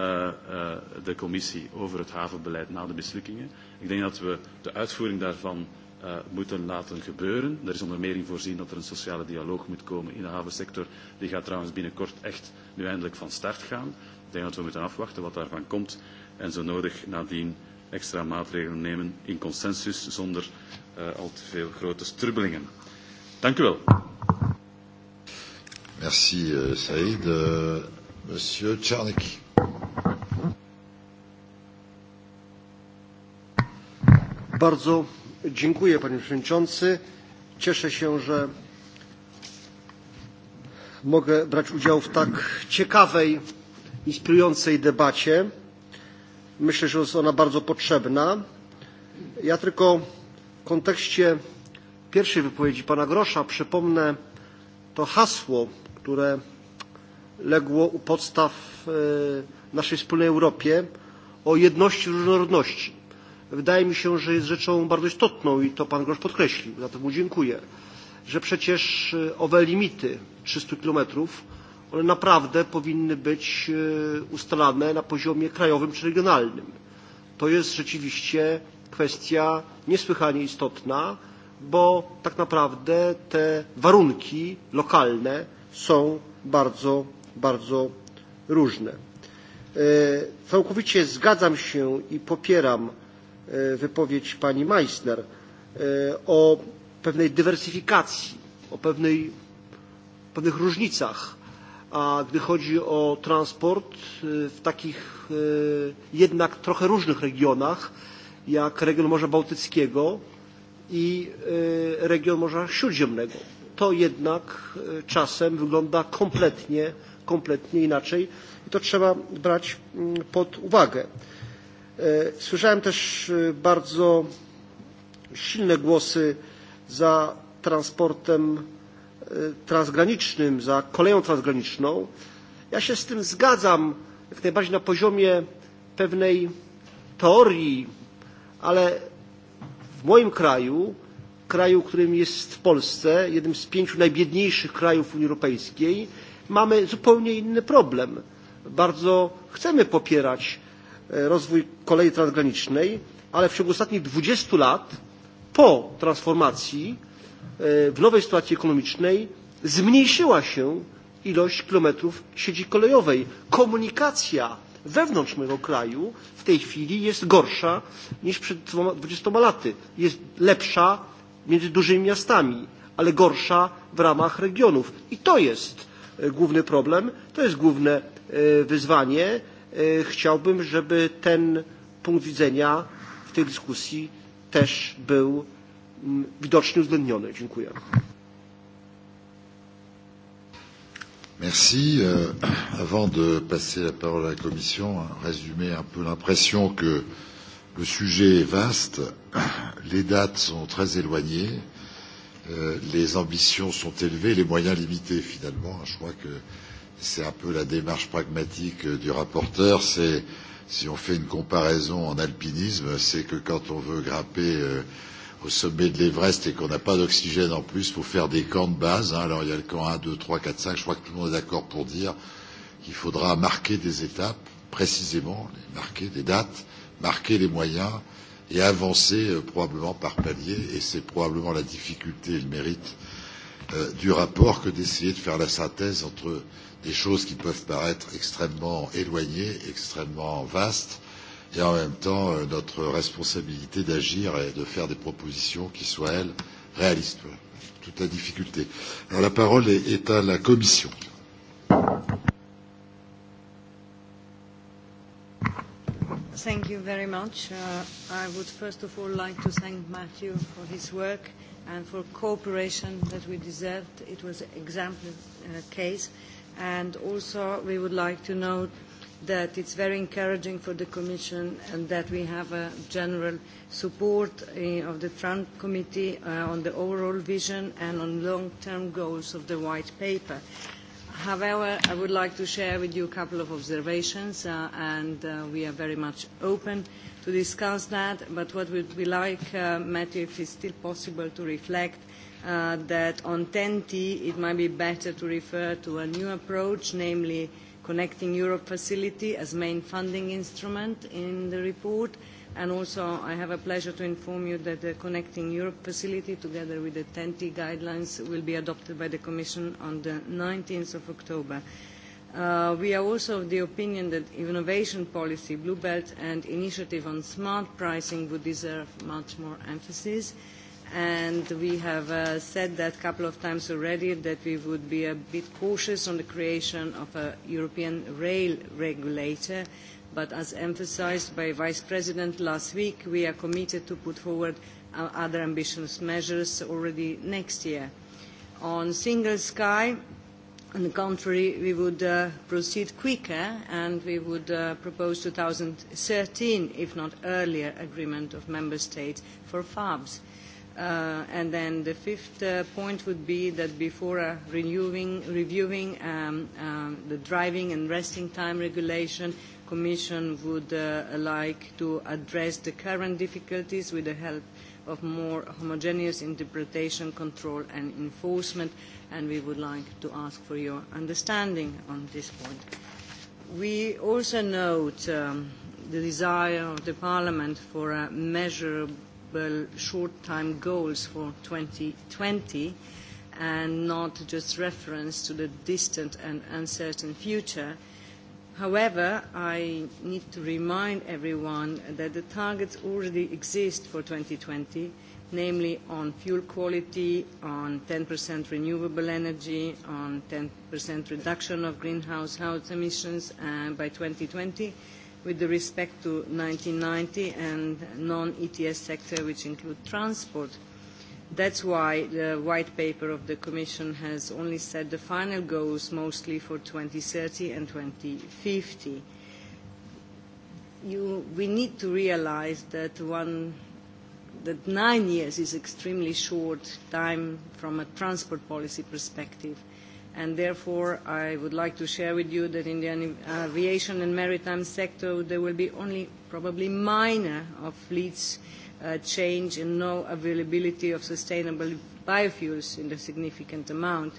uh, de commissie over het havenbeleid na de mislukkingen. Ik denk dat we de uitvoering daarvan uh, uh, moeten laten gebeuren. Er is onder meer in voorzien dat er een sociale dialoog moet komen in de havensector. Die gaat trouwens binnenkort echt nu eindelijk van start gaan. Ik denk dat we moeten afwachten wat daarvan komt en zo nodig nadien extra maatregelen nemen in consensus zonder uh, al te veel grote strubbelingen. Dank u wel. Merci uh, Saïd. Uh, monsieur Tcharnik. Bardzo Dziękuję panie przewodniczący. Cieszę się, że mogę brać udział w tak ciekawej, inspirującej debacie. Myślę, że jest ona bardzo potrzebna. Ja tylko w kontekście pierwszej wypowiedzi pana Grosza przypomnę to hasło, które legło u podstaw w e, naszej wspólnej Europie o jedności w różnorodności wydaje mi się, że jest rzeczą bardzo istotną i to pan Grosz podkreślił, za to mu dziękuję, że przecież e, owe limity 300 kilometrów one naprawdę powinny być e, ustalane na poziomie krajowym czy regionalnym. To jest rzeczywiście kwestia niesłychanie istotna, bo tak naprawdę te warunki lokalne są bardzo, bardzo różne. E, całkowicie zgadzam się i popieram E, wypowiedź pani Meissner e, o pewnej dywersyfikacji, o pewnej, pewnych różnicach, a gdy chodzi o transport e, w takich jednak trochę różnych regionach, jak region Morza Bałtyckiego i region Morza Śródziemnego. To jednak czasem wygląda kompletnie, kompletnie inaczej i to trzeba brać mm, pod uwagę. E, słyszałem też e, bardzo silne głosy za transportem e, transgranicznym, za koleją transgraniczną. Ja się z tym zgadzam jak najbardziej na poziomie pewnej teorii, ale w moim kraju, kraju, którym jest w Polsce, jednym z pięciu najbiedniejszych krajów Unii Europejskiej, mamy zupełnie inny problem. Bardzo chcemy popierać E, rozwój kolei transgranicznej, ale w ciągu ostatnich 20 lat po transformacji e, w nowej sytuacji ekonomicznej zmniejszyła się ilość kilometrów sieci kolejowej. Komunikacja wewnątrz mojego kraju w tej chwili jest gorsza niż przed 20 laty. Jest lepsza między dużymi miastami, ale gorsza w ramach regionów. I to jest e, główny problem, to jest główne wyzwanie E, chciałbym, żeby ten punkt widzenia w tej dyskusji też był mm, widocznie uwzględniony. Dziękuję. Merci. Euh, avant de passer la parole à la Commission, résumer un peu l'impression que le sujet est vaste, les dates sont très éloignées, euh, les ambitions sont élevées, les moyens limités finalement. Je crois que euh, c'est un peu la démarche pragmatique euh, du rapporteur, c'est si on fait une comparaison en alpinisme, c'est que quand on veut grimper euh, au sommet de l'Everest et qu'on n'a pas d'oxygène en plus, il faut faire des camps de base. Hein. Alors il y a le camp 1, 2, 3, 4, 5. Je crois que tout le monde est d'accord pour dire qu'il faudra marquer des étapes précisément, les marquer des dates, marquer les moyens et avancer euh, probablement par palier. Et c'est probablement la difficulté et le mérite euh, du rapport que d'essayer de faire la synthèse entre des choses qui peuvent paraître extrêmement éloignées, extrêmement vastes, et en même temps euh, notre responsabilité d'agir et de faire des propositions qui soient, elles, réalistes. Voilà. Toute la difficulté. Alors la parole est, est à la Commission. Thank you very much. Uh, I would first of all like to thank Matthew for his work and for cooperation that we deserved. It was an exemplary uh, case. Uh, And also, we would like to note that it's very encouraging for the Commission and that we have a general support uh, of the Trump Committee uh, on the overall vision and on long-term goals of the White Paper. However, I would like to share with you a couple of observations, uh, and uh, we are very much open to discuss that, but what would we like, uh, Matthew, if it's still possible to reflect uh, uh, that on 10T it might be better to refer to a new approach, namely Connecting Europe Facility as main funding instrument in the report. And also I have a pleasure to inform you that the Connecting Europe Facility together with the 10T guidelines will be adopted by the Commission on the 19th of October. Uh, we are also of the opinion that innovation policy, blue belt and initiative on smart pricing would deserve much more emphasis. Uh, and we have uh, said that a couple of times already that we would be a bit cautious on the creation of a European rail regulator, but as emphasized by Vice President last week, we are committed to put forward uh, other ambitious measures already next year. On Single Sky, on the contrary, we would uh, proceed quicker and we would uh, propose 2013, if not earlier, agreement of Member States for FABs. Uh, Uh, and then the fifth uh, point would be that before uh, renewing, reviewing um, um, the driving and resting time regulation, Commission would uh, like to address the current difficulties with the help of more homogeneous interpretation, control and enforcement, and we would like to ask for your understanding on this point. We also note um, the desire of the Parliament for a measurable achievable short-time goals for 2020 and not just reference to the distant and uncertain future. However, I need to remind everyone that the targets already exist for 2020, namely on fuel quality, on 10% renewable energy, on 10% reduction of greenhouse house emissions uh, by 2020, with respect to 1990 and non-ETS sector, which include transport. That's why the white paper of the Commission has only set the final goals mostly for 2030 and 2050. You, we need to realize that one that nine years is extremely short time from a transport policy perspective and therefore I would like to share with you that in the uh, aviation and maritime sector there will be only probably minor of fleets uh, change and no availability of sustainable biofuels in a significant amount.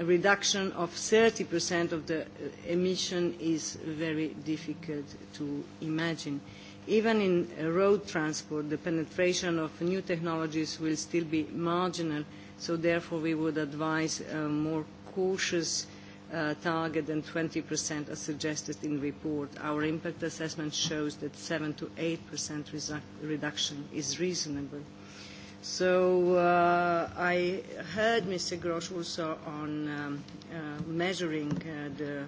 A reduction of 30% of the uh, emission is very difficult to imagine. Even in uh, road transport, the penetration of new technologies will still be marginal, so therefore we would advise uh, more cautious uh, target than 20% as suggested in report. Our impact assessment shows that 7 to 8% reduction is reasonable. So uh, I heard Mr. Grosch also on um, uh, measuring uh, the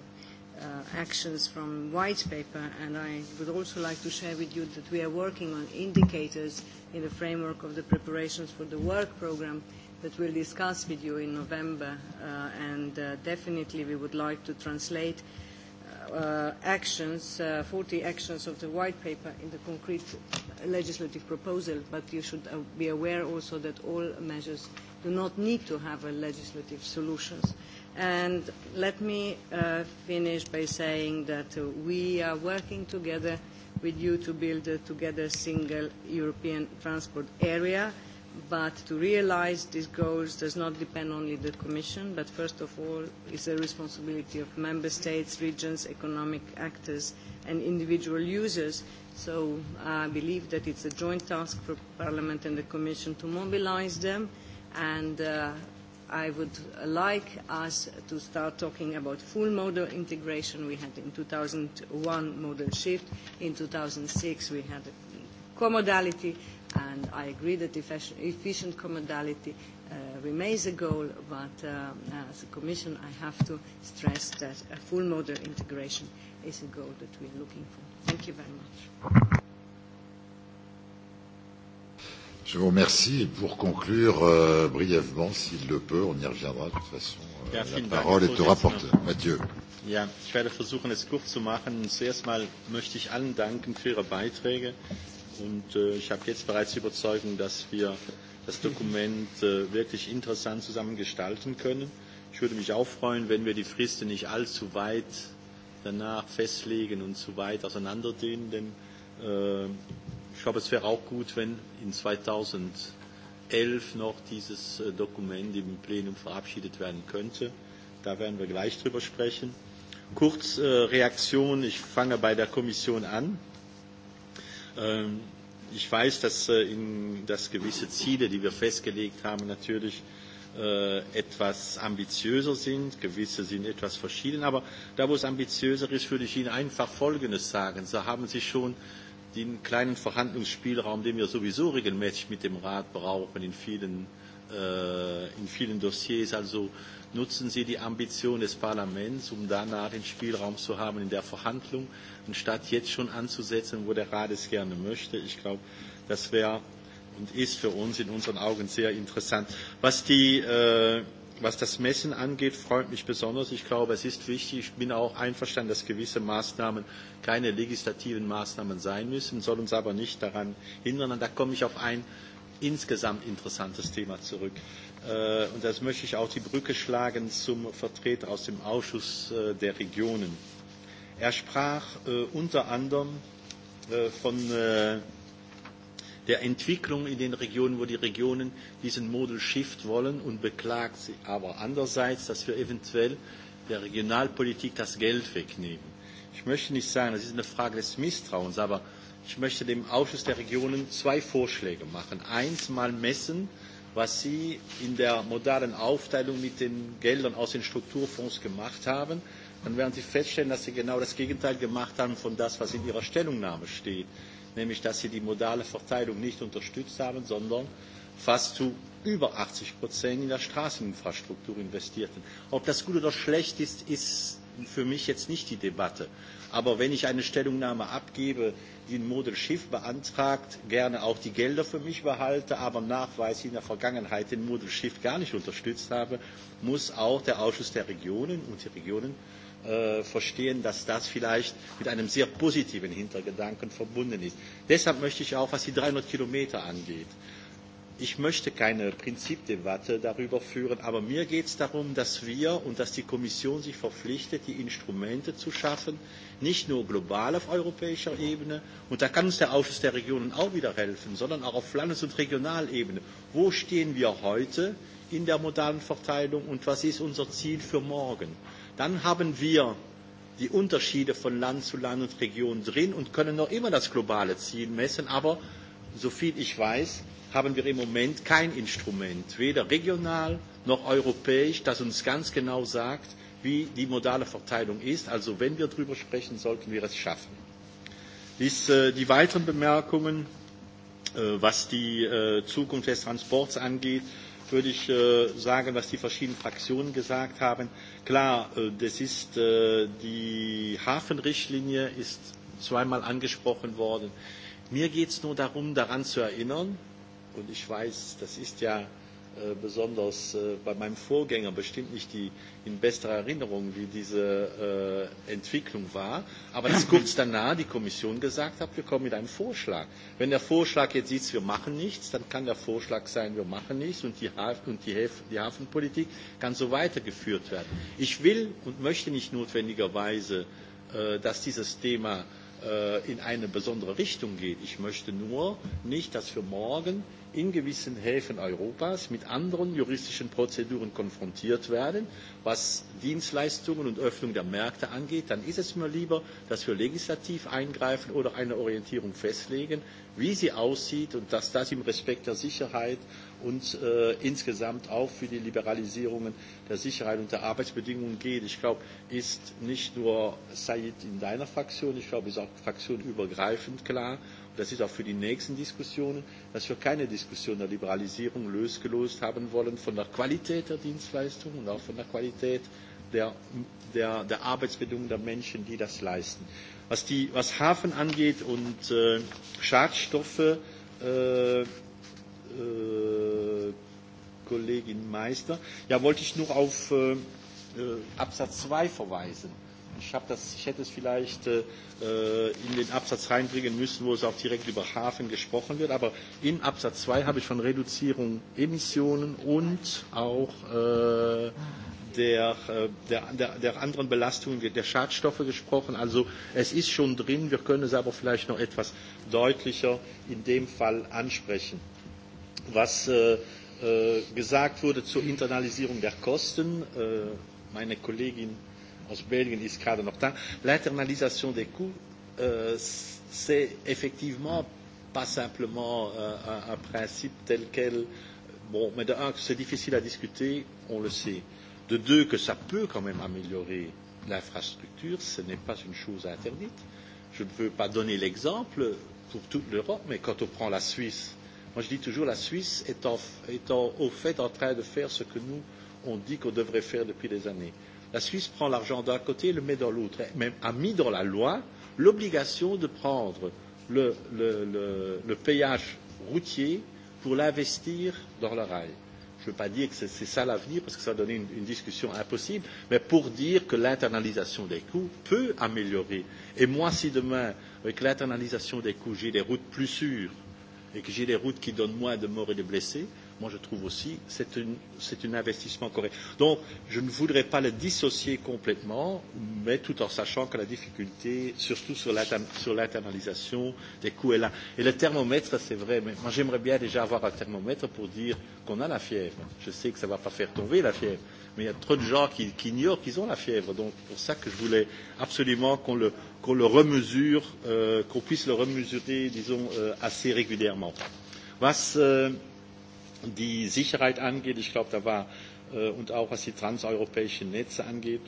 uh, actions from white paper, and I would also like to share with you that we are working on indicators in the framework of the preparations for the work program uh, that we'll discuss with you in November, uh, and uh, definitely we would like to translate uh, actions, uh, 40 actions of the white paper in the concrete legislative proposal, but you should uh, be aware also that all measures do not need to have a legislative solutions. And let me uh, finish by saying that uh, we are working together with you to build a together single European transport area. Uh, but to realize these goals does not depend only the Commission, but first of all is the responsibility of member states, regions, economic actors, and individual users. So I believe that it's a joint task for Parliament and the Commission to mobilize them, and uh, I would like us to start talking about full modal integration. We had in 2001 modal shift. In 2006, we had commodality. modality And I agree that efficient commodality uh, remains a goal, but um, as a Commission, I have to stress that a full modal integration is a goal that we're looking for. Thank you very much. Je vous remercie. Et pour conclure euh, brièvement, s'il le peut, on y reviendra de toute façon. Euh, ja, la parole Dank, est au rapporteur. Mathieu. Ja, ich werde versuchen, es kurz zu machen. Zuerst mal möchte ich allen danken für Ihre Beiträge. Und äh, ich habe jetzt bereits die Überzeugung, dass wir das Dokument äh, wirklich interessant zusammen gestalten können. Ich würde mich auch freuen, wenn wir die Fristen nicht allzu weit danach festlegen und zu weit auseinanderdehnen, denn äh, ich glaube, es wäre auch gut, wenn in 2011 noch dieses äh, Dokument im Plenum verabschiedet werden könnte. Da werden wir gleich drüber sprechen. Kurz äh, Reaktion, ich fange bei der Kommission an. Äh, Ähm, ich weiß, dass, äh, in, dass gewisse Ziele, die wir festgelegt haben, natürlich äh, etwas ambitiöser sind, gewisse sind etwas verschieden, aber da, wo es ambitiöser ist, würde ich Ihnen einfach Folgendes sagen. So haben Sie schon den kleinen Verhandlungsspielraum, den wir sowieso regelmäßig mit dem Rat brauchen, in vielen, äh, in vielen Dossiers. Also nutzen Sie die Ambition des Parlaments, um danach den Spielraum zu haben in der Verhandlung, anstatt jetzt schon anzusetzen, wo der Rat es gerne möchte. Ich glaube, das wäre und ist für uns in unseren Augen sehr interessant. Was die äh, Was das Messen angeht, freut mich besonders. Ich glaube, es ist wichtig. Ich bin auch einverstanden, dass gewisse Maßnahmen keine legislativen Maßnahmen sein müssen, soll uns aber nicht daran hindern. Und da komme ich auf ein insgesamt interessantes Thema zurück. Äh, und das möchte ich auch die Brücke schlagen zum Vertreter aus dem Ausschuss äh, der Regionen. Er sprach äh, unter anderem von der Entwicklung in den Regionen, wo die Regionen diesen Model Shift wollen und beklagt sie aber andererseits, dass wir eventuell der Regionalpolitik das Geld wegnehmen. Ich möchte nicht sagen, das ist eine Frage des Misstrauens, aber ich möchte dem Ausschuss der Regionen zwei Vorschläge machen. Eins mal messen, was Sie in der modalen Aufteilung mit den Geldern aus den Strukturfonds gemacht haben, dann werden Sie feststellen, dass Sie genau das Gegenteil gemacht haben von das, was in Ihrer Stellungnahme steht nämlich dass sie die modale Verteilung nicht unterstützt haben, sondern fast zu über 80 Prozent in der Straßeninfrastruktur investierten. Ob das gut oder schlecht ist, ist für mich jetzt nicht die Debatte. Aber wenn ich eine Stellungnahme abgebe, die ein Model Schiff beantragt, gerne auch die Gelder für mich behalte, aber nachweislich in der Vergangenheit den Model Schiff gar nicht unterstützt habe, muss auch der Ausschuss der Regionen und die Regionen äh, verstehen, dass das vielleicht mit einem sehr positiven Hintergedanken verbunden ist. Deshalb möchte ich auch, was die 300 Kilometer angeht, ich möchte keine Prinzipdebatte darüber führen, aber mir geht es darum, dass wir und dass die Kommission sich verpflichtet, die Instrumente zu schaffen, nicht nur global auf europäischer Ebene, und da kann uns der Ausschuss der Regionen auch wieder helfen, sondern auch auf Landes- und Regionalebene. Wo stehen wir heute in der modalen Verteilung und was ist unser Ziel für morgen? Dann haben wir die Unterschiede von Land zu Land und Region drin und können noch immer das globale Ziel messen. Aber, soviel ich weiß, haben wir im Moment kein Instrument, weder regional noch europäisch, das uns ganz genau sagt, wie die modale Verteilung ist. Also wenn wir darüber sprechen, sollten wir es schaffen. Dies, äh, die weiteren Bemerkungen, äh, was die äh, Zukunft des Transports angeht, würde ich äh, sagen, was die verschiedenen Fraktionen gesagt haben. Klar, äh, das ist, äh, die Hafenrichtlinie ist zweimal angesprochen worden. Mir geht es nur darum, daran zu erinnern, und ich weiß, das ist ja äh, besonders äh, bei meinem Vorgänger bestimmt nicht die in bester Erinnerung, wie diese äh, Entwicklung war, aber dass kurz danach die Kommission gesagt hat, wir kommen mit einem Vorschlag. Wenn der Vorschlag jetzt ist, wir machen nichts, dann kann der Vorschlag sein, wir machen nichts und die, Hafen, und die, Häfen, die Hafenpolitik kann so weitergeführt werden. Ich will und möchte nicht notwendigerweise, äh, dass dieses Thema äh, in eine besondere Richtung geht. Ich möchte nur nicht, dass wir morgen in gewissen Häfen Europas mit anderen juristischen Prozeduren konfrontiert werden, was Dienstleistungen und Öffnung der Märkte angeht, dann ist es mir lieber, dass wir legislativ eingreifen oder eine Orientierung festlegen, wie sie aussieht und dass das im Respekt der Sicherheit und äh, insgesamt auch für die Liberalisierungen der Sicherheit und der Arbeitsbedingungen geht. Ich glaube, ist nicht nur Said in deiner Fraktion, ich glaube, ist auch fraktionübergreifend klar das ist auch für die nächsten Diskussionen, dass wir keine Diskussion der Liberalisierung losgelöst haben wollen von der Qualität der Dienstleistung und auch von der Qualität der, der, der Arbeitsbedingungen der Menschen, die das leisten. Was, die, was Hafen angeht und äh, Schadstoffe, äh, äh, Kollegin Meister, ja, wollte ich nur auf äh, äh Absatz 2 verweisen Ich, das, ich hätte es vielleicht äh, äh, in den Absatz reinbringen müssen, wo es auch direkt über Hafen gesprochen wird. Aber in Absatz 2 habe ich von Reduzierung Emissionen und auch äh, der, äh, der, der, der anderen Belastungen der Schadstoffe gesprochen. Also es ist schon drin, wir können es aber vielleicht noch etwas deutlicher in dem Fall ansprechen. Was äh, äh, gesagt wurde zur Internalisierung der Kosten, äh, meine Kollegin als Belgen is, gaat er nog aan. L'internalisation des coûts, euh, c'est effectivement pas simplement euh, un, un principe tel quel. Bon, mais de un, que c'est difficile à discuter, on le sait. De deux, que ça peut quand même améliorer l'infrastructure, ce n'est pas une chose interdite. Je ne veux pas donner l'exemple pour toute l'Europe, mais quand on prend la Suisse, moi je dis toujours la Suisse est, en, est en, au fait en train de faire ce que nous, on dit qu'on devrait faire depuis des années La Suisse prend l'argent d'un côté et le met dans l'autre, même a mis dans la loi l'obligation de prendre le, le, le, le péage routier pour l'investir dans le rail. Je ne veux pas dire que c'est ça l'avenir, parce que ça va donner une, une discussion impossible, mais pour dire que l'internalisation des coûts peut améliorer. Et moi, si demain, avec l'internalisation des coûts, j'ai des routes plus sûres et que j'ai des routes qui donnent moins de morts et de blessés, moi je trouve aussi c'est une c'est un investissement correct. Donc je ne voudrais pas le dissocier complètement, mais tout en sachant que la difficulté, surtout sur l'internalisation des coûts, est là. Et le thermomètre, c'est vrai, mais moi j'aimerais bien déjà avoir un thermomètre pour dire qu'on a la fièvre. Je sais que ça ne va pas faire tomber la fièvre, mais il y a trop de gens qui, qui ignorent qu'ils ont la fièvre. Donc pour ça que je voulais absolument qu'on le, qu'on le remesure, euh, qu'on puisse le remesurer, disons, euh, assez régulièrement. Was, äh, euh, die Sicherheit angeht. Ich glaube, da war äh, und auch was die transeuropäischen Netze angeht.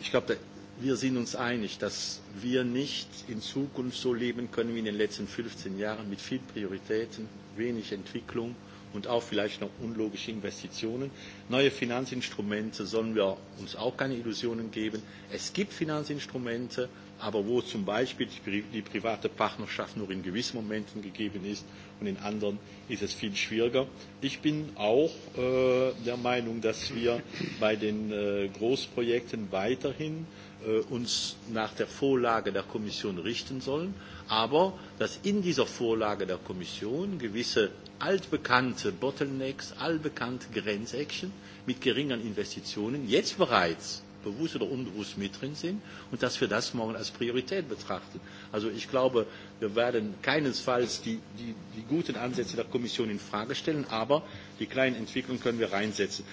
Ich glaube, wir sind uns einig, dass wir nicht in Zukunft so leben können wie in den letzten 15 Jahren mit vielen Prioritäten, wenig Entwicklung und auch vielleicht noch unlogische Investitionen. Neue Finanzinstrumente sollen wir uns auch keine Illusionen geben. Es gibt Finanzinstrumente, aber wo zum Beispiel die private Partnerschaft nur in gewissen Momenten gegeben ist und in anderen ist es viel schwieriger. Ich bin auch äh, der Meinung, dass wir bei den äh, Großprojekten weiterhin äh, uns nach der Vorlage der Kommission richten sollen, aber dass in dieser Vorlage der Kommission gewisse altbekannte Bottlenecks, altbekannte Grenzecken mit geringen Investitionen jetzt bereits bewusst oder unbewusst mit drin sind und dass wir das morgen als Priorität betrachten. Also ich glaube, wir werden keinesfalls die, die, die guten Ansätze der Kommission in Frage stellen, aber die kleinen Entwicklungen können wir reinsetzen.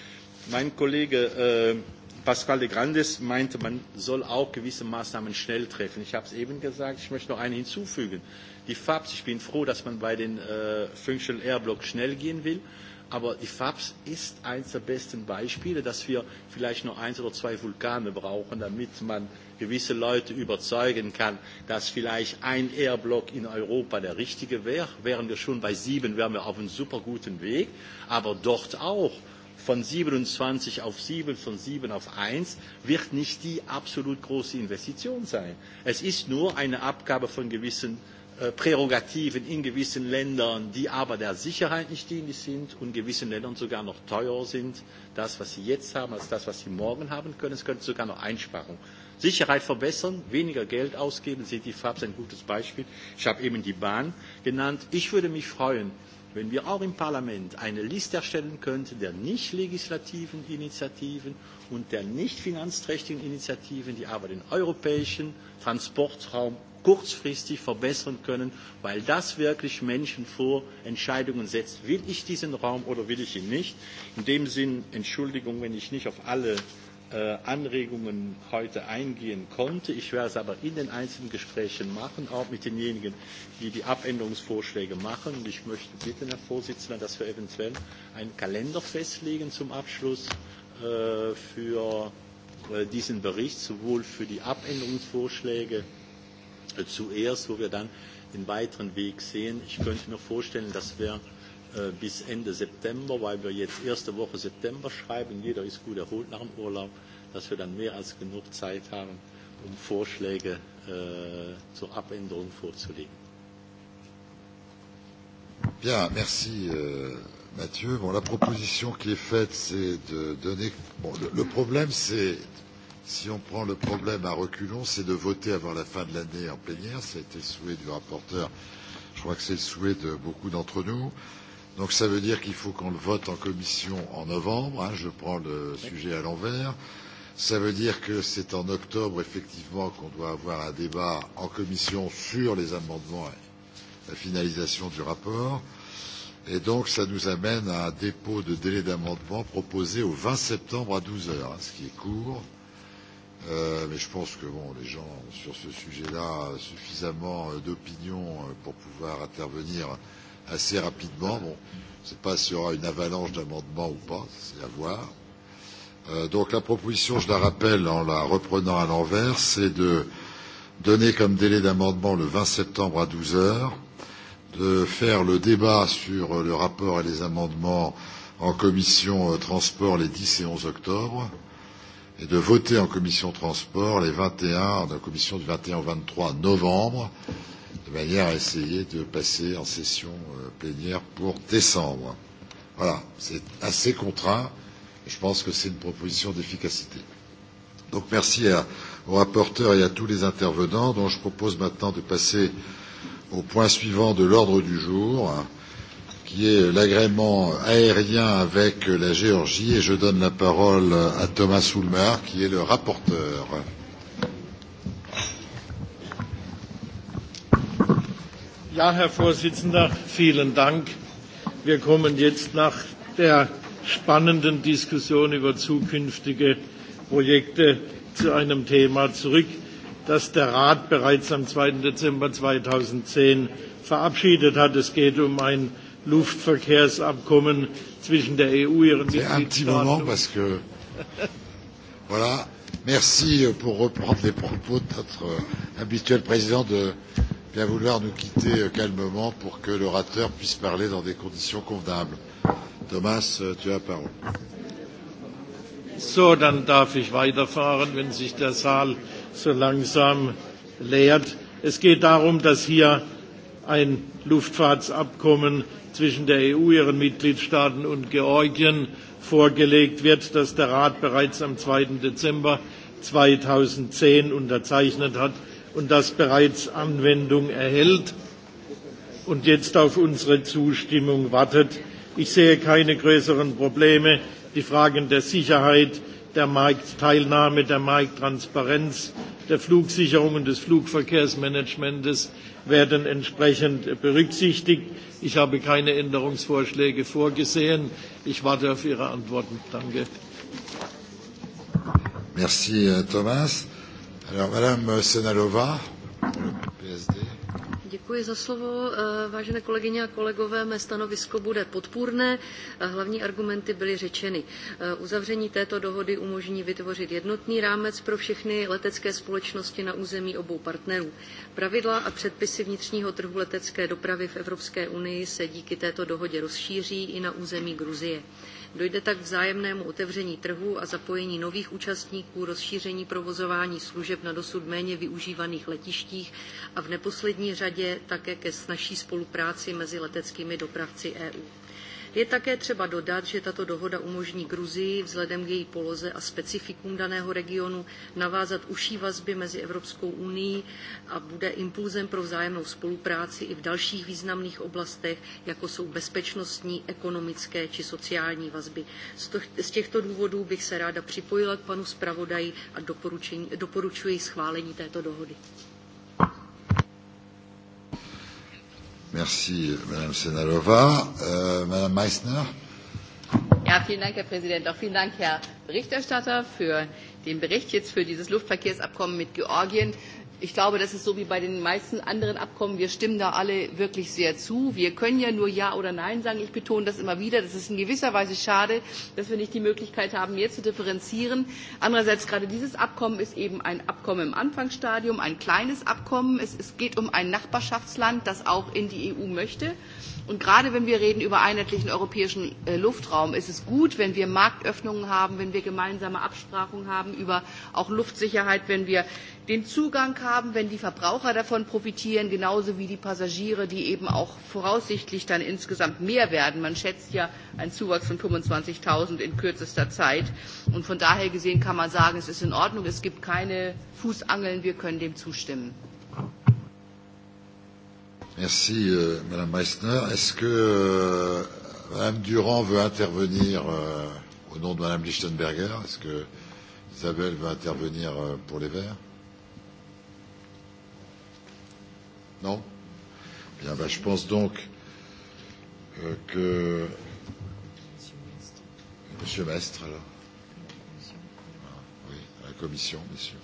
Mein Kollege äh, Pascal de Grandes meinte, man soll auch gewisse Maßnahmen schnell treffen. Ich habe es eben gesagt, ich möchte noch eine hinzufügen. Die FABs, ich bin froh, dass man bei den äh, Functional Airblock schnell gehen will. Äh, Aber die FAPS ist eines der besten Beispiele, dass wir vielleicht noch eins oder zwei Vulkane brauchen, damit man gewisse Leute überzeugen kann, dass vielleicht ein Airblock in Europa der richtige wäre. Wären wir schon bei sieben, wären wir auf einem super guten Weg. Aber dort auch von 27 auf 7, von 7 auf 1 wird nicht die absolut große Investition sein. Es ist nur eine Abgabe von gewissen äh, Äh, Prärogativen in gewissen Ländern, die aber der Sicherheit nicht dienlich sind und gewissen Ländern sogar noch teurer sind, das, was sie jetzt haben, als das, was sie morgen haben können. Es könnte sogar noch Einsparungen. Sicherheit verbessern, weniger Geld ausgeben, sieht die FABs ein gutes Beispiel. Ich habe eben die Bahn genannt. Ich würde mich freuen, wenn wir auch im Parlament eine Liste erstellen könnten der nicht legislativen Initiativen und der nicht finanzträchtigen Initiativen, die aber den europäischen Transportraum kurzfristig verbessern können, weil das wirklich Menschen vor Entscheidungen setzt. Will ich diesen Raum oder will ich ihn nicht? In dem Sinn, Entschuldigung, wenn ich nicht auf alle äh, Anregungen heute eingehen konnte. Ich werde es aber in den einzelnen Gesprächen machen, auch mit denjenigen, die die Abänderungsvorschläge machen. Und ich möchte bitten, Herr Vorsitzender, dass wir eventuell einen Kalender festlegen zum Abschluss äh, für äh, diesen Bericht, sowohl für die Abänderungsvorschläge Äh, zuerst, wo wir dann den weiteren Weg sehen. Ich könnte mir vorstellen, dass wir äh, bis Ende September, weil wir jetzt erste Woche September schreiben, jeder ist gut erholt nach dem Urlaub, dass wir dann mehr als genug Zeit haben, um Vorschläge äh, zur Abänderung vorzulegen. Bien, merci euh, Mathieu. Bon, la proposition qui est faite, c'est de donner. Bon, le, le problème, c'est si on prend le problème à reculons, c'est de voter avant la fin de l'année en plénière. C'était le souhait du rapporteur. Je crois que c'est le souhait de beaucoup d'entre nous. Donc ça veut dire qu'il faut qu'on le vote en commission en novembre. Hein, je prends le sujet à l'envers. Ça veut dire que c'est en octobre, effectivement, qu'on doit avoir un débat en commission sur les amendements et la finalisation du rapport. Et donc, ça nous amène à un dépôt de délai d'amendement proposé au 20 septembre à 12 heures, hein, ce qui est court. Euh, Euh, mais je pense que bon, les gens ont sur ce sujet-là suffisamment euh, d'opinion euh, pour pouvoir intervenir assez rapidement. Bon, je ne sais pas s'il y aura une avalanche d'amendements ou pas, c'est à voir. Euh, donc la proposition, je la rappelle en la reprenant à l'envers, c'est de donner comme délai d'amendement le 20 septembre à 12 heures, de faire le débat sur euh, le rapport et les amendements en commission euh, transport les 10 et 11 octobre, euh, et de voter en commission transport les 21, de la commission du 21 au 23 novembre, de manière à essayer de passer en session euh, plénière pour décembre. Voilà, c'est assez contraint. Je pense que c'est une proposition d'efficacité. Donc merci à, au rapporteur et à tous les intervenants, dont je propose maintenant de passer au point suivant de l'ordre du jour. Hein, qui est l'agrément aérien avec la Géorgie. Et je donne la parole à Thomas Soulmar, qui est le rapporteur. Ja, Herr Vorsitzender, vielen Dank. Wir kommen jetzt nach der spannenden Diskussion über zukünftige Projekte zu einem Thema zurück, das der Rat bereits am 2. Dezember 2010 verabschiedet hat. Es geht um ein Luftverkehrsabkommen zwischen der EU et ihren Mitgliedstaaten. Un petit moment parce que voilà. Merci euh, pour reprendre les propos de notre euh, habituel président de bien vouloir nous quitter euh, calmement pour que l'orateur puisse parler dans des conditions convenables. Thomas, tu as la parole. So, dann darf ich weiterfahren, wenn sich der Saal so langsam leert. Es geht darum, dass hier ein Luftfahrtsabkommen zwischen der EU, ihren Mitgliedstaaten und Georgien vorgelegt wird, das der Rat bereits am 2. Dezember 2010 unterzeichnet hat und das bereits Anwendung erhält und jetzt auf unsere Zustimmung wartet. Ich sehe keine größeren Probleme. Die Fragen der Sicherheit, der Marktteilnahme, der Markttransparenz der Flugsicherung und des Flugverkehrsmanagements werden entsprechend berücksichtigt. Ich habe keine Änderungsvorschläge vorgesehen. Ich warte auf Ihre Antworten. Danke. Merci euh, Thomas. Alors Madame Senalova, le PSD. Děkuji za slovo. Eh, vážené kolegyně a kolegové, mé stanovisko bude podpůrné. Hlavní argumenty byly řečeny. Eh, uzavření této dohody umožní vytvořit jednotný rámec pro všechny letecké společnosti na území obou partnerů. Pravidla a předpisy vnitřního trhu letecké dopravy v Evropské unii se díky této dohodě rozšíří i na území Gruzie. Dojde tak k vzájemnému otevření trhu a zapojení nových účastníků, rozšíření provozování služeb na dosud méně využívaných letištích a v neposlední řadě také ke snažší spolupráci mezi leteckými dopravci EU. Je také třeba dodat, že tato dohoda umožní Gruzii vzhledem k její poloze a specifikům daného regionu navázat užší vazby mezi Evropskou unii a bude impulzem pro vzájemnou spolupráci i v dalších významných oblastech, jako jsou bezpečnostní, ekonomické či sociální vazby. Z těchto důvodů bych se ráda připojila k panu zpravodaji a doporučuji schválení této dohody. Merci, Madame Senalova. Äh, Madame Meissner. Ja, vielen Dank, Herr Präsident. Auch vielen Dank, Herr Berichterstatter, für den Bericht jetzt für dieses Luftverkehrsabkommen mit Georgien. Ich glaube, das ist so wie bei den meisten anderen Abkommen. Wir stimmen da alle wirklich sehr zu. Wir können ja nur Ja oder Nein sagen. Ich betone das immer wieder. Das ist in gewisser Weise schade, dass wir nicht die Möglichkeit haben, mehr zu differenzieren. Andererseits, gerade dieses Abkommen ist eben ein Abkommen im Anfangsstadium, ein kleines Abkommen. Es, es geht um ein Nachbarschaftsland, das auch in die EU möchte. Und gerade wenn wir reden über einheitlichen europäischen äh, Luftraum, ist es gut, wenn wir Marktöffnungen haben, wenn wir gemeinsame Absprachen haben über auch Luftsicherheit, wenn wir den Zugang haben, wenn die Verbraucher davon profitieren, genauso wie die Passagiere, die eben auch voraussichtlich dann insgesamt mehr werden. Man schätzt ja einen Zuwachs von 25.000 in kürzester Zeit. Und von daher gesehen kann man sagen, es ist in Ordnung, es gibt keine Fußangeln, wir können dem zustimmen. Thank you. Merci, euh, Madame Meissner. Est-ce que euh, Madame Durand veut intervenir euh, au nom de Madame Lichtenberger Est-ce que Isabelle veut intervenir euh, pour les Verts Non Bien, bah, je pense donc euh, que Monsieur Mestre, alors. Ah, oui, à la Commission, messieurs.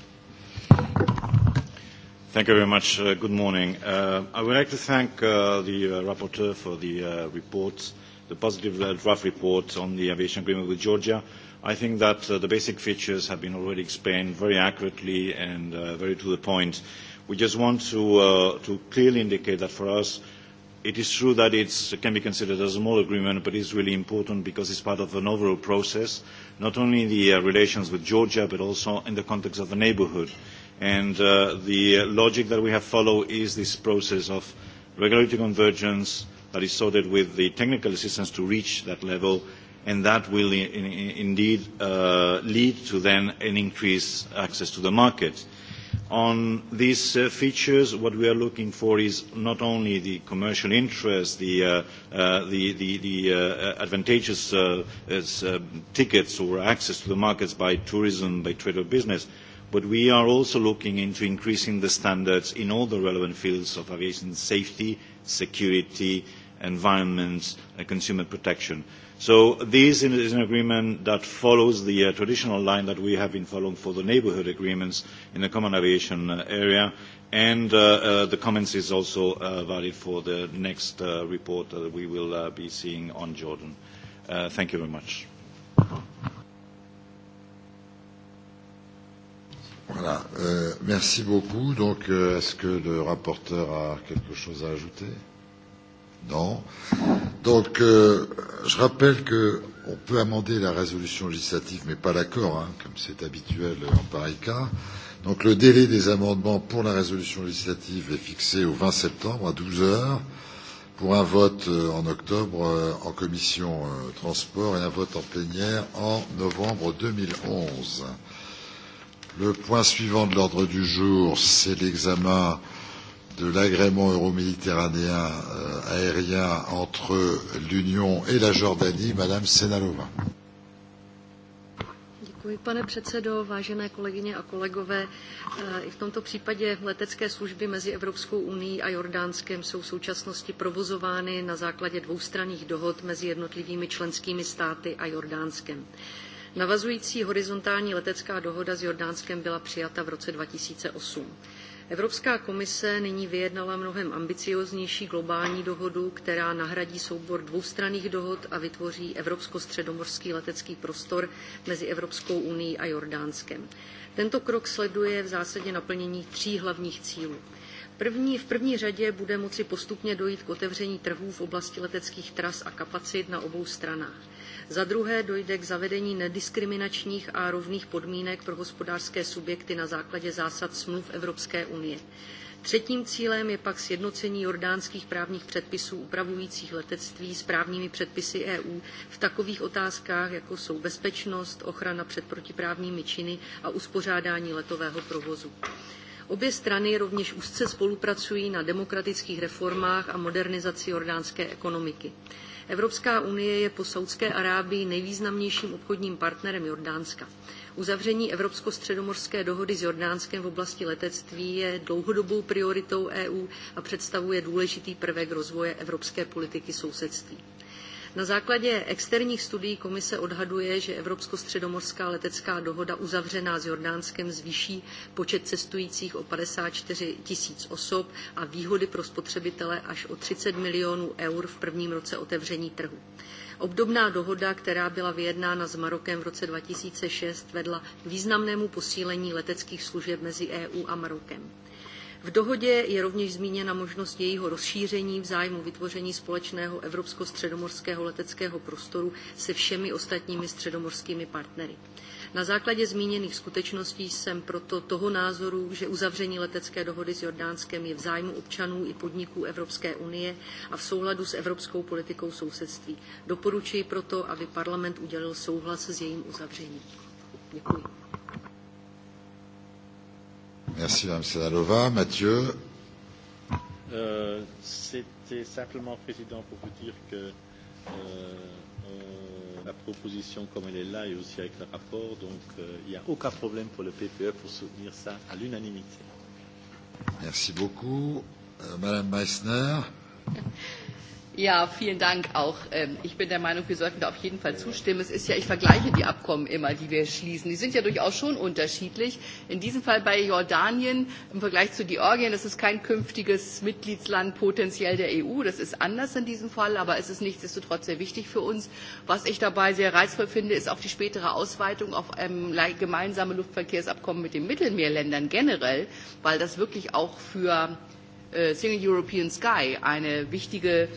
Thank you very much. Uh, good morning. Uh, I would like to thank uh, the uh, rapporteur for the uh, report, the positive uh, draft report on the aviation agreement with Georgia. I think that uh, the basic features have been already explained very accurately and uh, very to the point. We just want to, uh, to clearly indicate that for us, it is true that it can be considered a small agreement, but it's really important because it's part of an overall process, not only in the uh, relations with Georgia, but also in the context of the neighborhood. Uh, And uh, the logic that we have followed is this process of regulatory convergence that is sorted with the technical assistance to reach that level, and that will in, in, indeed uh, lead to then an increased access to the market. On these uh, features, what we are looking for is not only the commercial interest, the, uh, uh, the, the, the uh, advantageous uh, as, uh, uh, tickets or access to the markets by tourism, by trade or business, uh, but we are also looking into increasing the standards in all the relevant fields of aviation safety, security, environment, and consumer protection. So this is an agreement that follows the uh, traditional line that we have been following for the neighborhood agreements in the common aviation uh, area, and uh, uh, the comments is also uh, valid for the next uh, report that we will uh, be seeing on Jordan. Uh, thank you very much. Thank you. Voilà, euh, merci beaucoup. Donc, euh, est-ce que le rapporteur a quelque chose à ajouter Non. Donc, euh, je rappelle que on peut amender la résolution législative, mais pas l'accord, hein, comme c'est habituel en pareil cas. Donc, le délai des amendements pour la résolution législative est fixé au 20 septembre à 12 heures pour un vote euh, en octobre euh, en commission euh, transport et un vote en plénière en novembre 2011. Le point suivant de l'ordre du jour, c'est l'examen de l'agrément euroméditerranéen euh, aérien entre l'Union et la Jordanie. Madame Senalova. Děkuji, pane předsedo, vážené kolegyně a kolegové. Eh, I v tomto případě letecké služby mezi Evropskou unii a Jordánskem jsou v současnosti provozovány na základě dvoustranných dohod mezi jednotlivými členskými státy a Jordánskem. Navazující horizontální letecká dohoda s Jordánskem byla přijata v roce 2008. Evropská komise nyní vyjednala mnohem ambicioznější globální dohodu, která nahradí soubor dvoustranných dohod a vytvoří evropsko-středomorský letecký prostor mezi Evropskou unii a Jordánskem. Tento krok sleduje v zásadě naplnění tří hlavních cílů. První, v první řadě bude moci postupně dojít k otevření trhů v oblasti leteckých tras a kapacit na obou stranách. Za druhé dojde k zavedení nediskriminačních a rovných podmínek pro hospodářské subjekty na základě zásad smluv Evropské unie. Třetím cílem je pak sjednocení jordánských právních předpisů upravujících letectví s právními předpisy EU v takových otázkách, jako jsou bezpečnost, ochrana před protiprávními činy a uspořádání letového provozu. Obě strany rovněž úzce spolupracují na demokratických reformách a modernizaci jordánské ekonomiky. Evropská unie je po Saudské Arábii nejvýznamnějším obchodním partnerem Jordánska. Uzavření Evropsko-středomorské dohody s Jordánskem v oblasti letectví je dlouhodobou prioritou EU a představuje důležitý prvek rozvoje evropské politiky sousedství. Na základě externích studií komise odhaduje, že Evropsko-středomorská letecká dohoda uzavřená s Jordánskem zvýší počet cestujících o 54 tisíc osob a výhody pro spotřebitele až o 30 milionů eur v prvním roce otevření trhu. Obdobná dohoda, která byla vyjednána s Marokem v roce 2006, vedla k významnému posílení leteckých služeb mezi EU a Marokem. V dohodě je rovněž zmíněna možnost jejího rozšíření v zájmu vytvoření společného evropsko-středomorského leteckého prostoru se všemi ostatními středomorskými partnery. Na základě zmíněných skutečností jsem proto toho názoru, že uzavření letecké dohody s Jordánskem je v zájmu občanů i podniků Evropské unie a v souladu s evropskou politikou sousedství. Doporučuji proto, aby parlament udělil souhlas s jejím uzavřením. Děkuji. Merci Mme Senalova. Mathieu euh, C'était simplement, Président, pour vous dire que euh, on, euh, la proposition comme elle est là et aussi avec le rapport, donc euh, il euh, n'y a aucun problème pour le PPE pour soutenir ça à l'unanimité. Merci beaucoup. Euh, Madame Meissner. Ja, vielen Dank auch. Ähm, ich bin der Meinung, wir sollten da auf jeden Fall zustimmen. Es ist ja, ich vergleiche die Abkommen immer, die wir schließen. Die sind ja durchaus schon unterschiedlich. In diesem Fall bei Jordanien im Vergleich zu Georgien, das ist kein künftiges Mitgliedsland potenziell der EU. Das ist anders in diesem Fall, aber es ist nichtsdestotrotz sehr wichtig für uns. Was ich dabei sehr reizvoll finde, ist auch die spätere Ausweitung auf ähm, gemeinsame Luftverkehrsabkommen mit den Mittelmeerländern generell, weil das wirklich auch für äh, Single European Sky eine wichtige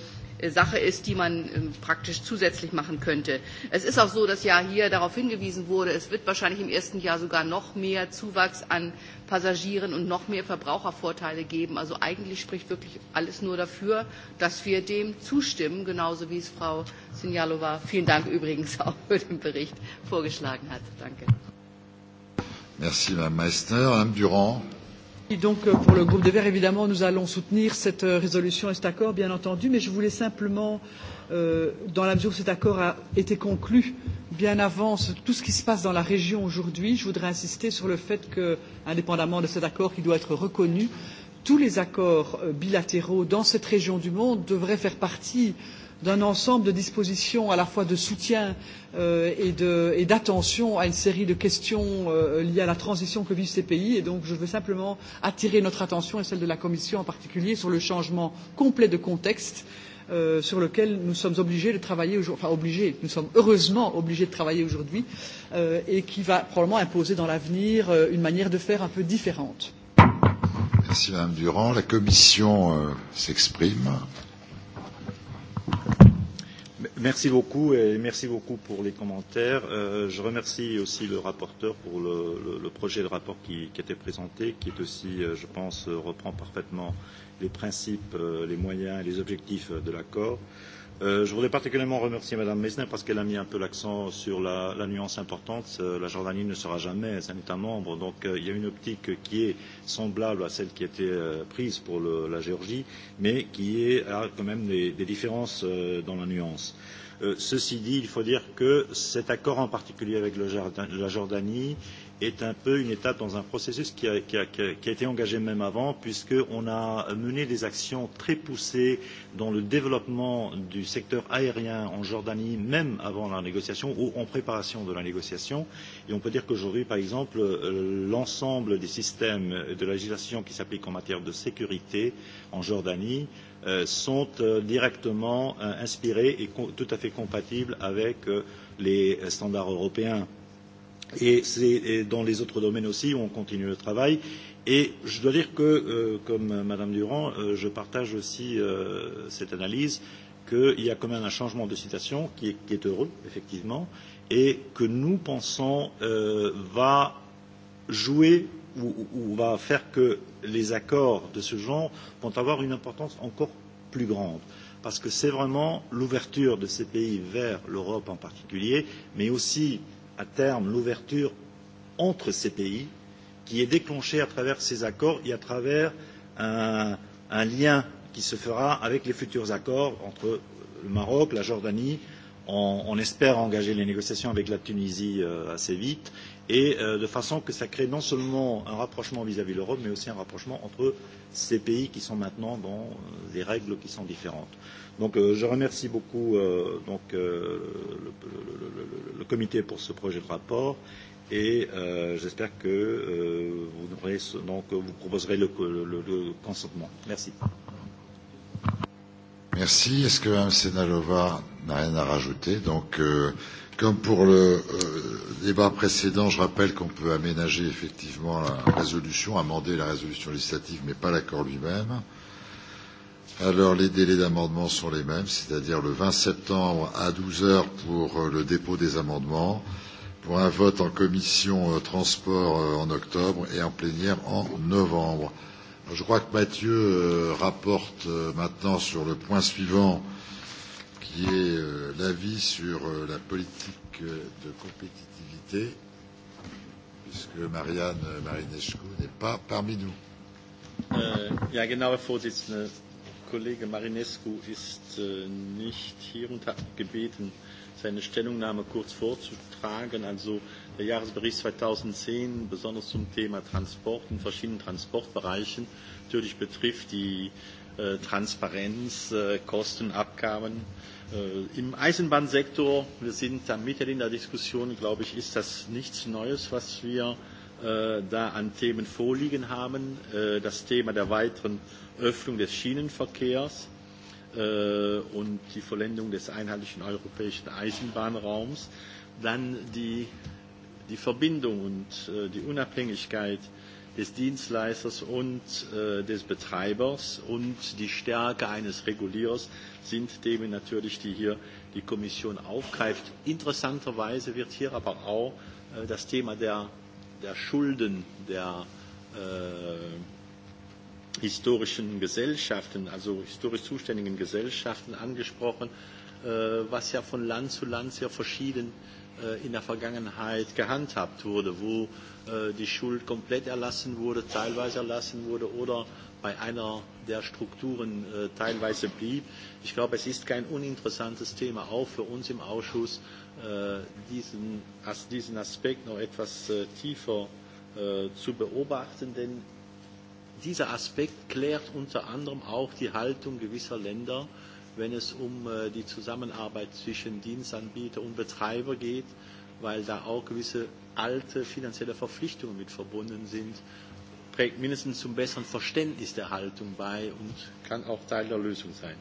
Sache ist, die man ähm, praktisch zusätzlich machen könnte. Es ist auch so, dass ja hier darauf hingewiesen wurde, es wird wahrscheinlich im ersten Jahr sogar noch mehr Zuwachs an Passagieren und noch mehr Verbrauchervorteile geben. Also eigentlich spricht wirklich alles nur dafür, dass wir dem zustimmen, genauso wie es Frau Sinjalova, vielen Dank übrigens auch für den Bericht, vorgeschlagen hat. Danke. Merci, Madame Meissner. Madame Durand. Et donc, euh, pour le groupe des Verts, évidemment, nous allons soutenir cette euh, résolution et cet accord, bien entendu, mais je voulais simplement, euh, dans la mesure où cet accord a été conclu bien avant ce, tout ce qui se passe dans la région aujourd'hui, je voudrais insister sur le fait que, indépendamment de cet accord qui doit être reconnu, tous les accords euh, bilatéraux dans cette région du monde devraient faire partie euh, d'un ensemble de dispositions à la fois de soutien euh, et d'attention à une série de questions euh, liées à la transition que vivent ces pays. Et donc, je veux simplement attirer notre attention et celle de la Commission en particulier sur le changement complet de contexte euh, sur lequel nous sommes obligés de travailler aujourd'hui, enfin obligés, nous sommes heureusement obligés de travailler aujourd'hui, euh, et qui va probablement imposer dans l'avenir euh, une manière de faire un peu différente. Merci Madame Durand. La Commission euh, s'exprime. Merci beaucoup et merci beaucoup pour les commentaires. Euh, je remercie aussi le rapporteur pour le, le, le projet de rapport qui, qui était présenté, qui est aussi, euh, je pense, euh, reprend parfaitement les principes, euh, les moyens et les objectifs de l'accord. Euh, Euh, je voudrais particulièrement remercier Mme Meissner parce qu'elle a mis un peu l'accent sur la, la nuance importante. Euh, la Jordanie ne sera jamais un État membre, donc euh, il y a une optique qui est semblable à celle qui était euh, prise pour le, la Géorgie, mais qui est, a quand même des, des différences euh, dans la nuance. Euh, ceci dit, il faut dire que cet accord en particulier avec le, la Jordanie est un peu une étape dans un processus qui a, qui a, qui a été engagé même avant, puisqu'on a mené des actions très poussées dans le développement du secteur aérien en Jordanie, même avant la négociation ou en préparation de la négociation. Et on peut dire qu'aujourd'hui, par exemple, euh, l'ensemble des systèmes de la législation qui s'applique en matière de sécurité en Jordanie euh, sont euh, directement euh, inspirés et tout à fait compatibles avec euh, les standards européens Et c'est dans les autres domaines aussi où on continue le travail. Et je dois dire que, euh, comme Madame Durand, euh, je partage aussi euh, cette analyse qu'il y a quand même un changement de situation qui est, qui est heureux, effectivement, et que nous pensons euh, va jouer ou, ou va faire que les accords de ce genre vont avoir une importance encore plus grande. Parce que c'est vraiment l'ouverture de ces pays vers l'Europe en particulier, mais aussi euh, à terme l'ouverture entre ces pays qui est déclenchée à travers ces accords et à travers un, un lien qui se fera avec les futurs accords entre le Maroc, la Jordanie. On, on espère engager les négociations avec la Tunisie euh, assez vite et euh, de façon que ça crée non seulement un rapprochement vis-à-vis -vis de l'Europe, mais aussi un rapprochement entre ces pays qui sont maintenant dans euh, des règles qui sont différentes. Donc euh, je remercie beaucoup euh, donc, euh, le, le, le, le comité pour ce projet de rapport et euh, j'espère que euh, vous, aurez, donc, vous proposerez le, le, le consentement. Merci. Merci. Est-ce que Mme Senalova n'a rien à rajouter Donc, euh, comme pour le euh, débat précédent, je rappelle qu'on peut aménager effectivement la résolution, amender la résolution législative, mais pas l'accord lui-même. Euh, Alors, les délais d'amendement sont les mêmes, c'est-à-dire le 20 septembre à 12 heures pour euh, le dépôt des amendements, pour un vote en commission euh, transport euh, en octobre et en plénière en novembre. Alors, je crois que Mathieu euh, rapporte euh, maintenant sur le point suivant, qui est euh, l'avis sur euh, la politique euh, de compétitivité, puisque Marianne euh, Marinescu n'est pas parmi nous. Äh, ja, genau, Herr Vorsitzender. Kollege Marinescu ist äh, nicht hier und hat gebeten, seine Stellungnahme kurz vorzutragen. Also der Jahresbericht 2010, besonders zum Thema Transport in verschiedenen Transportbereichen, natürlich betrifft die äh, Transparenz, äh, Kosten, Abgaben. Äh, Im Eisenbahnsektor, wir sind am Mitte in der Diskussion, glaube ich, ist das nichts Neues, was wir äh, äh, da an Themen vorliegen haben. Äh, das Thema der weiteren Öffnung des Schienenverkehrs äh, und die Vollendung des einheitlichen europäischen Eisenbahnraums. Dann die, die Verbindung und äh, die Unabhängigkeit des Dienstleisters und äh, des Betreibers und die Stärke eines Regulierers sind Themen natürlich, die hier die Kommission aufgreift. Interessanterweise wird hier aber auch äh, das Thema der der Schulden der äh, historischen Gesellschaften, also historisch zuständigen Gesellschaften angesprochen, äh, was ja von Land zu Land sehr verschieden äh, in der Vergangenheit gehandhabt wurde, wo äh, die Schuld komplett erlassen wurde, teilweise erlassen wurde oder äh, bei einer der Strukturen äh, teilweise blieb. Ich glaube, es ist kein uninteressantes Thema, auch für uns im Ausschuss, äh, diesen, as, diesen Aspekt noch etwas äh, tiefer äh, zu beobachten, denn dieser Aspekt klärt unter anderem auch die Haltung gewisser Länder, wenn es um äh, die Zusammenarbeit zwischen Dienstanbieter und Betreiber geht, weil da auch gewisse alte finanzielle Verpflichtungen mit verbunden sind, äh, trägt mindestens zum besseren Verständnis der Haltung bei und kann auch Teil der Lösung sein.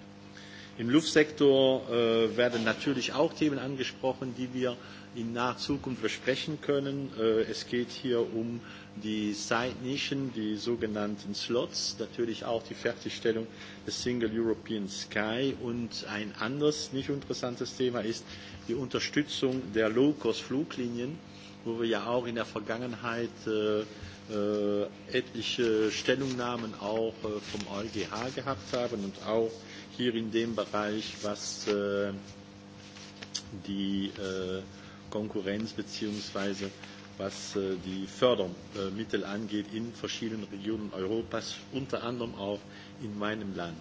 Im Luftsektor äh, werden natürlich auch Themen angesprochen, die wir in naher Zukunft besprechen können. Äh, es geht hier um die Side-Nischen, die sogenannten Slots, natürlich auch die Fertigstellung des Single European Sky. Und ein anderes nicht interessantes Thema ist die Unterstützung der Low-Cost-Fluglinien, wo wir ja auch in der Vergangenheit äh, äh, etliche Stellungnahmen auch äh, vom EuGH gehabt haben und auch hier in dem Bereich, was äh, die äh, Konkurrenz bzw. was äh, die Fördermittel angeht in verschiedenen Regionen Europas, unter anderem auch in meinem Land.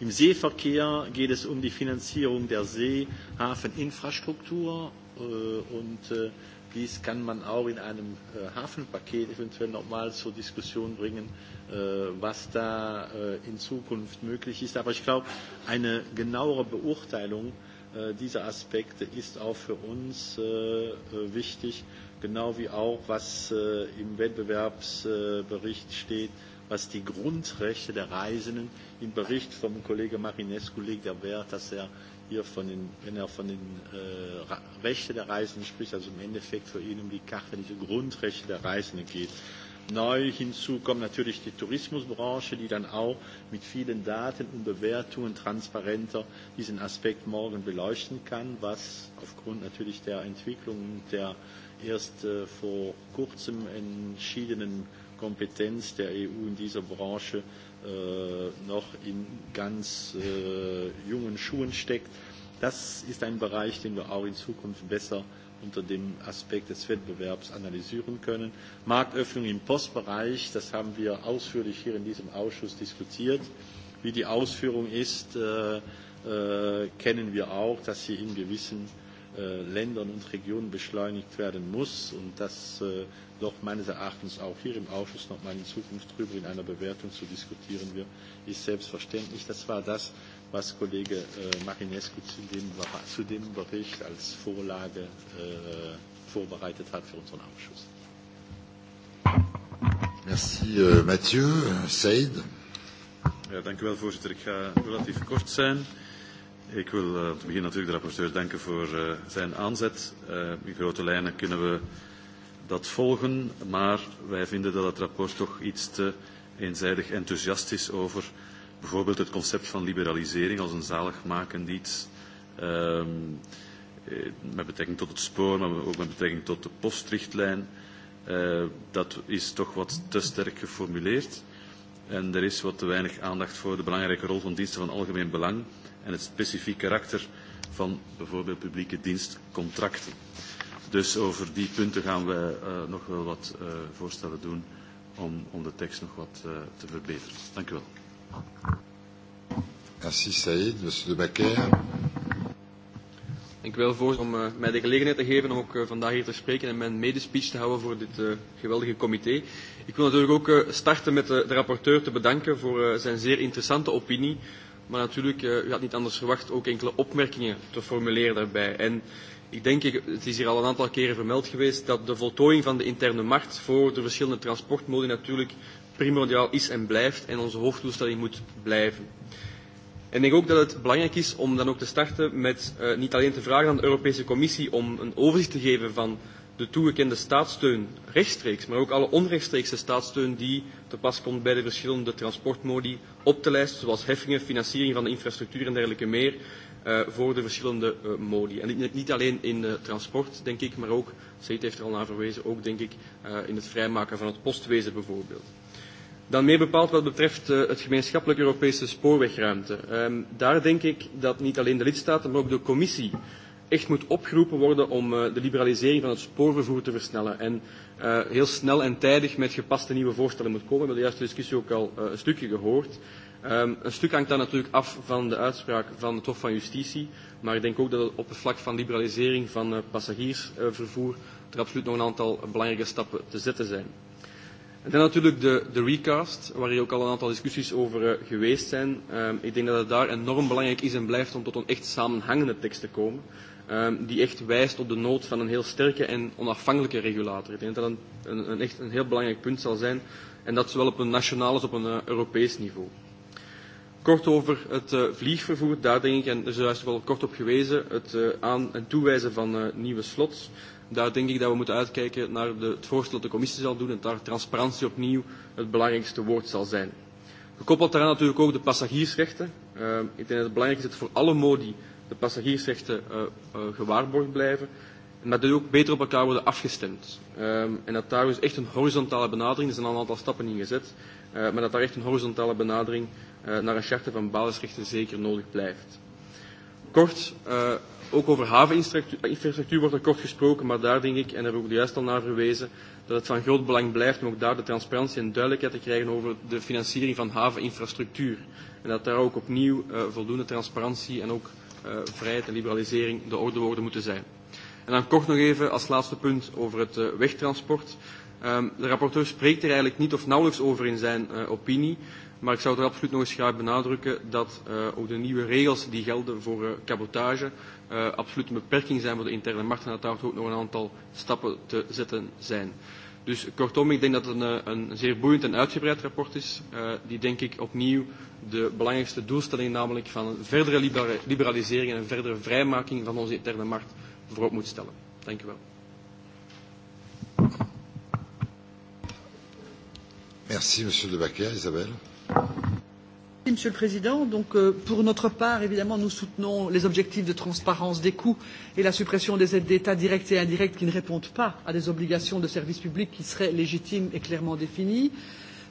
Im Seeverkehr geht es um die Finanzierung der Seehafeninfrastruktur äh, und äh, Dies kann man auch in einem äh, Hafenpaket eventuell nochmal zur Diskussion bringen, äh, was da äh, in Zukunft möglich ist. Aber ich glaube, eine genauere Beurteilung äh, dieser Aspekte ist auch für uns äh, äh, wichtig, genau wie auch, was äh, im Wettbewerbsbericht äh, steht, was die Grundrechte der Reisenden im Bericht vom Kollegen Marinescu liegt, der Wert, dass er hier von den, wenn er von den äh, Rechten der Reisenden spricht, also im Endeffekt für ihn um die charakterliche Grundrechte der Reisenden geht. Neu hinzu kommt natürlich die Tourismusbranche, die dann auch mit vielen Daten und Bewertungen transparenter diesen Aspekt morgen beleuchten kann, was aufgrund natürlich der Entwicklung der erst äh, vor kurzem entschiedenen Kompetenz der EU in dieser Branche äh, noch in ganz äh, jungen Schuhen steckt. Das ist ein Bereich, den wir auch in Zukunft besser unter dem Aspekt des Wettbewerbs analysieren können. Marktöffnung im Postbereich, das haben wir ausführlich hier in diesem Ausschuss diskutiert. Wie die Ausführung ist, äh, äh, kennen wir auch, dass sie in gewissen äh, Ländern und Regionen beschleunigt werden muss und dass äh, doch meines Erachtens auch hier im Ausschuss nochmal in Zukunft drüber in einer Bewertung zu diskutieren wird, ist selbstverständlich. Das war das, was Kollege äh, Marinescu zu dem, zu dem Bericht als Vorlage äh, vorbereitet hat für unseren Ausschuss. Merci uh, Mathieu. Euh, Said. Ja, dank u wel, voorzitter. Ik ga relatief kort zijn. Ik wil uh, eh, op het begin natuurlijk de rapporteur danken voor uh, zijn aanzet. Uh, in grote lijnen kunnen we uh, dat volgen, maar wij vinden dat het rapport toch iets te eenzijdig enthousiast is over bijvoorbeeld het concept van liberalisering als een zaligmakend iets. Um, met betrekking tot het spoor, maar ook met betrekking tot de postrichtlijn. Uh, dat is toch wat te sterk geformuleerd. En er is wat te weinig aandacht voor de belangrijke rol van diensten van algemeen belang en het specifiek karakter van bijvoorbeeld publieke dienstcontracten. Uh, Dus over die punten gaan we uh, nog wel wat uh, voorstellen doen om, om de tekst nog wat uh, te verbeteren. Dank u wel. Merci Saïd. Monsieur de Bakker. Dank u wel voorzitter om uh, mij de gelegenheid te geven om ook uh, vandaag hier te spreken en mijn medespeech te houden voor dit uh, geweldige comité. Ik wil natuurlijk ook uh, starten met uh, de rapporteur te bedanken voor uh, zijn zeer interessante opinie. Maar natuurlijk, uh, u had niet anders verwacht ook enkele opmerkingen te formuleren daarbij. En ik denk, het is hier al een aantal keren vermeld geweest, dat de voltooiing van de interne markt voor de verschillende transportmodi natuurlijk primordiaal is en blijft en onze hoofddoelstelling moet blijven. En ik denk ook dat het belangrijk is om dan ook te starten met uh, niet alleen te vragen aan de Europese Commissie om een overzicht te geven van de toegekende staatssteun rechtstreeks, maar ook alle onrechtstreekse staatssteun die te pas komt bij de verschillende transportmodi op te lijsten, zoals heffingen, financiering van de infrastructuur en dergelijke meer uh, voor de verschillende uh, modi. En niet, niet alleen in uh, transport, denk ik, maar ook, Said heeft er al naar verwezen, ook denk ik uh, in het vrijmaken van het postwezen bijvoorbeeld. Dan meer bepaald wat betreft uh, het gemeenschappelijke Europese spoorwegruimte. Um, daar denk ik dat niet alleen de lidstaten, maar ook de commissie echt moet opgeroepen worden om uh, de liberalisering van het spoorvervoer te versnellen. En uh, heel snel en tijdig met gepaste nieuwe voorstellen moet komen. We hebben de juiste discussie ook al uh, een stukje gehoord. Um, een stuk hangt dan natuurlijk af van de uitspraak van het Hof van Justitie. Maar ik denk ook dat het op het vlak van liberalisering van uh, passagiersvervoer er absoluut nog een aantal belangrijke stappen te zetten zijn. En dan natuurlijk de, de recast, waar hier ook al een aantal discussies over uh, geweest zijn. Um, ik denk dat het daar enorm belangrijk is en blijft om tot een echt samenhangende tekst te komen. Um, die echt wijst op de nood van een heel sterke en onafhankelijke regulator. Ik denk dat dat een, een, een echt een heel belangrijk punt zal zijn. En dat zowel op een nationaal als op een uh, Europees niveau. Kort over het uh, vliegvervoer, daar denk ik, en er is juist wel kort op gewezen, het uh, aan- en toewijzen van uh, nieuwe slots. Daar denk ik dat we moeten uitkijken naar de, het voorstel dat de commissie zal doen en daar transparantie opnieuw het belangrijkste woord zal zijn. Gekoppeld daaraan natuurlijk ook de passagiersrechten. Uh, ik denk dat het belangrijk is dat voor alle modi de passagiersrechten uh, uh, gewaarborgd blijven. Maar dat die ook beter op elkaar worden afgestemd. Um, en dat daar dus echt een horizontale benadering, er zijn al een aantal stappen in gezet, uh, maar dat daar echt een horizontale benadering uh, naar een charter van bouwersrechten zeker nodig blijft. Kort, uh, ook over haveninfrastructuur wordt er kort gesproken, maar daar denk ik, en er ook juist al naar verwezen, dat het van groot belang blijft om ook daar de transparantie en duidelijkheid te krijgen over de financiering van haveninfrastructuur. En dat daar ook opnieuw uh, voldoende transparantie en ook uh, vrijheid en liberalisering de ordewoorden moeten zijn. En dan kort nog even als laatste punt over het uh, wegtransport. Um, de rapporteur spreekt er eigenlijk niet of nauwelijks over in zijn uh, opinie. Maar ik zou er absoluut nog eens graag benadrukken dat uh, ook de nieuwe regels die gelden voor uh, cabotage uh, absoluut een beperking zijn voor de interne markt en dat daar ook nog een aantal stappen te zetten zijn. Dus kortom, ik denk dat het een, een zeer boeiend en uitgebreid rapport is, uh, die denk ik opnieuw de belangrijkste doelstelling, namelijk van een verdere libera liberalisering en een verdere vrijmaking van onze interne markt, voorop moet stellen. Dank u wel. Merci, monsieur De Bakker. Isabelle. Monsieur le Président, donc, euh, pour notre part, évidemment, nous soutenons les objectifs de transparence des coûts et la suppression des aides d'État directes et indirectes qui ne répondent pas à des obligations de service public qui seraient légitimes et clairement définies.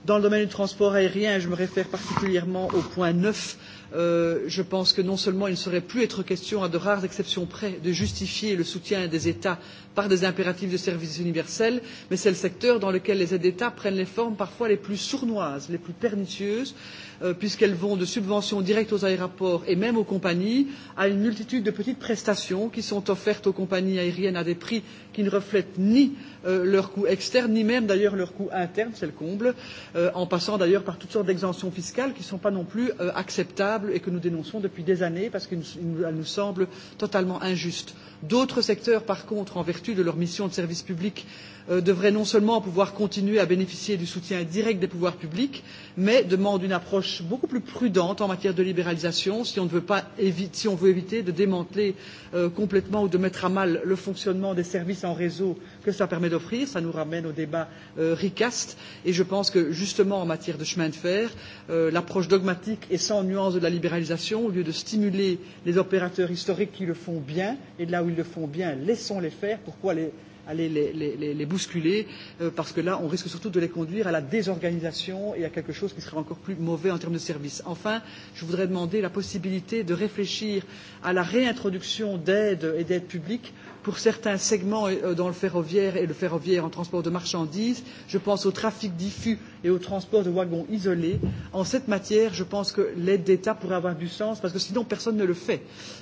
Dans le domaine du transport aérien, je me réfère particulièrement au point 9 Euh, je pense que non seulement il ne saurait plus être question, à de rares exceptions près, de justifier le soutien des États par des impératifs de service universel, mais c'est le secteur dans lequel les aides d'État prennent les formes parfois les plus sournoises, les plus pernicieuses, euh, euh, puisqu'elles vont de subventions directes aux aéroports et même aux compagnies, à une multitude de petites prestations qui sont offertes aux compagnies aériennes à des prix qui ne reflètent ni euh, leurs coûts externes, ni même d'ailleurs leurs coûts internes, c'est le comble, euh, en passant d'ailleurs par toutes sortes d'exemptions fiscales qui ne sont pas non plus euh, acceptables et que nous dénonçons depuis des années parce qu'elles nous, nous semblent totalement injustes. D'autres secteurs, par contre, en vertu de leur mission de service public, euh, euh, devrait non seulement pouvoir continuer à bénéficier du soutien direct des pouvoirs publics, mais demande une approche beaucoup plus prudente en matière de libéralisation si on, ne veut, pas évite, si on veut éviter de démanteler euh, complètement ou de mettre à mal le fonctionnement des services en réseau que ça permet d'offrir. Ça nous ramène au débat euh, RICAST et je pense que justement en matière de chemin de fer, euh, l'approche dogmatique et sans nuance de la libéralisation, au lieu de stimuler les opérateurs historiques qui le font bien, et là où ils le font bien, laissons-les faire. Pourquoi les aller les, les, les, les bousculer, euh, parce que là, on risque surtout de les conduire à la désorganisation et à quelque chose qui serait encore plus mauvais en termes de services. Enfin, je voudrais demander la possibilité de réfléchir à la réintroduction d'aides et d'aides publiques pour certains segments euh, dans le ferroviaire et le ferroviaire en transport de marchandises, je pense au trafic diffus et au transport de wagons isolés. En cette matière, je pense que l'aide d'État pourrait avoir du sens parce que sinon personne ne le fait.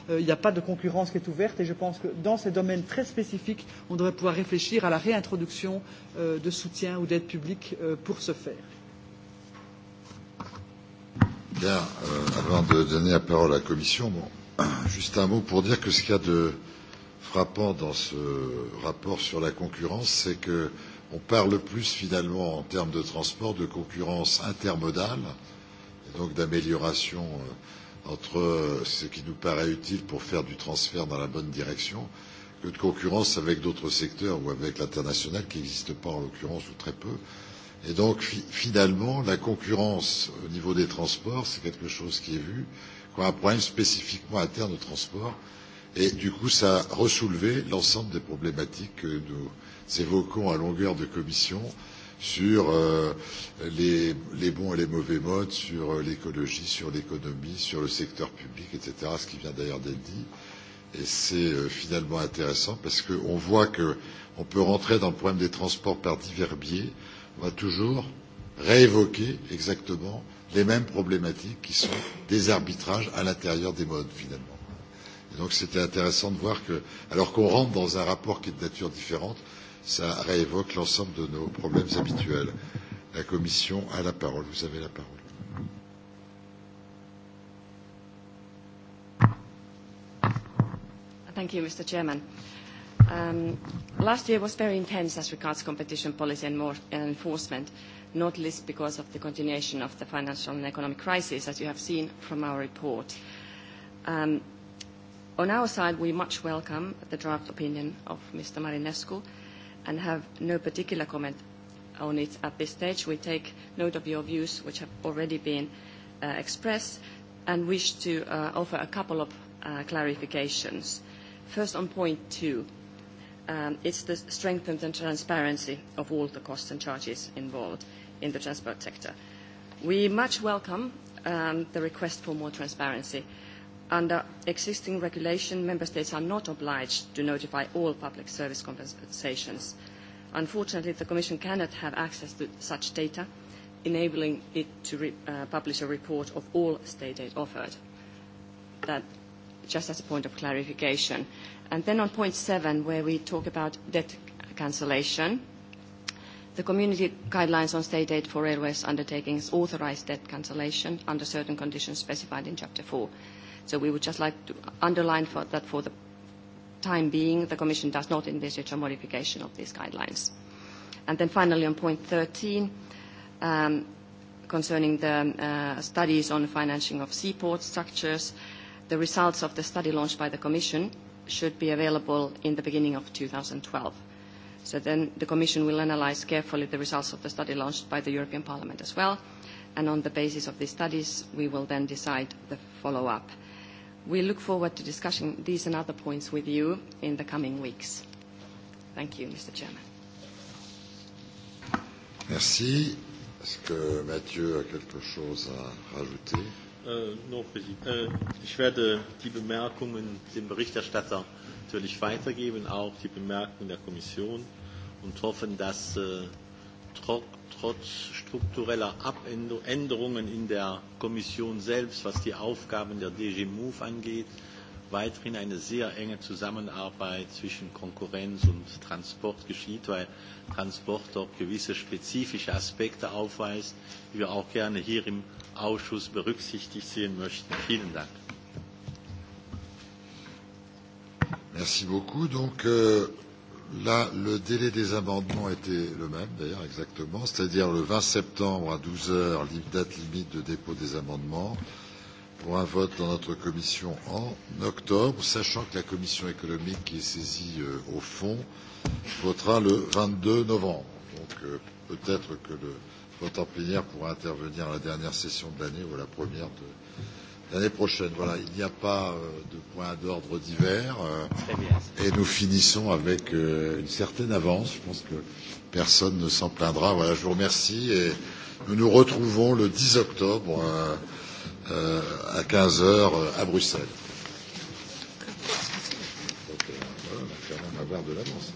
Euh, il euh, n'y a pas de concurrence qui est ouverte et je pense que dans ces domaines très spécifiques, on devrait pouvoir réfléchir à la réintroduction euh, de soutien ou d'aide publique euh, pour ce faire. Bien, euh, avant de donner la parole à la Commission, bon, juste un mot pour dire que ce qu'il y a de euh, frappant dans ce rapport sur la concurrence, c'est que on parle plus finalement en termes de transport de concurrence intermodale, et donc d'amélioration euh, entre euh, ce qui nous paraît utile pour faire du transfert dans la bonne direction, que de concurrence avec d'autres secteurs ou avec l'international qui n'existe pas en l'occurrence ou très peu. Et donc fi finalement, la concurrence au niveau des transports, c'est quelque chose qui est vu comme un problème spécifiquement interne au transport. Euh, Et du coup, ça a ressoulevé l'ensemble des problématiques que nous évoquons à longueur de commission sur euh, les, les bons et les mauvais modes, sur euh, l'écologie, sur l'économie, sur le secteur public, etc., ce qui vient d'ailleurs d'être dit. Et c'est euh, finalement intéressant parce qu'on voit qu'on peut rentrer dans le problème des transports par divers biais. On va toujours réévoquer exactement les mêmes problématiques qui sont des arbitrages à l'intérieur des modes, finalement. Et donc c'était intéressant de voir que, alors qu'on rentre dans un rapport qui est de nature différente, ça réévoque l'ensemble de nos problèmes habituels. La Commission a la parole. Vous avez la parole. Thank you, Mr. Chairman. Um, last year was very intense as regards competition policy and more enforcement, not least because of the continuation of the financial and economic crisis, as you have seen from our report. Um, On our side, we much welcome the draft opinion of Mr. Marinescu and have no particular comment on it at this stage. We take note of your views, which have already been uh, expressed, and wish to uh, offer a couple of uh, clarifications. First, on point two, um, it's the strengthened and transparency of all the costs and charges involved in the transport sector. We much welcome um, the request for more transparency uh, Under existing regulation, member states are not obliged to notify all public service compensations. Unfortunately, the Commission cannot have access to such data, enabling it to re, uh, publish a report of all state aid offered. That just as a point of clarification. And then on point seven, where we talk about debt cancellation, the community guidelines on state aid for railways undertakings authorize debt cancellation under certain conditions specified in Chapter 4. So we would just like to underline for that for the time being, the Commission does not envisage a modification of these guidelines. And then finally, on point 13, um, concerning the uh, studies on financing of seaport structures, the results of the study launched by the Commission should be available in the beginning of 2012. So then the Commission will analyze carefully the results of the study launched by the European Parliament as well, and on the basis of these studies, we will then decide the follow-up. We look forward to discussing these and other points with you in the coming weeks. Thank you, Mr. Chairman. Merci. Est-ce que Mathieu a quelque chose à rajouter äh, euh, No, äh, ich werde die Bemerkungen dem Berichterstatter natürlich weitergeben, auch die Bemerkungen der Kommission und hoffen, dass äh, trotz struktureller Abänderungen in der Kommission selbst, was die Aufgaben der DG Move angeht, weiterhin eine sehr enge Zusammenarbeit zwischen Konkurrenz und Transport geschieht, weil Transport dort gewisse spezifische Aspekte aufweist, die wir auch gerne hier im Ausschuss berücksichtigt sehen möchten. Vielen Dank. Merci beaucoup. Donc, euh, Là, le délai des amendements était le même, d'ailleurs, exactement, c'est-à-dire le 20 septembre à 12 heures, date limite de dépôt des amendements, pour un vote dans notre commission en octobre, sachant que la commission économique qui est saisie euh, au fond votera le 22 novembre. Donc euh, peut-être que le vote en plénière pourra intervenir à la dernière session de l'année ou à la première de, l'année prochaine. Voilà, il n'y a pas euh, de point d'ordre divers. Euh, et nous finissons avec euh, une certaine avance. Je pense que personne ne s'en plaindra. Voilà, je vous remercie et nous nous retrouvons le 10 octobre à 15h à Bruxelles. Donc, voilà, on va quand même avoir de l'avance.